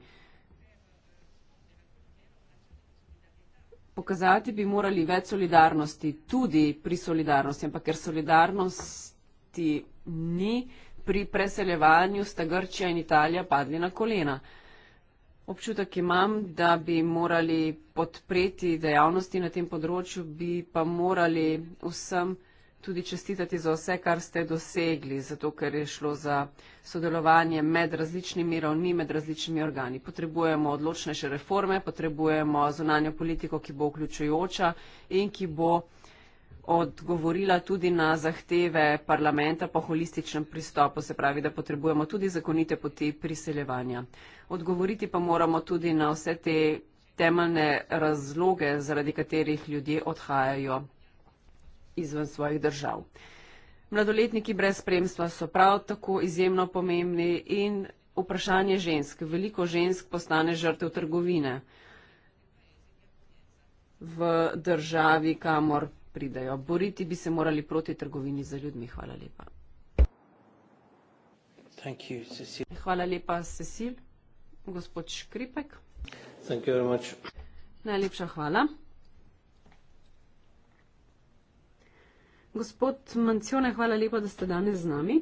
pokazati bi morali več solidarnosti, tudi pri solidarnosti, ampak ker solidarnosti ni, pri preseljevanju sta Grčija in Italija padli na kolena. Občutek imam, da bi morali podpreti dejavnosti na tem področju, bi pa morali vsem tudi čestitati za vse, kar ste dosegli, zato ker je šlo za sodelovanje med različnimi ravni, med različnimi organi. Potrebujemo odločnejše reforme, potrebujemo zunanjo politiko, ki bo vključujoča in ki bo odgovorila tudi na zahteve parlamenta po holističnem pristopu, se pravi, da potrebujemo tudi zakonite poti priseljevanja. Odgovoriti pa moramo tudi na vse te temeljne razloge, zaradi katerih ljudje odhajajo izven svojih držav. Mladoletniki brez spremstva so prav tako izjemno pomembni in vprašanje žensk. Veliko žensk postane žrtev trgovine v državi, kamor pridajo. Boriti bi se morali proti trgovini za ljudmi. Hvala lepa. You, Hvala lepa, Cecil. Gospod Škripek. Najlepša hvala. Gospod Mancione, hvala lepa, da ste danes z nami.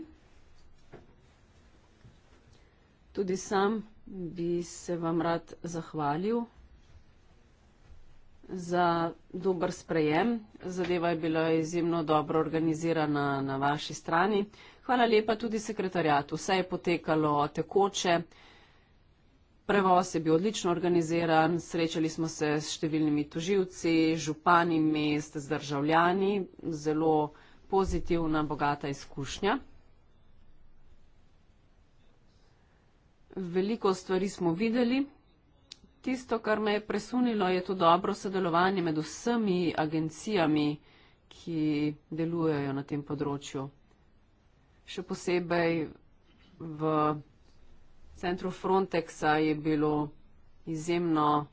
Tudi sam bi se vam rad zahvalil za dober sprejem. Zadeva je bila izjemno dobro organizirana na vaši strani. Hvala lepa tudi sekretarjatu. Vse je potekalo tekoče. Prevoz je bil odlično organiziran, srečali smo se s številnimi tuživci, župani mest, z državljani, zelo pozitivna, bogata izkušnja. Veliko stvari smo videli. Tisto, kar me je presunilo, je to dobro sodelovanje med vsemi agencijami, ki delujejo na tem področju. Še posebej v centru Frontexa je bilo izjemno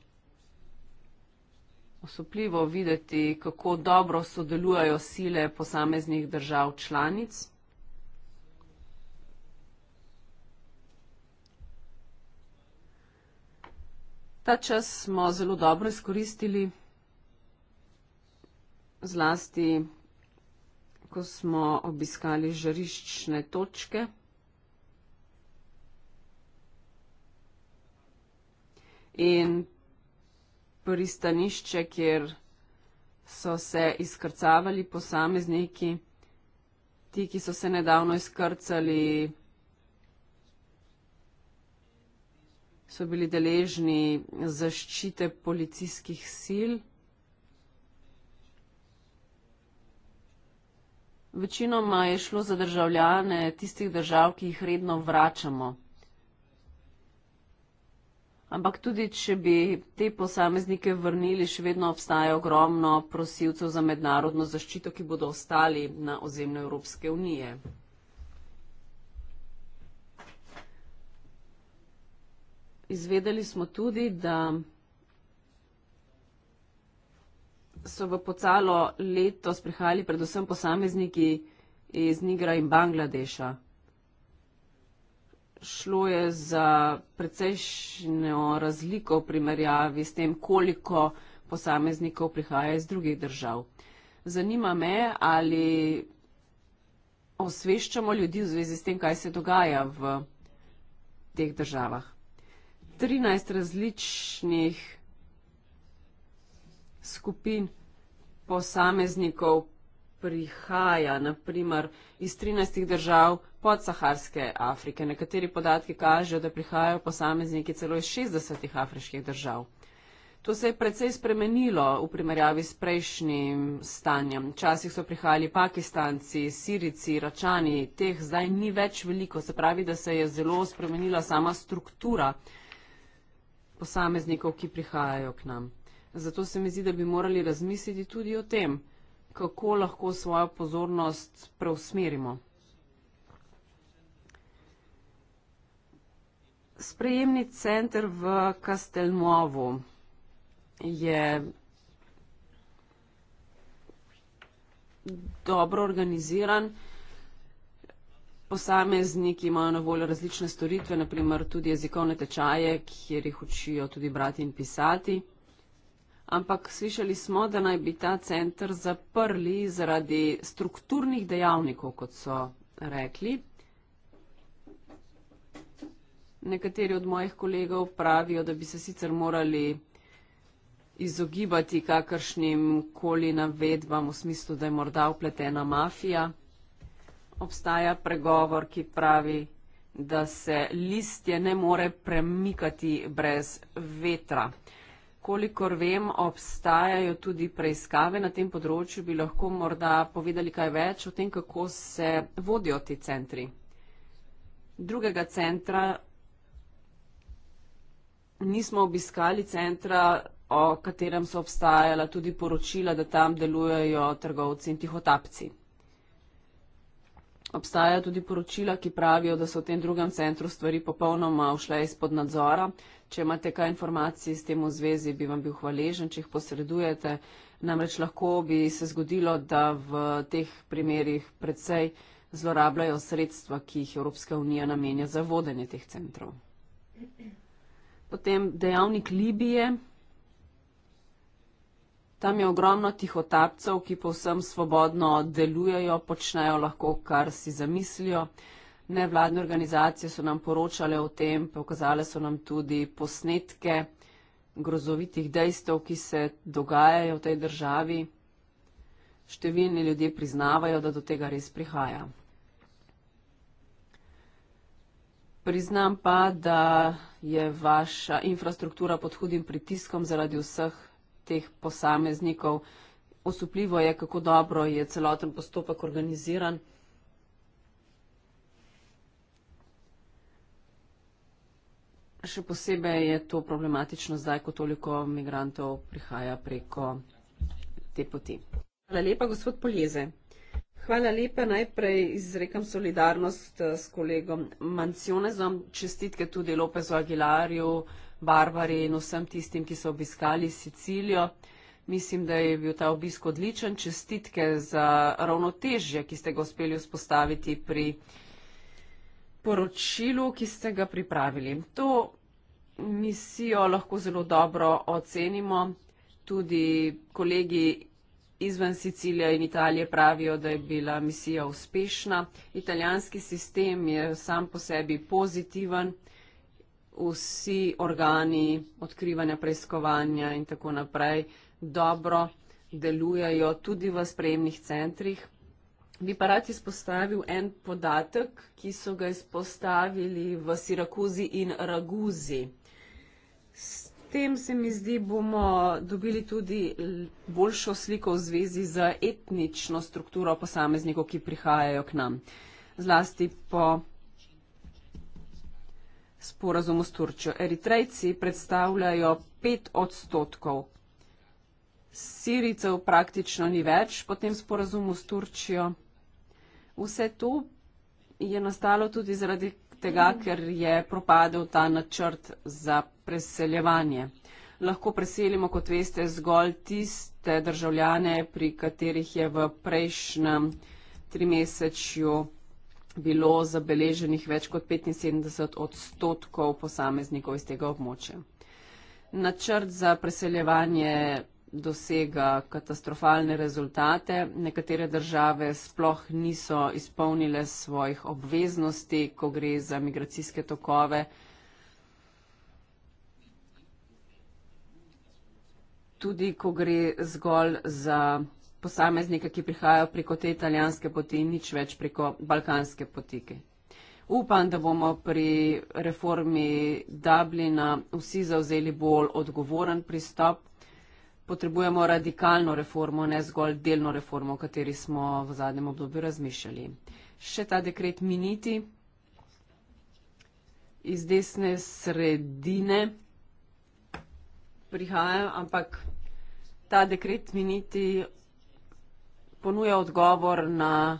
osupljivo videti, kako dobro sodelujajo sile posameznih držav članic. Ta čas smo zelo dobro izkoristili, zlasti ko smo obiskali žariščne točke. in pristanišče, kjer so se izkrcavali posamezniki, ti, ki so se nedavno izkrcali, so bili deležni zaščite policijskih sil. Večinoma je šlo za državljane tistih držav, ki jih redno vračamo. Ampak tudi, če bi te posameznike vrnili, še vedno obstaja ogromno prosilcev za mednarodno zaščito, ki bodo ostali na ozemlju Evropske unije. Izvedeli smo tudi, da so v pocalo letos prihajali predvsem posamezniki iz Nigra in Bangladeša šlo je za precejšnjo razliko v primerjavi s tem, koliko posameznikov prihaja iz drugih držav. Zanima me, ali osveščamo ljudi v zvezi s tem, kaj se dogaja v teh državah. 13 različnih skupin posameznikov prihaja, naprimer iz 13 držav podsaharske Afrike. Nekateri podatki kažejo, da prihajajo posamezniki celo iz 60 afriških držav. To se je precej spremenilo v primerjavi s prejšnjim stanjem. Včasih so prihajali pakistanci, sirici, račani, teh zdaj ni več veliko. Se pravi, da se je zelo spremenila sama struktura posameznikov, ki prihajajo k nam. Zato se mi zdi, da bi morali razmisliti tudi o tem, kako lahko svojo pozornost preusmerimo. Sprejemni center v Kastelnovu je dobro organiziran. Posamezniki imajo na voljo različne storitve, naprimer tudi jezikovne tečaje, kjer jih učijo tudi brati in pisati ampak slišali smo, da naj bi ta centr zaprli zaradi strukturnih dejavnikov, kot so rekli. Nekateri od mojih kolegov pravijo, da bi se sicer morali izogibati kakršnim koli navedbam v smislu, da je morda upletena mafija. Obstaja pregovor, ki pravi, da se listje ne more premikati brez vetra kolikor vem, obstajajo tudi preiskave na tem področju. Bi lahko morda povedali kaj več o tem, kako se vodijo ti centri. Drugega centra nismo obiskali, centra, o katerem so obstajala tudi poročila, da tam delujejo trgovci in tihotapci. Obstajajo tudi poročila, ki pravijo, da so v tem drugem centru stvari popolnoma ušle izpod nadzora. Če imate kaj informacij s tem v zvezi, bi vam bil hvaležen, če jih posredujete. Namreč lahko bi se zgodilo, da v teh primerjih predvsej zlorabljajo sredstva, ki jih Evropska unija namenja za vodenje teh centrov. Potem dejavnik Libije. Tam je ogromno tihotapcev, ki povsem svobodno delujejo, počnejo lahko, kar si zamislijo. Nevladne organizacije so nam poročale o tem, pokazale so nam tudi posnetke grozovitih dejstev, ki se dogajajo v tej državi. Številni ljudje priznavajo, da do tega res prihaja. Priznam pa, da je vaša infrastruktura pod hudim pritiskom zaradi vseh teh posameznikov. Osupljivo je, kako dobro je celoten postopek organiziran. Še posebej je to problematično zdaj, ko toliko migrantov prihaja preko te poti. Hvala lepa, gospod Poljeze. Hvala lepa, najprej izrekam solidarnost eh, s kolegom Mancionezom. Čestitke tudi Lopezu Aguilarju. Barbari in vsem tistim, ki so obiskali Sicilijo. Mislim, da je bil ta obisk odličen. Čestitke za ravnotežje, ki ste ga uspeli vzpostaviti pri poročilu, ki ste ga pripravili. To misijo lahko zelo dobro ocenimo. Tudi kolegi izven Sicilije in Italije pravijo, da je bila misija uspešna. Italijanski sistem je sam po sebi pozitiven vsi organi odkrivanja, preiskovanja in tako naprej dobro delujejo tudi v spremnih centrih. Bi pa rad izpostavil en podatek, ki so ga izpostavili v Sirakuzi in Raguzi. S tem se mi zdi, bomo dobili tudi boljšo sliko v zvezi z etnično strukturo posameznikov, ki prihajajo k nam. Zlasti po sporazumu s Turčjo. Eritrejci predstavljajo pet odstotkov. Siricev praktično ni več po tem sporazumu s Turčjo. Vse to je nastalo tudi zaradi tega, ker je propadel ta načrt za preseljevanje. Lahko preselimo, kot veste, zgolj tiste državljane, pri katerih je v prejšnjem trimesečju bilo zabeleženih več kot 75 odstotkov posameznikov iz tega območja. Načrt za preseljevanje dosega katastrofalne rezultate. Nekatere države sploh niso izpolnile svojih obveznosti, ko gre za migracijske tokove. Tudi, ko gre zgolj za posameznika, ki prihajajo preko te italijanske poti in nič več preko balkanske potike. Upam, da bomo pri reformi Dublina vsi zauzeli bolj odgovoren pristop. Potrebujemo radikalno reformo, ne zgolj delno reformo, o kateri smo v zadnjem obdobju razmišljali. Še ta dekret miniti iz desne sredine prihaja, ampak ta dekret miniti ponuja odgovor na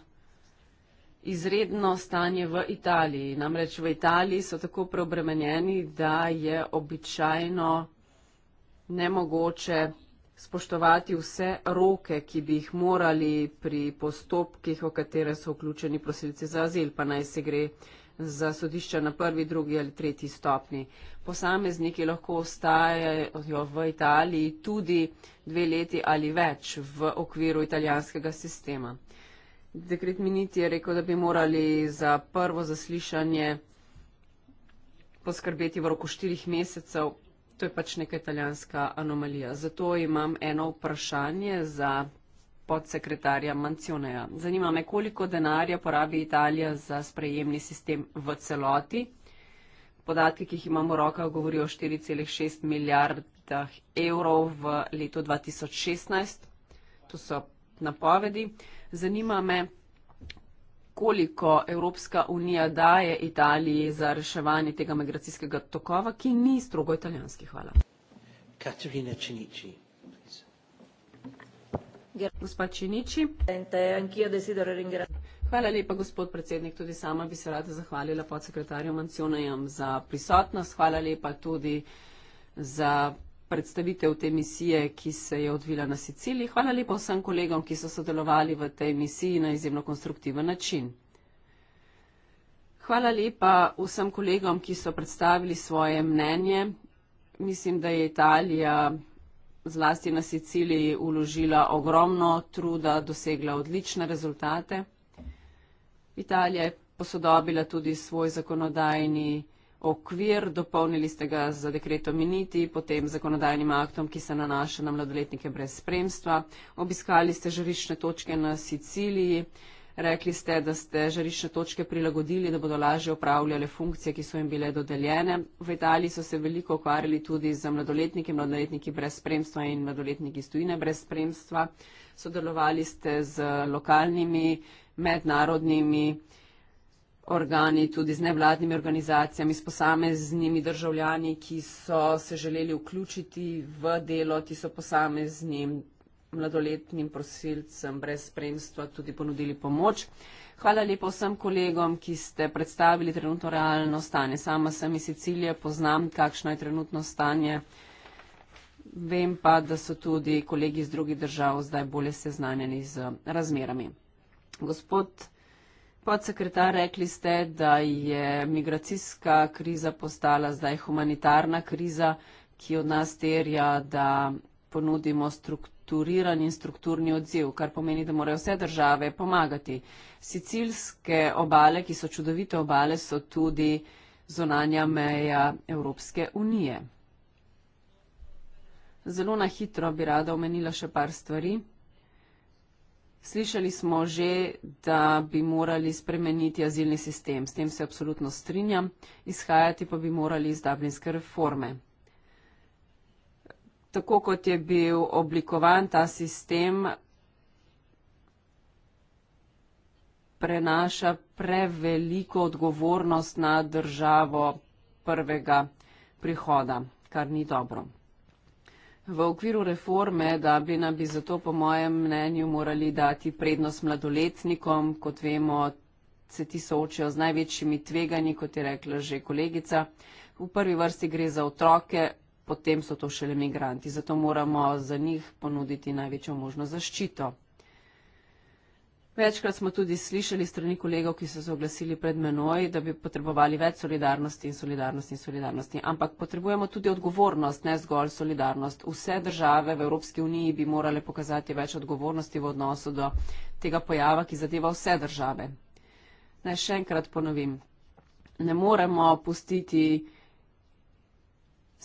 izredno stanje v Italiji. Namreč v Italiji so tako preobremenjeni, da je običajno nemogoče spoštovati vse roke, ki bi jih morali pri postopkih, v katere so vključeni prosilci za azil, pa naj se gre za sodišča na prvi, drugi ali tretji stopni. Posamezniki lahko ostajajo v Italiji tudi dve leti ali več v okviru italijanskega sistema. Dekret Miniti je rekel, da bi morali za prvo zaslišanje poskrbeti v roku štirih mesecev. To je pač neka italijanska anomalija. Zato imam eno vprašanje za podsekretarja Mancioneja. Zanima me, koliko denarja porabi Italija za sprejemni sistem v celoti. Podatki, ki jih imamo v rokah, govorijo o 4,6 milijardah evrov v letu 2016. To so napovedi. Zanima me, koliko Evropska unija daje Italiji za reševanje tega migracijskega tokova, ki ni strogo italijanski. Hvala. Katerina Činiči. Gospa Činiči. Hvala lepa, gospod predsednik. Tudi sama bi se rada zahvalila podsekretarju Mancionajem za prisotnost. Hvala lepa tudi za predstavitev te misije, ki se je odvila na Siciliji. Hvala lepa vsem kolegom, ki so sodelovali v tej misiji na izjemno konstruktiven način. Hvala lepa vsem kolegom, ki so predstavili svoje mnenje. Mislim, da je Italija zlasti na Siciliji uložila ogromno truda, dosegla odlične rezultate. Italija je posodobila tudi svoj zakonodajni okvir, dopolnili ste ga za dekreto miniti, potem zakonodajnim aktom, ki se nanaša na mladoletnike brez spremstva. Obiskali ste žarišne točke na Siciliji. Rekli ste, da ste žarišne točke prilagodili, da bodo lažje upravljale funkcije, ki so jim bile dodeljene. V Italiji so se veliko ukvarjali tudi z mladoletniki, mladoletniki brez spremstva in mladoletniki stujine brez spremstva. Sodelovali ste z lokalnimi, mednarodnimi organi, tudi z nevladnimi organizacijami, s posameznimi državljani, ki so se želeli vključiti v delo, ti so posameznim mladoletnim prosilcem brez spremstva tudi ponudili pomoč. Hvala lepa vsem kolegom, ki ste predstavili trenutno realno stanje. Sama sem iz Sicilije, poznam, kakšno je trenutno stanje. Vem pa, da so tudi kolegi iz drugih držav zdaj bolje seznanjeni z razmerami. Gospod podsekretar, rekli ste, da je migracijska kriza postala zdaj humanitarna kriza, ki od nas terja, da ponudimo strukturo strukturiran in strukturni odziv, kar pomeni, da morajo vse države pomagati. Sicilske obale, ki so čudovite obale, so tudi zonanja meja Evropske unije. Zelo na hitro bi rada omenila še par stvari. Slišali smo že, da bi morali spremeniti azilni sistem. S tem se absolutno strinjam. Izhajati pa bi morali iz dublinske reforme tako kot je bil oblikovan ta sistem, prenaša preveliko odgovornost na državo prvega prihoda, kar ni dobro. V okviru reforme, da bi nam bi zato po mojem mnenju morali dati prednost mladoletnikom, kot vemo, se ti soočajo z največjimi tveganji, kot je rekla že kolegica. V prvi vrsti gre za otroke, potem so to šele migranti. Zato moramo za njih ponuditi največjo možno zaščito. Večkrat smo tudi slišali strani kolegov, ki so se oglasili pred menoj, da bi potrebovali več solidarnosti in solidarnosti in solidarnosti. Ampak potrebujemo tudi odgovornost, ne zgolj solidarnost. Vse države v Evropski uniji bi morale pokazati več odgovornosti v odnosu do tega pojava, ki zadeva vse države. Naj še enkrat ponovim. Ne moremo pustiti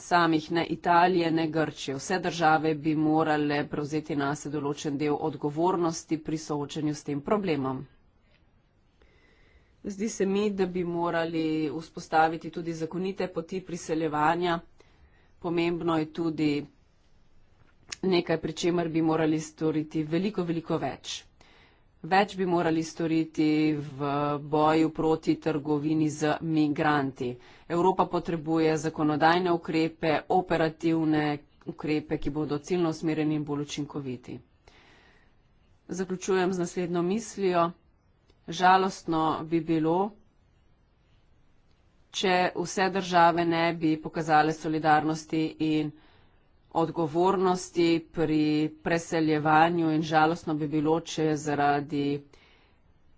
samih, ne Italije, ne Grčije. Vse države bi morale prevzeti na se določen del odgovornosti pri soočanju s tem problemom. Zdi se mi, da bi morali vzpostaviti tudi zakonite poti priseljevanja. Pomembno je tudi nekaj, pri čemer bi morali storiti veliko, veliko več več bi morali storiti v boju proti trgovini z migranti. Evropa potrebuje zakonodajne ukrepe, operativne ukrepe, ki bodo ciljno usmerjeni in bolj učinkoviti. Zaključujem z naslednjo mislijo. Žalostno bi bilo, če vse države ne bi pokazale solidarnosti in odgovornosti pri preseljevanju in žalostno bi bilo, če zaradi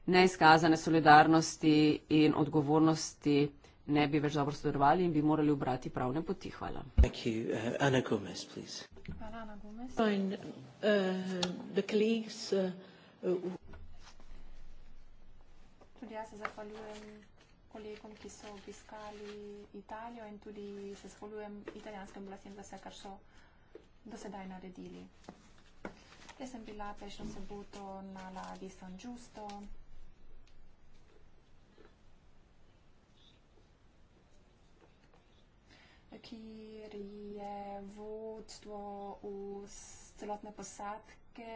neizkazane solidarnosti in odgovornosti ne bi več dobro sodelovali in bi morali obrati pravne poti. Hvala. Uh, uh, uh, tudi jaz se zahvaljujem kolegom, ki so obiskali Italijo in tudi se zahvaljujem italijanskim oblastem za vse, kar so do sedaj naredili. Jaz sem bila prejšnjo soboto na ladji San Giusto. kjer je vodstvo vz celotne posadke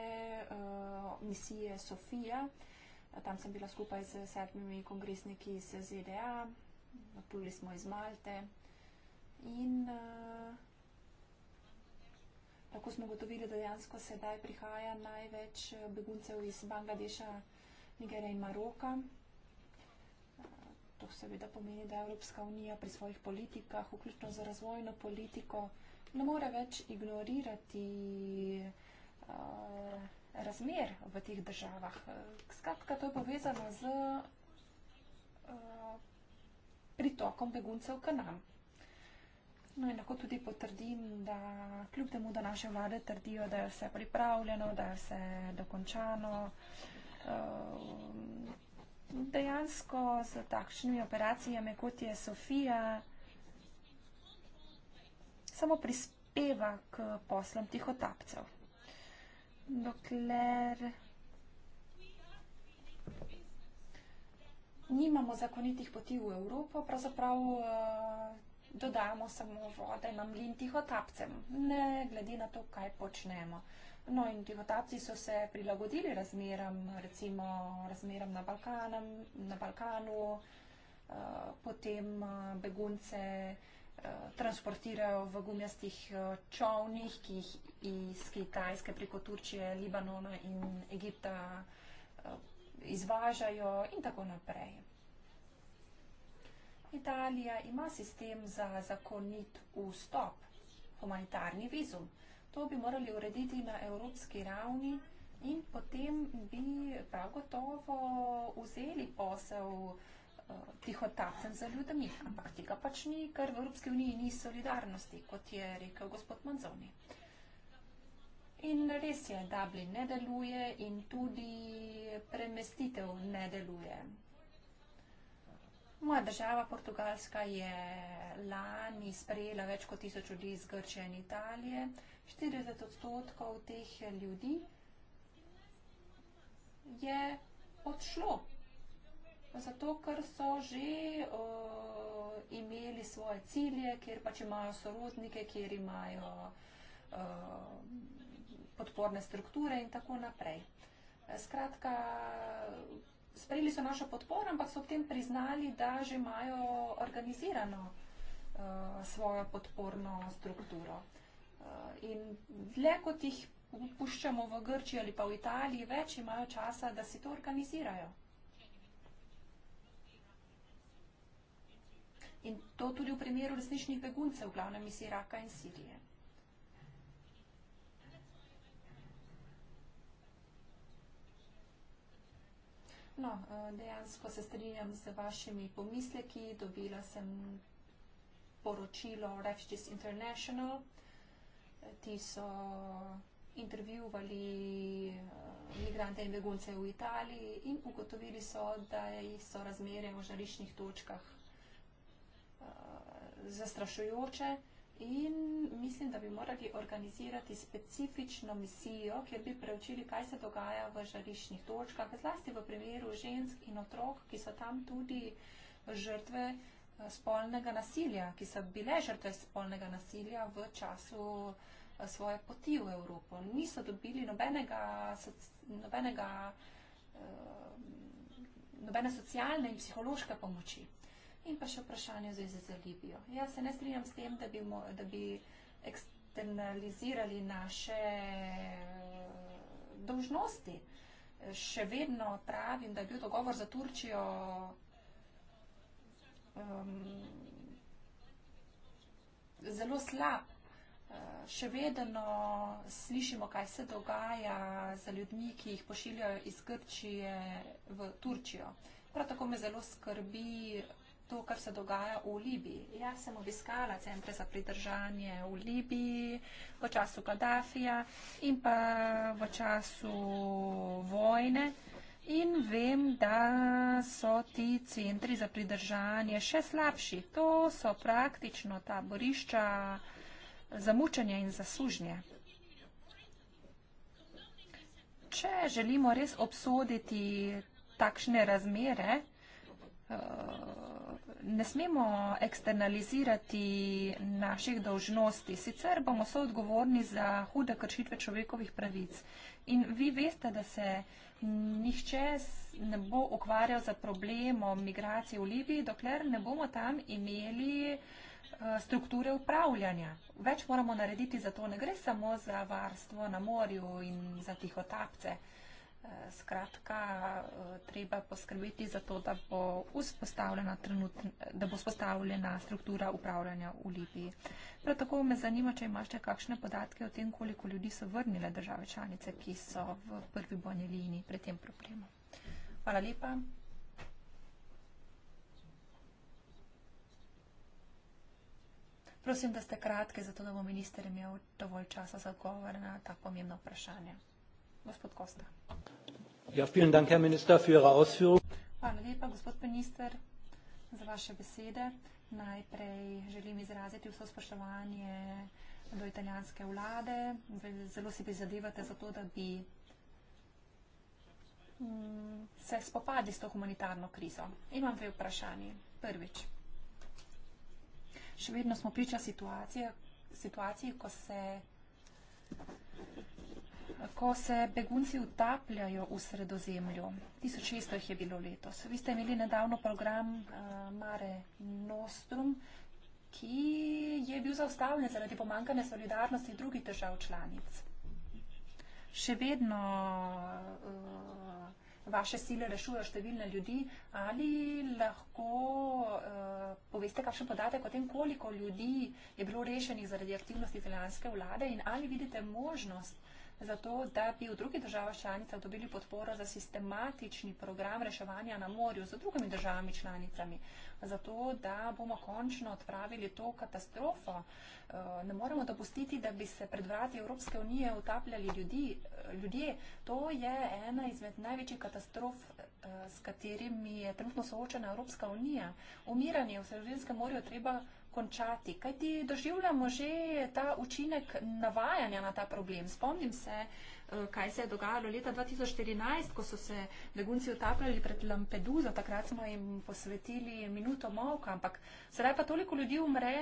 uh, misije Sofija. Tam sem bila skupaj s sedmimi kongresniki iz ZDA, odpluli smo iz Malte in uh, Tako smo gotovili, da dejansko sedaj prihaja največ eh, beguncev iz Bangladeša, Nigerije in Maroka. To seveda pomeni, da Evropska unija pri svojih politikah, vključno za razvojno politiko, ne more več ignorirati eh, razmer v teh državah. Eh, skratka, to je povezano z pritokom beguncev k nam. No in lahko tudi potrdim, da kljub temu, da naše vlade trdijo, da je vse pripravljeno, da je vse dokončano, ehm, dejansko z takšnimi operacijami, kot je Sofija, samo prispeva k poslom tihotapcev. Dokler nimamo zakonitih poti v Evropo, pravzaprav eh, dodamo samo vode na mlin tihotapcem, ne glede na to, kaj počnemo. No in tihotapci so se prilagodili razmeram, recimo razmeram na, Balkanem, na Balkanu, eh, potem eh, begunce eh, transportirajo v gumijastih čovnih, ki jih iz Kitajske preko Turčije, Libanona in Egipta izvažajo in tako naprej. Italija ima sistem za zakonit vstop, humanitarni vizum. To bi morali urediti na evropski ravni in potem bi prav gotovo vzeli posel eh, tihotapcem za ljudmi, ampak tega pač ni, ker v Evropski uniji ni solidarnosti, kot je rekel gospod Manzoni. In res je, Dublin ne deluje in tudi premestitev ne deluje. Moja država, Portugalska, je lani sprejela več kot tisoč ljudi iz Grčije in Italije. 40 odstotkov teh ljudi je odšlo, zato ker so že uh, imeli svoje cilje, kjer pač imajo sorodnike, kjer imajo uh, podporne strukture in tako naprej. Skratka, sprejeli so našo podporo, ampak so ob tem priznali, da že imajo organizirano eh, svojo podporno strukturo. Eh, in dlje kot jih puščamo v Grčiji ali pa v Italiji, več imajo časa, da si to organizirajo. In to tudi v primeru resničnih beguncev, glavne misije Iraka in Sirije. No, eh, dejansko se strinjam z vašimi pomisleki. Dobila sem poročilo Refugees International. Ti so intervjuvali eh, migrante in begunce v Italiji in ugotovili so, da so razmere v žariščnih točkah eh, zastrašujoče. In mislim, da bi morali organizirati specifično misijo, kjer bi preučili, kaj se dogaja v žariščnih točkah, zlasti v primeru žensk in otrok, ki so tam tudi žrtve eh, spolnega nasilja, ki so bile žrtve spolnega nasilja v času eh, svoje poti v Evropo. Niso dobili nobenega, nobenega, eh, nobene socialne in psihološke pomoči. In pa še vprašanje v zvezi z Libijo. Ja, se ne strinjam s tem, da bi, mo, da bi eksternalizirali naše eh, dožnosti. Še vedno pravim, da je bil dogovor za Turčijo um, zelo slab. Eh, še vedno slišimo, kaj se dogaja za ljudmi, ki jih pošiljajo iz Grčije v Turčijo. Prav tako me zelo skrbi to, kar se dogaja v Libiji. Jaz sem obiskala centre za pridržanje v Libiji v času Gaddafija in pa v času vojne. In vem, da so ti centri za pridržanje še slabši. To so praktično ta borišča za mučenje in za sužnje. Če želimo res obsoditi takšne razmere, uh, ne smemo eksternalizirati naših dolžnosti, sicer bomo soodgovorni za hude kršitve človekovih pravic. In vi veste, da se nihče ne bo ukvarjal za problemom migracije v Libiji, dokler ne bomo tam imeli eh, strukture upravljanja. Več moramo narediti za to. Ne gre samo za varstvo na morju in za tihotapce. tapce. Skratka, eh, treba poskrbeti za to, da bo, trenutn, da bo vzpostavljena struktura upravljanja v Libiji. Prav tako me zanima, če imate kakšne podatke o tem, koliko ljudi so vrnile države članice, ki so v prvi bojni liniji pred tem problemom. Hvala lepa. Prosim, da ste kratke, zato da bo minister imel dovolj časa za odgovor na ta pomembno vprašanje gospod Kosta. Ja, vielen Dank, Herr Minister, für Ihre Ausführung. Hvala lepa, gospod minister, za vaše besede. Najprej želim izraziti vso spoštovanje do italijanske vlade. Zelo si prizadevate za to, da bi mm, se spopadli s to humanitarno krizo. Imam dve vprašanje. Prvič. Še vedno smo priča situacije, situaciji, ko se ko se begunci utapljajo v sredozemlju. 1600 jih je bilo letos. Vi ste imeli nedavno program eh, Mare Nostrum, ki je bil zaustavljen zaradi pomankanja solidarnosti drugih držav članic. Še vedno uh, vaše sile rešujejo številne ljudi. Ali lahko uh, poveste kakšen podatek o tem, koliko ljudi je bilo rešenih zaradi aktivnosti italijanske vlade in ali vidite možnost, uh, zato da bi v drugih državah članicah dobili podporo za sistematični program reševanja na morju z drugimi državami članicami, zato da bomo končno odpravili to katastrofo. Eh, ne moremo dopustiti, da bi se pred vrati Evropske unije utapljali ljudi, eh, ljudje. To je ena izmed največjih katastrof, eh, s katerimi je trenutno soočena Evropska unija. Umiranje v Sredozemskem morju treba končati. Kaj ti doživljamo že ta učinek navajanja na ta problem? Spomnim se, eh, kaj se je dogajalo leta 2014, ko so se begunci utapljali pred Lampeduzo, takrat smo jim posvetili minuto molka, ampak sedaj pa toliko ljudi umre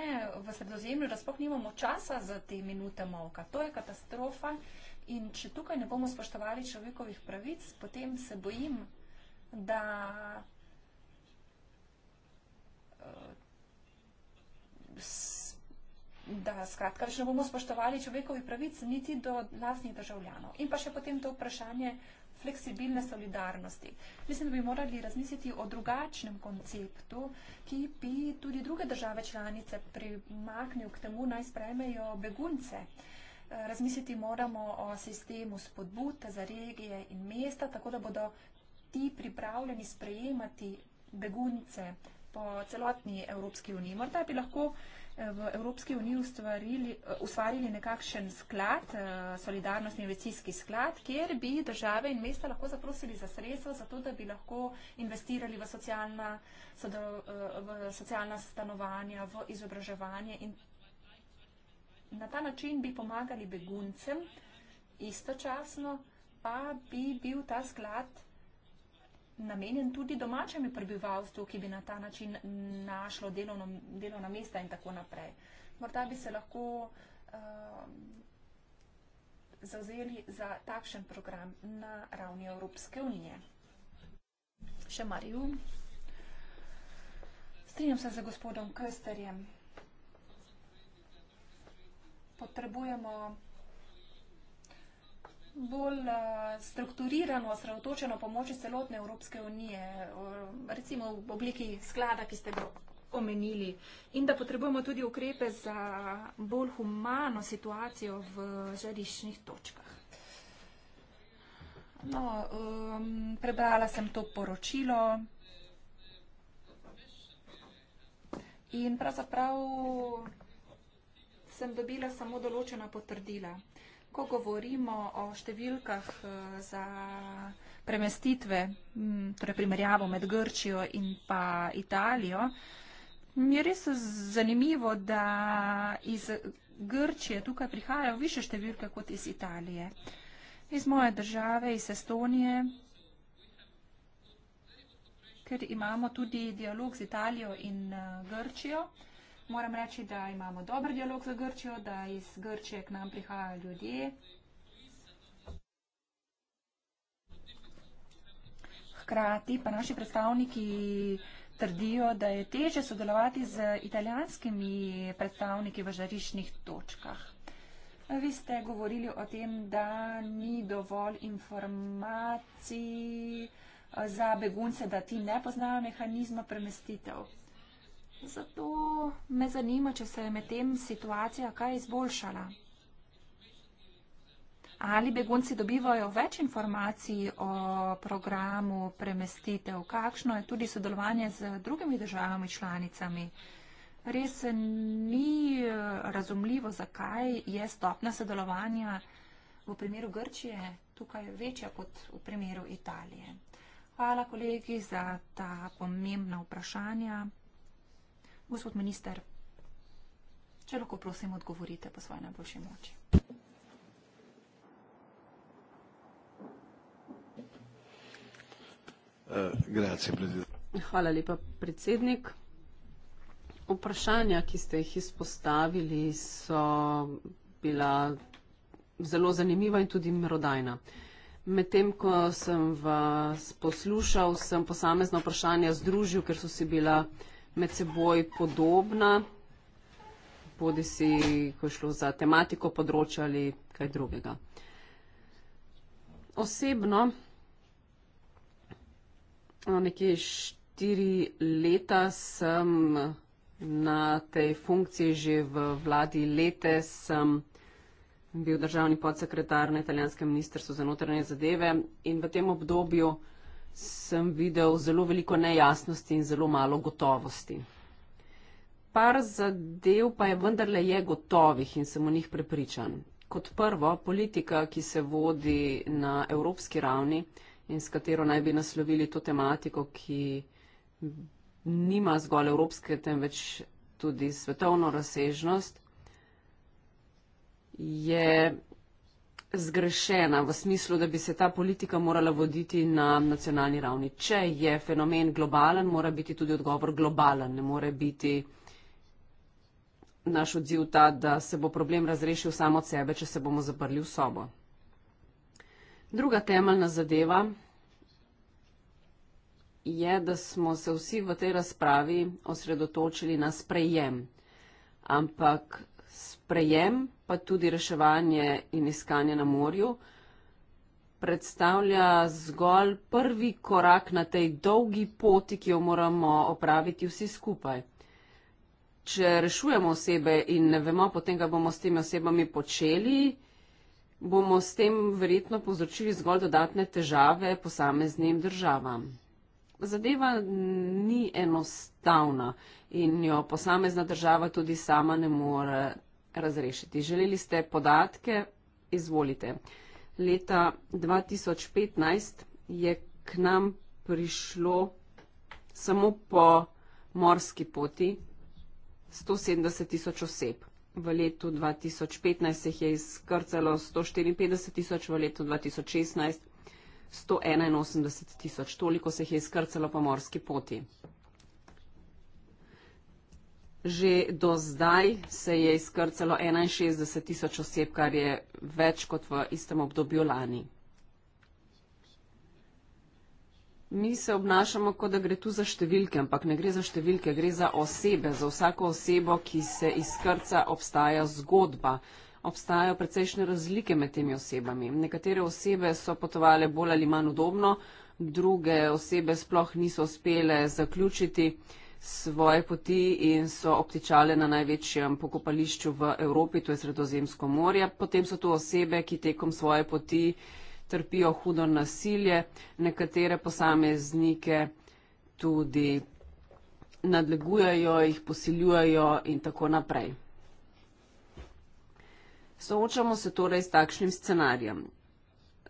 v sredozemlju, da spoh nimamo časa za te minute molka. To je katastrofa in če tukaj ne bomo spoštovali človekovih pravic, potem se bojim, da eh, da skratka, če ne bomo spoštovali človekovih pravic, niti do lastnih državljanov. In pa še potem to vprašanje fleksibilne solidarnosti. Mislim, da bi morali razmisliti o drugačnem konceptu, ki bi tudi druge države članice primaknil k temu, naj sprejmejo begunce. Eh, razmisliti moramo o sistemu spodbud za regije in mesta, tako da bodo ti pripravljeni sprejemati begunce po celotni Evropski uniji. Morda bi lahko eh, v Evropski uniji ustvarili, eh, ustvarili nekakšen sklad, eh, solidarnostni investicijski sklad, kjer bi države in mesta lahko zaprosili za sredstvo, zato da bi lahko investirali v socialna, v socialna stanovanja, v izobraževanje in na ta način bi pomagali beguncem istočasno, pa bi bil ta sklad namenjen tudi domačemu prebivalstvu, ki bi na ta način našlo delovno, delovna mesta in tako naprej. Morda bi se lahko uh, um, zauzeli za takšen program na ravni Evropske unije. Še Mariju. Strinjam se z gospodom Krsterjem. Potrebujemo bolj eh, strukturirano, osredotočeno pomoči celotne Evropske unije, recimo v obliki sklada, ki ste ga omenili, in da potrebujemo tudi ukrepe za bolj humano situacijo v žariščnih točkah. No, um, prebrala sem to poročilo in pravzaprav sem dobila samo določena potrdila ko govorimo o številkah eh, za premestitve, mm, torej primerjavo med Grčijo in pa Italijo, je res zanimivo, da iz Grčije tukaj prihajajo više številke kot iz Italije. Iz moje države, iz Estonije, ker imamo tudi dialog z Italijo in eh, Grčijo, Moram reči, da imamo dober dialog z Grčijo, da iz Grčije k nam prihajajo ljudje. Hkrati pa naši predstavniki trdijo, da je teže sodelovati z italijanskimi predstavniki v žariščnih točkah. Vi ste govorili o tem, da ni dovolj informacij eh, za begunce, da ti ne poznajo mehanizma premestitev. Zato me zanima, če se je med tem situacija kaj izboljšala. Ali begunci dobivajo več informacij o programu premestitev, kakšno je tudi sodelovanje z drugimi državami članicami. Res ni eh, razumljivo, zakaj je stopna sodelovanja v primeru Grčije tukaj večja kot v primeru Italije. Hvala kolegi za ta pomembna vprašanja. Gospod minister, če lahko prosim odgovorite po svoje najboljše moči. Eh, Hvala lepa, predsednik. Vprašanja, ki ste jih izpostavili, so bila zelo zanimiva in tudi merodajna. Medtem, ko sem vas poslušal, sem posamezno vprašanje združil, ker so si bila vprašanja, med seboj podobna, bodi si, ko je šlo za tematiko področja ali kaj drugega. Osebno, no, nekje štiri leta sem na tej funkciji, že v vladi lete sem bil državni podsekretar na italijanskem ministrstvu za notranje zadeve in v tem obdobju sem videl zelo veliko nejasnosti in zelo malo gotovosti. Par zadev pa je vendarle je gotovih in sem v njih prepričan. Kot prvo, politika, ki se vodi na evropski ravni in s katero naj bi naslovili to tematiko, ki nima zgolj evropske, temveč tudi svetovno razsežnost, je zgrešena v smislu, da bi se ta politika morala voditi na nacionalni ravni. Če je fenomen globalen, mora biti tudi odgovor globalen. Ne more biti naš odziv ta, da se bo problem razrešil samo od sebe, če se bomo zaprli v sobo. Druga temeljna zadeva je, da smo se vsi v tej razpravi osredotočili na sprejem. Ampak prejem, pa tudi reševanje in iskanje na morju, predstavlja zgolj prvi korak na tej dolgi poti, ki jo moramo opraviti vsi skupaj. Če rešujemo osebe in ne vemo potem, kaj bomo s temi osebami počeli, bomo s tem verjetno povzročili zgolj dodatne težave posameznim državam. Zadeva ni enostavna in jo posamezna država tudi sama ne more razrešiti. Želeli ste podatke, izvolite. Leta 2015 je k nam prišlo samo po morski poti 170 tisoč oseb. V letu 2015 jih je izkrcalo 154 tisoč, v letu 2016 181 tisoč. Toliko se jih je izkrcalo po morski poti. Že do zdaj se je izkrcalo 61 tisoč oseb, kar je več kot v istem obdobju lani. Mi se obnašamo, kot da gre tu za številke, ampak ne gre za številke, gre za osebe. Za vsako osebo, ki se izkrca, obstaja zgodba. Obstajajo precejšnje razlike med temi osebami. Nekatere osebe so potovali bolj ali manj udobno, druge osebe sploh niso uspele zaključiti svoje poti in so obtičale na največjem pokopališču v Evropi, to je Sredozemsko morje. Potem so tu osebe, ki tekom svoje poti trpijo hudo nasilje, nekatere posameznike tudi nadlegujejo, jih posiljujejo in tako naprej. Soočamo se torej s takšnim scenarijem.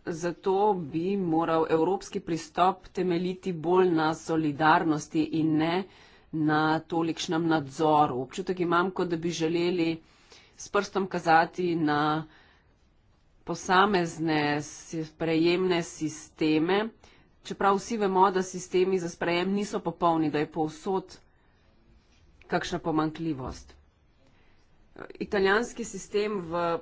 Zato bi moral evropski pristop temeljiti bolj na solidarnosti in ne na na tolikšnem nadzoru. Občutek imam, kot da bi želeli s prstom kazati na posamezne sprejemne sisteme, čeprav vsi vemo, da sistemi za sprejem niso popolni, da je povsod kakšna pomankljivost. Italijanski sistem v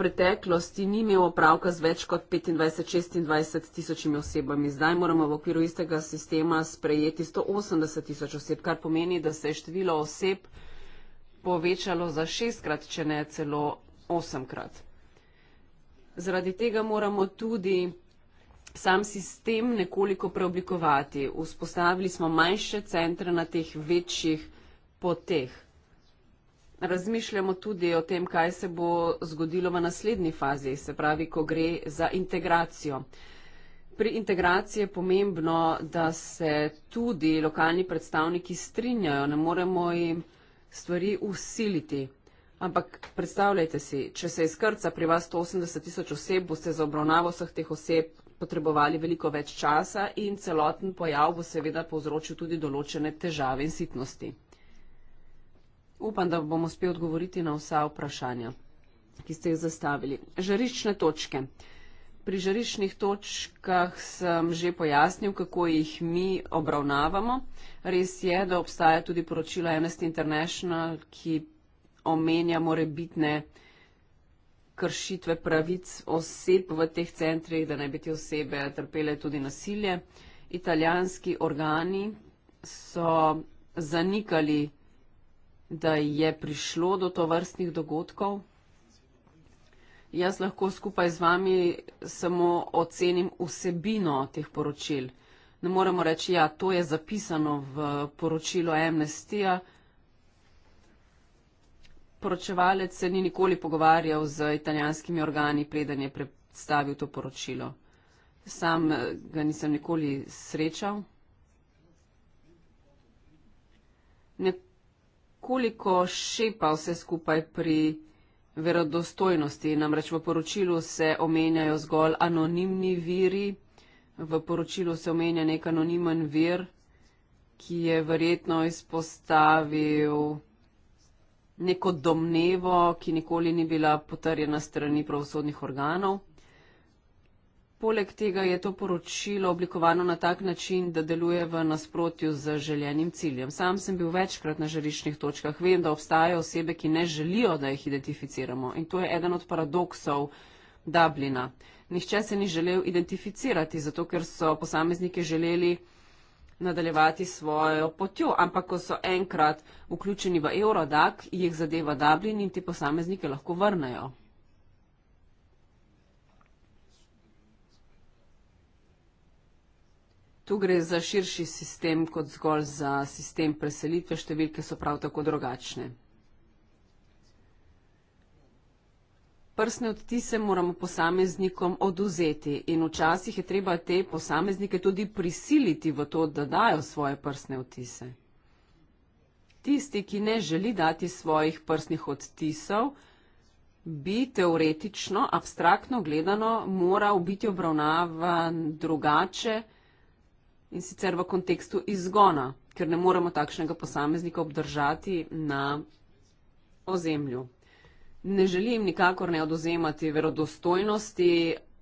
preteklosti ni imel opravka z več kot 25-26 tisočimi osebami. Zdaj moramo v okviru istega sistema sprejeti 180 tisoč oseb, kar pomeni, da se je število oseb povečalo za šestkrat, če ne celo osemkrat. Zaradi tega moramo tudi sam sistem nekoliko preoblikovati. Vzpostavili smo manjše centre na teh večjih poteh razmišljamo tudi o tem, kaj se bo zgodilo v naslednji fazi, se pravi, ko gre za integracijo. Pri integraciji je pomembno, da se tudi lokalni predstavniki strinjajo, ne moremo jim stvari usiliti. Ampak predstavljajte si, če se izkrca pri vas 180 tisoč oseb, boste za obravnavo vseh teh oseb potrebovali veliko več časa in celoten pojav bo seveda povzročil tudi določene težave in sitnosti. Upam, da bomo spet odgovoriti na vsa vprašanja, ki ste jih zastavili. Žarišne točke. Pri žariščnih točkah sem že pojasnil, kako jih mi obravnavamo. Res je, da obstaja tudi poročilo Amnesty International, ki omenja morebitne kršitve pravic oseb v teh centrih, da naj bi te osebe trpele tudi nasilje. Italijanski organi so zanikali da je prišlo do tovrstnih dogodkov. Jaz lahko skupaj z vami samo ocenim vsebino teh poročil. Ne moremo reči, ja, to je zapisano v poročilo Amnestija. Poročevalec se ni nikoli pogovarjal z italijanskimi organi, preden je predstavil to poročilo. Sam eh, ga nisem nikoli srečal. Ne, koliko šepa vse skupaj pri verodostojnosti. Namreč v poročilu se omenjajo zgolj anonimni viri, v poročilu se omenja nek anonimen vir, ki je verjetno izpostavil neko domnevo, ki nikoli ni bila potrjena strani pravosodnih organov. Poleg tega je to poročilo oblikovano na tak način, da deluje v nasprotju z željenim ciljem. Sam sem bil večkrat na žariščnih točkah, vem, da obstajajo osebe, ki ne želijo, da jih identificiramo. In to je eden od paradoksov Dublina. Nihče se ni želel identificirati, zato ker so posamezniki želeli nadaljevati svojo potjo, ampak ko so enkrat vključeni v Eurodak, jih zadeva Dublin in ti posamezniki lahko vrnejo. Tu gre za širši sistem kot zgolj za sistem preselitve, številke so prav tako drugačne. Prsne odtise moramo posameznikom oduzeti in včasih je treba te posameznike tudi prisiliti v to, da dajo svoje prsne odtise. Tisti, ki ne želi dati svojih prsnih odtisov, bi teoretično, abstraktno gledano, moral biti obravnavan drugače, kot je in sicer v kontekstu izgona, ker ne moremo takšnega posameznika obdržati na ozemlju. Ne želim nikakor ne odozemati verodostojnosti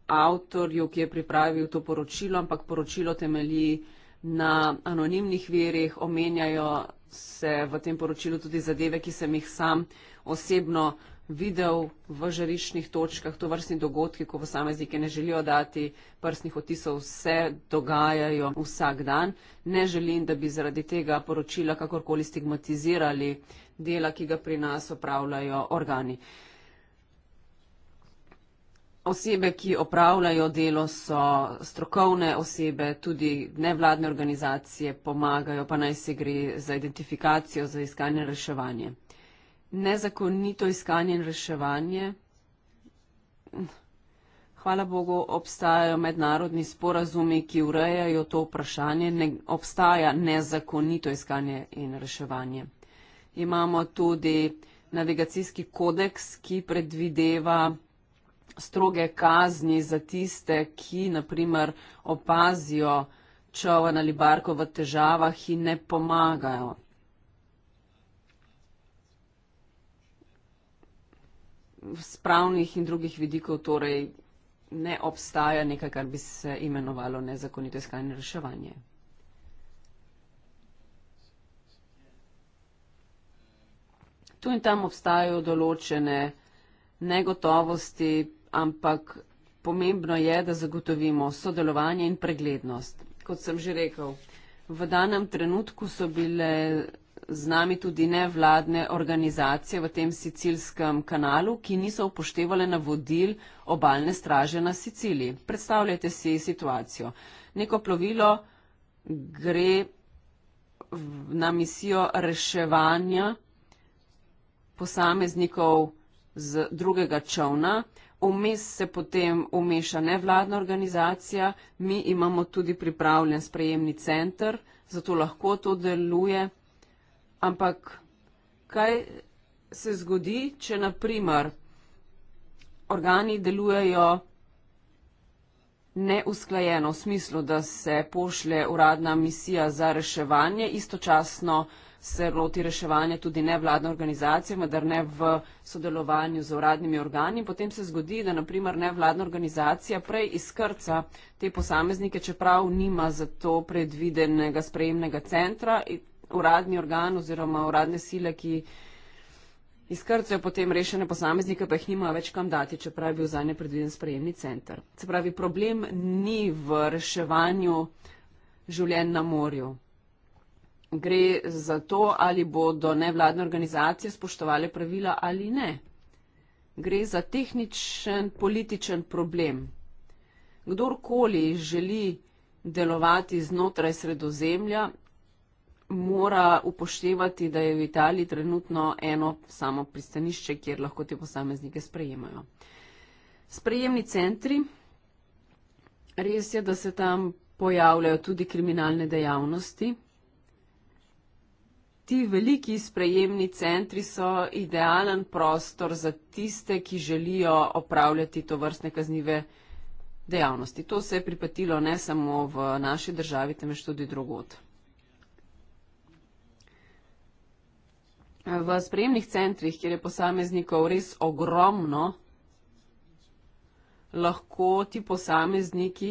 avtorju, ki je pripravil to poročilo, ampak poročilo temelji na anonimnih verjih, omenjajo se v tem poročilu tudi zadeve, ki sem jih sam osebno videl v žariščnih točkah to vrstni dogodki, ko posameznike ne želijo dati prstnih otisov, vse dogajajo vsak dan. Ne želim, da bi zaradi tega poročila kakorkoli stigmatizirali dela, ki ga pri nas opravljajo organi. Osebe, ki opravljajo delo, so strokovne osebe, tudi nevladne organizacije pomagajo, pa naj se gre za identifikacijo, za iskanje reševanje nezakonito iskanje in reševanje. Hvala Bogu, obstajajo mednarodni sporazumi, ki urejajo to vprašanje. Ne, obstaja nezakonito iskanje in reševanje. Imamo tudi navigacijski kodeks, ki predvideva stroge kazni za tiste, ki naprimer opazijo čovan ali barko v težavah in ne pomagajo. spravnih in drugih vidikov torej ne obstaja nekaj, kar bi se imenovalo nezakonito iskanje reševanje. Tu in tam obstajajo določene negotovosti, ampak pomembno je, da zagotovimo sodelovanje in preglednost. Kot sem že rekel, v danem trenutku so bile z nami tudi nevladne organizacije v tem sicilskem kanalu, ki niso upoštevale navodil obalne straže na Siciliji. Predstavljajte si situacijo. Neko plovilo gre na misijo reševanja posameznikov z drugega čovna. Vmes se potem umeša nevladna organizacija, mi imamo tudi pripravljen sprejemni center, zato lahko to deluje. Ampak kaj se zgodi, če naprimer organi delujejo neusklajeno v smislu, da se pošlje uradna misija za reševanje, istočasno se loti reševanje tudi nevladne organizacije, vendar ne v sodelovanju z uradnimi organi. Potem se zgodi, da naprimer nevladna organizacija prej izkrca te posameznike, čeprav nima za to predvidenega sprejemnega centra, uradni organ oziroma uradne sile, ki izkrcajo potem rešene posameznike, pa jih nimajo več kam dati, čeprav je bil zanje predviden sprejemni center. Se pravi, problem ni v reševanju življenj na morju. Gre za to, ali bodo nevladne organizacije spoštovali pravila ali ne. Gre za tehničen, političen problem. Kdorkoli želi delovati znotraj sredozemlja, mora upoštevati, da je v Italiji trenutno eno samo pristanišče, kjer lahko te posameznike sprejemajo. Sprejemni centri, res je, da se tam pojavljajo tudi kriminalne dejavnosti. Ti veliki sprejemni centri so idealen prostor za tiste, ki želijo opravljati to vrstne kaznive dejavnosti. To se je pripetilo ne samo v naši državi, temveč tudi drugot. V sprejemnih centrih, kjer je posameznikov res ogromno, lahko ti posamezniki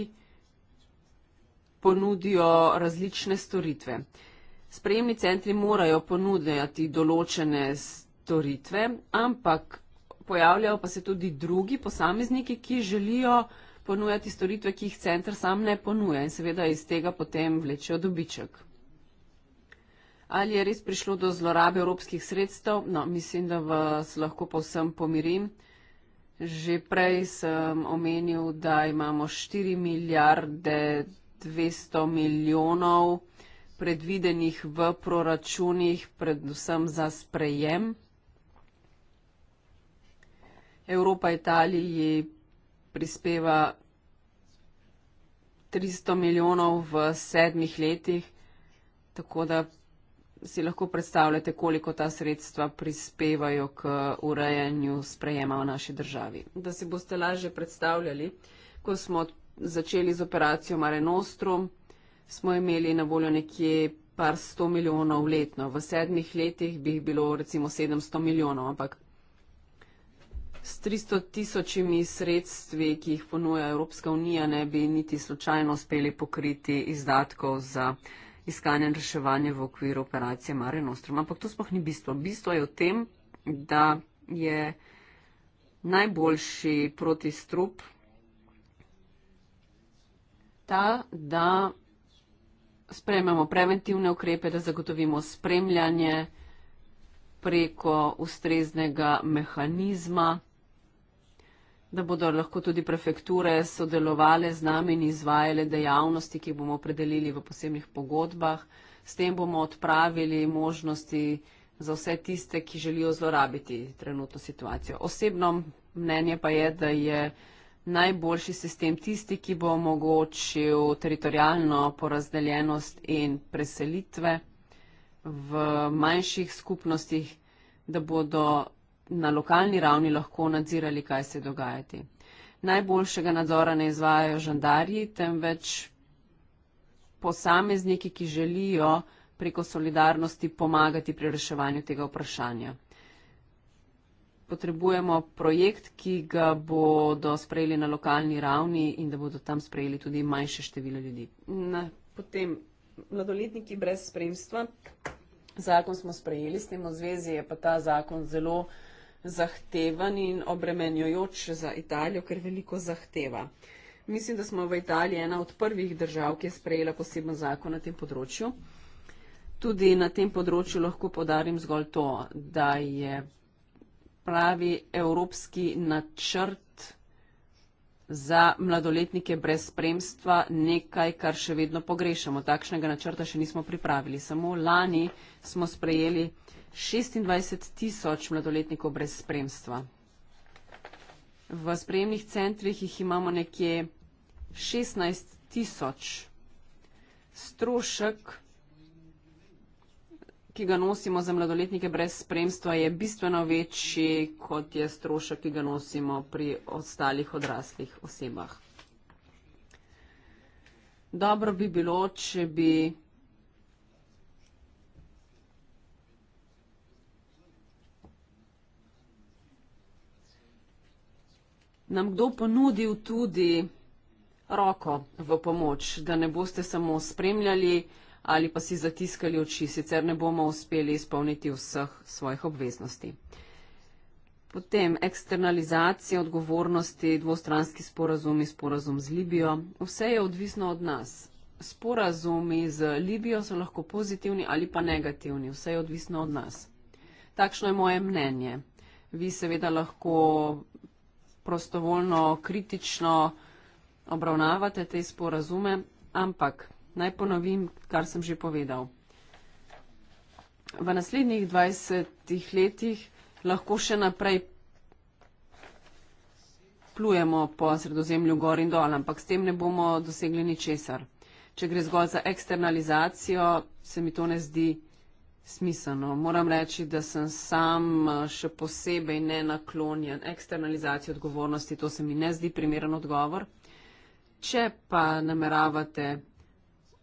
ponudijo različne storitve. Sprejemni centri morajo ponudjati določene storitve, ampak pojavljajo pa se tudi drugi posamezniki, ki želijo ponujati storitve, ki jih center sam ne ponuja in seveda iz tega potem vlečejo dobiček ali je res prišlo do zlorabe evropskih sredstev. No, mislim, da vas lahko povsem pomirim. Že prej sem omenil, da imamo 4 milijarde 200 milijonov predvidenih v proračunih, predvsem za sprejem. Evropa Italiji prispeva 300 milijonov v sedmih letih, tako da si lahko predstavljate, koliko ta sredstva prispevajo k urejanju sprejema v naši državi. Da si boste lažje predstavljali, ko smo začeli z operacijo Mare Nostrum, smo imeli na voljo nekje par sto milijonov letno. V sedmih letih bi jih bilo recimo 700 milijonov, ampak s 300 tisočimi sredstvi, ki jih ponuja Evropska unija, ne bi niti slučajno uspeli pokriti izdatkov za iskanje in reševanje v okviru operacije Mare Nostrum. Ampak to spoh ni bistvo. Bistvo je v tem, da je najboljši protistrup ta, da sprememo preventivne ukrepe, da zagotovimo spremljanje preko ustreznega mehanizma, da bodo lahko tudi prefekture sodelovale z nami in izvajale dejavnosti, ki bomo opredelili v posebnih pogodbah. S tem bomo odpravili možnosti za vse tiste, ki želijo zlorabiti trenutno situacijo. Osebno mnenje pa je, da je najboljši sistem tisti, ki bo omogočil teritorijalno porazdeljenost in preselitve v manjših skupnostih, da bodo na lokalni ravni lahko nadzirali, kaj se dogaja. Najboljšega nadzora ne izvajajo žandarji, temveč posamezniki, ki želijo preko solidarnosti pomagati pri reševanju tega vprašanja. Potrebujemo projekt, ki ga bodo sprejeli na lokalni ravni in da bodo tam sprejeli tudi manjše število ljudi. Na, potem mladoletniki brez spremstva. Zakon smo sprejeli, s tem v zvezi je pa ta zakon zelo uh, zahteven in obremenjujoč za Italijo, ker veliko zahteva. Mislim, da smo v Italiji ena od prvih držav, ki je sprejela poseben zakon na tem področju. Tudi na tem področju lahko podarim zgolj to, da je pravi evropski načrt za mladoletnike brez spremstva nekaj, kar še vedno pogrešamo. Takšnega načrta še nismo pripravili. Samo lani smo sprejeli 26 tisoč mladoletnikov brez spremstva. V sprejemnih centrih jih imamo nekje 16 tisoč. Strošek, ki ga nosimo za mladoletnike brez spremstva, je bistveno večji, kot je strošek, ki ga nosimo pri ostalih odraslih osebah. Dobro bi bilo, če bi nam kdo ponudil tudi roko v pomoč, da ne boste samo spremljali ali pa si zatiskali oči, sicer ne bomo uspeli izpolniti vseh svojih obveznosti. Potem eksternalizacija odgovornosti, dvostranski sporazumi, sporazum z Libijo. Vse je odvisno od nas. Sporazumi z Libijo so lahko pozitivni ali pa negativni. Vse je odvisno od nas. Takšno je moje mnenje. Vi seveda lahko prostovoljno, kritično obravnavate te sporazume, ampak naj ponovim, kar sem že povedal. V naslednjih 20 letih lahko še naprej plujemo po sredozemlju gor in dol, ampak s tem ne bomo dosegli ničesar. Če gre zgolj za eksternalizacijo, se mi to ne zdi Smiselno. Moram reči, da sem sam eh, še posebej ne naklonjen eksternalizaciji odgovornosti. To se mi ne zdi primeren odgovor. Če pa nameravate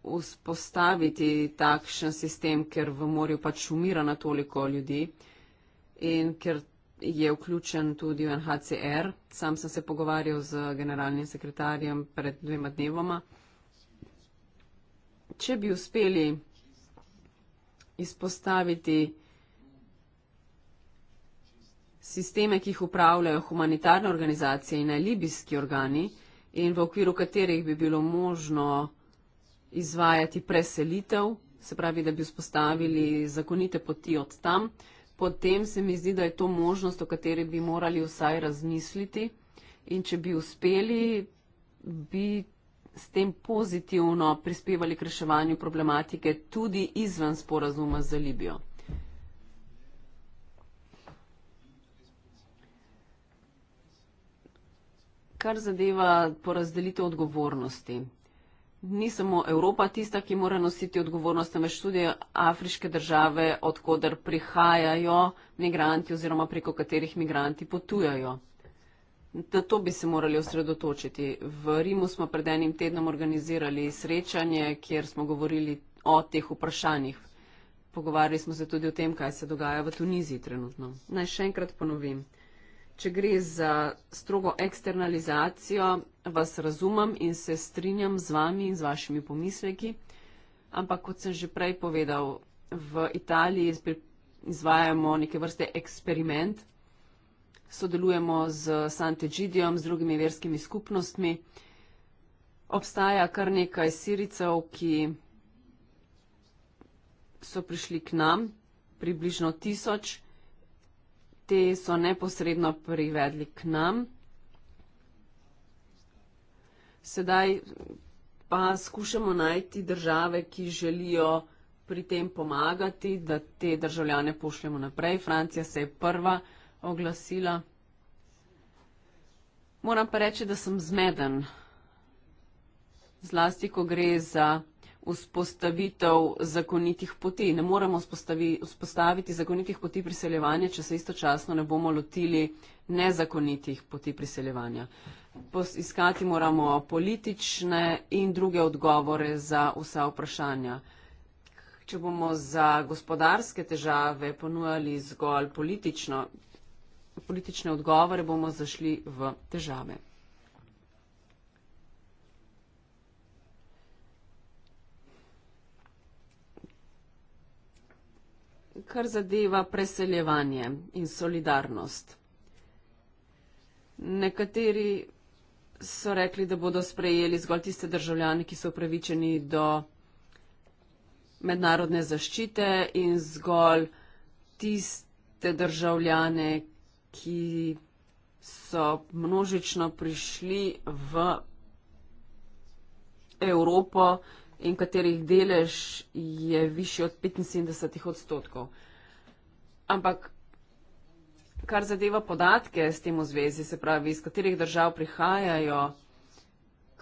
vzpostaviti takšen sistem, ker v morju pač umira na toliko ljudi in ker je vključen tudi UNHCR, sam sem se pogovarjal z generalnim sekretarjem pred dvema dnevoma. Če bi uspeli izpostaviti sisteme, ki jih upravljajo humanitarne organizacije in libijski organi in v okviru katerih bi bilo možno izvajati preselitev, se pravi, da bi vzpostavili zakonite poti od tam, potem se mi zdi, da je to možnost, o kateri bi morali vsaj razmisliti in če bi uspeli, bi s tem pozitivno prispevali k reševanju problematike tudi izven sporazuma za Libijo. Kar zadeva porazdelitev odgovornosti. Ni samo Evropa tista, ki mora nositi odgovornost, temveč tudi afriške države, odkuder prihajajo migranti oziroma preko katerih migranti potujajo. Na to bi se morali osredotočiti. V Rimu smo pred enim tednom organizirali srečanje, kjer smo govorili o teh vprašanjih. Pogovarjali smo se tudi o tem, kaj se dogaja v Tuniziji trenutno. Naj še enkrat ponovim. Če gre za strogo eksternalizacijo, vas razumem in se strinjam z vami in z vašimi pomisleki, ampak kot sem že prej povedal, v Italiji izvajamo neke vrste eksperiment sodelujemo z Sant'Egidijom, z drugimi verskimi skupnostmi. Obstaja kar nekaj siricev, ki so prišli k nam, približno tisoč. Te so neposredno privedli k nam. Sedaj pa skušamo najti države, ki želijo pri tem pomagati, da te državljane pošljemo naprej. Francija se je prva oglasila. Moram pa reči, da sem zmeden. Zlasti, ko gre za vzpostavitev zakonitih poti. Ne moremo vzpostaviti zakonitih poti priseljevanja, če se istočasno ne bomo lotili nezakonitih poti priseljevanja. Iskati moramo politične in druge odgovore za vsa vprašanja. Če bomo za gospodarske težave ponujali zgolj politično, politične odgovore, bomo zašli v težave. Kar zadeva preseljevanje in solidarnost. Nekateri so rekli, da bodo sprejeli zgolj tiste državljane, ki so upravičeni do mednarodne zaščite in zgolj tiste državljane, ki so množično prišli v Evropo in katerih delež je višji od 75 odstotkov. Ampak, kar zadeva podatke s tem v zvezi, se pravi, iz katerih držav prihajajo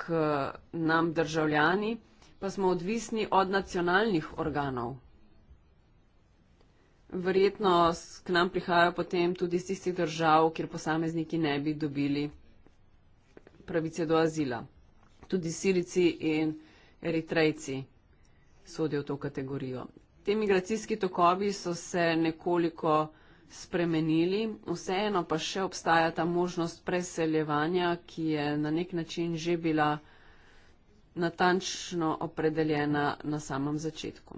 k nam državljani, pa smo odvisni od nacionalnih organov verjetno k nam prihajajo potem tudi iz tistih držav, kjer posamezniki ne bi dobili pravice do azila. Tudi Sirici in Eritrejci sodijo v to kategorijo. Te migracijski tokovi so se nekoliko spremenili, vseeno pa še obstaja ta možnost preseljevanja, ki je na nek način že bila natančno opredeljena na samem začetku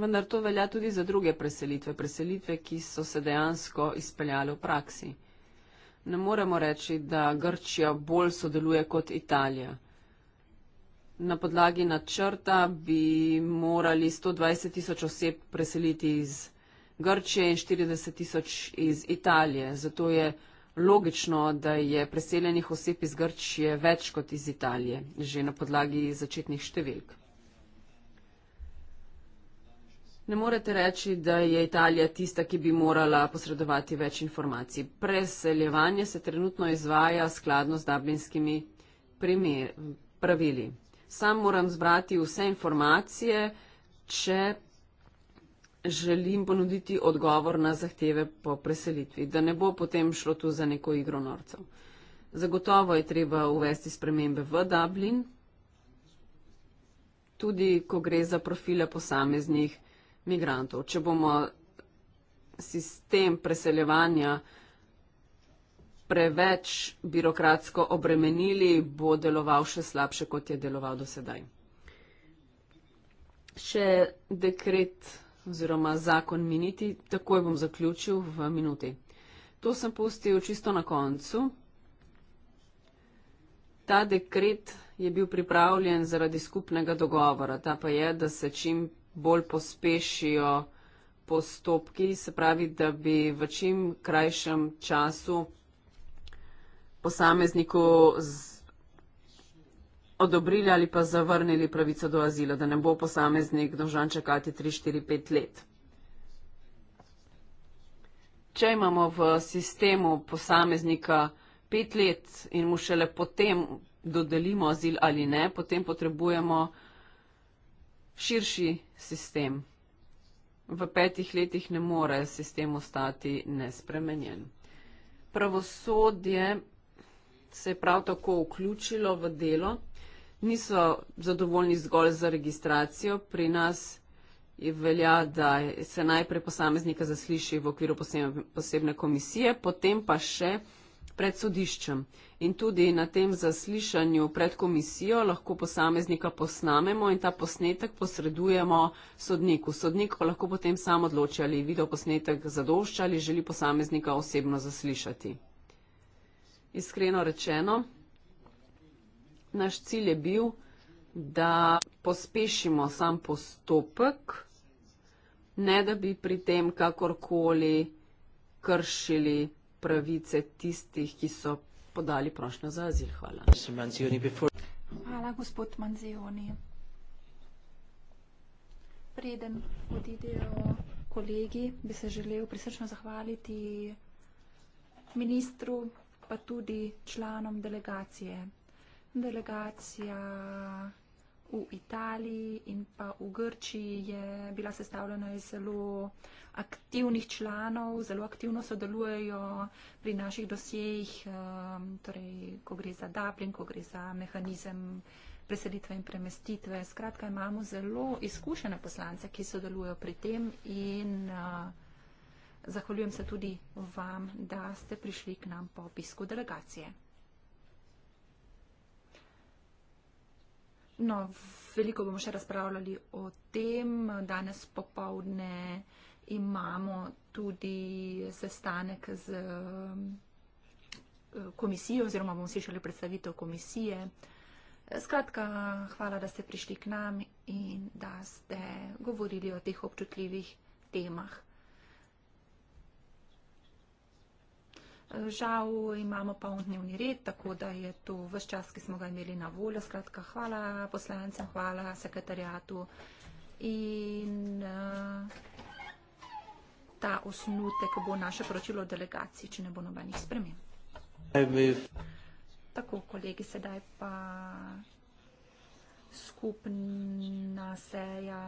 vendar to velja tudi za druge preselitve, preselitve, ki so se dejansko izpeljale v praksi. Ne moremo reči, da Grčija bolj sodeluje kot Italija. Na podlagi načrta bi morali 120 tisoč oseb preseliti iz Grčije in 40 tisoč iz Italije. Zato je logično, da je preseljenih oseb iz Grčije več kot iz Italije, že na podlagi začetnih številk. Ne morete reči, da je Italija tista, ki bi morala posredovati več informacij. Preseljevanje se trenutno izvaja skladno z dublinskimi primer, pravili. Sam moram zbrati vse informacije, če želim ponuditi odgovor na zahteve po preselitvi, da ne bo potem šlo tu za neko igro norcev. Zagotovo je treba uvesti spremembe v Dublin, tudi ko gre za profile posameznih, migrantov. Če bomo sistem preseljevanja preveč birokratsko obremenili, bo deloval še slabše, kot je deloval do sedaj. Še dekret oziroma zakon miniti, takoj bom zaključil v minuti. To sem pustil čisto na koncu. Ta dekret je bil pripravljen zaradi skupnega dogovora, ta pa je, da se čim bolj pospešijo postopki, se pravi, da bi v čim krajšem času posamezniku odobrili ali pa zavrnili pravico do azila, da ne bo posameznik dožan čakati 3, 4, 5 let. Če imamo v sistemu posameznika 5 let in mu šele potem dodelimo azil ali ne, potem potrebujemo širši sistem. V petih letih ne more sistem ostati nespremenjen. Pravosodje se je prav tako vključilo v delo, niso zadovoljni zgolj za registracijo. Pri nas velja, da se najprej posameznika zasliši v okviru posebne komisije, potem pa še pred sodiščem. In tudi na tem zaslišanju pred komisijo lahko posameznika posnamemo in ta posnetek posredujemo sodniku. Sodnik pa lahko potem sam odloči, ali video posnetek zadošča ali želi posameznika osebno zaslišati. Iskreno rečeno, naš cilj je bil, da pospešimo sam postopek, ne da bi pri tem kakorkoli kršili pravice tistih, ki so podali prošnjo za azil. Hvala. Hvala, gospod Manzioni. Preden odidejo kolegi, bi se želel prisrčno zahvaliti ministru, pa tudi članom delegacije. Delegacija v Italiji in pa v Grčiji je bila sestavljena iz zelo aktivnih članov, zelo aktivno sodelujejo pri naših dosjejih, ehm, torej, ko gre za Dublin, ko gre za mehanizem preselitve in premestitve. Skratka, imamo zelo izkušene poslance, ki sodelujo pri tem in uh, zahvaljujem se tudi vam, da ste prišli k nam po obisku delegacije. No, veliko bomo še razpravljali o tem. Danes popovdne imamo tudi sestanek z eh, komisijo oziroma bomo slišali predstavitev komisije. Skratka, hvala, da ste prišli k nam in da ste govorili o teh občutljivih temah. Žal imamo pa on dnevni red, tako da je to vse čas, ki smo ga imeli na voljo. Skratka, hvala poslancem, hvala sekretarjatu. In uh, ta osnutek bo naše poročilo delegaciji, če ne bo nobenih sprememb. Tako, kolegi, sedaj pa skupna seja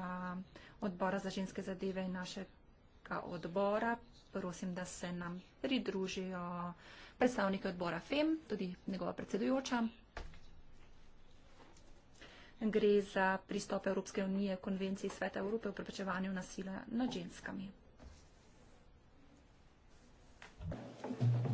odbora za ženske zadeve in našega odbora prosim, da se nam pridružijo predstavniki odbora FEM, tudi njegova predsedujoča. Gre za pristop Evropske unije konvenciji Sveta Evrope o preprečevanju nasilja nad ženskami. Thank you.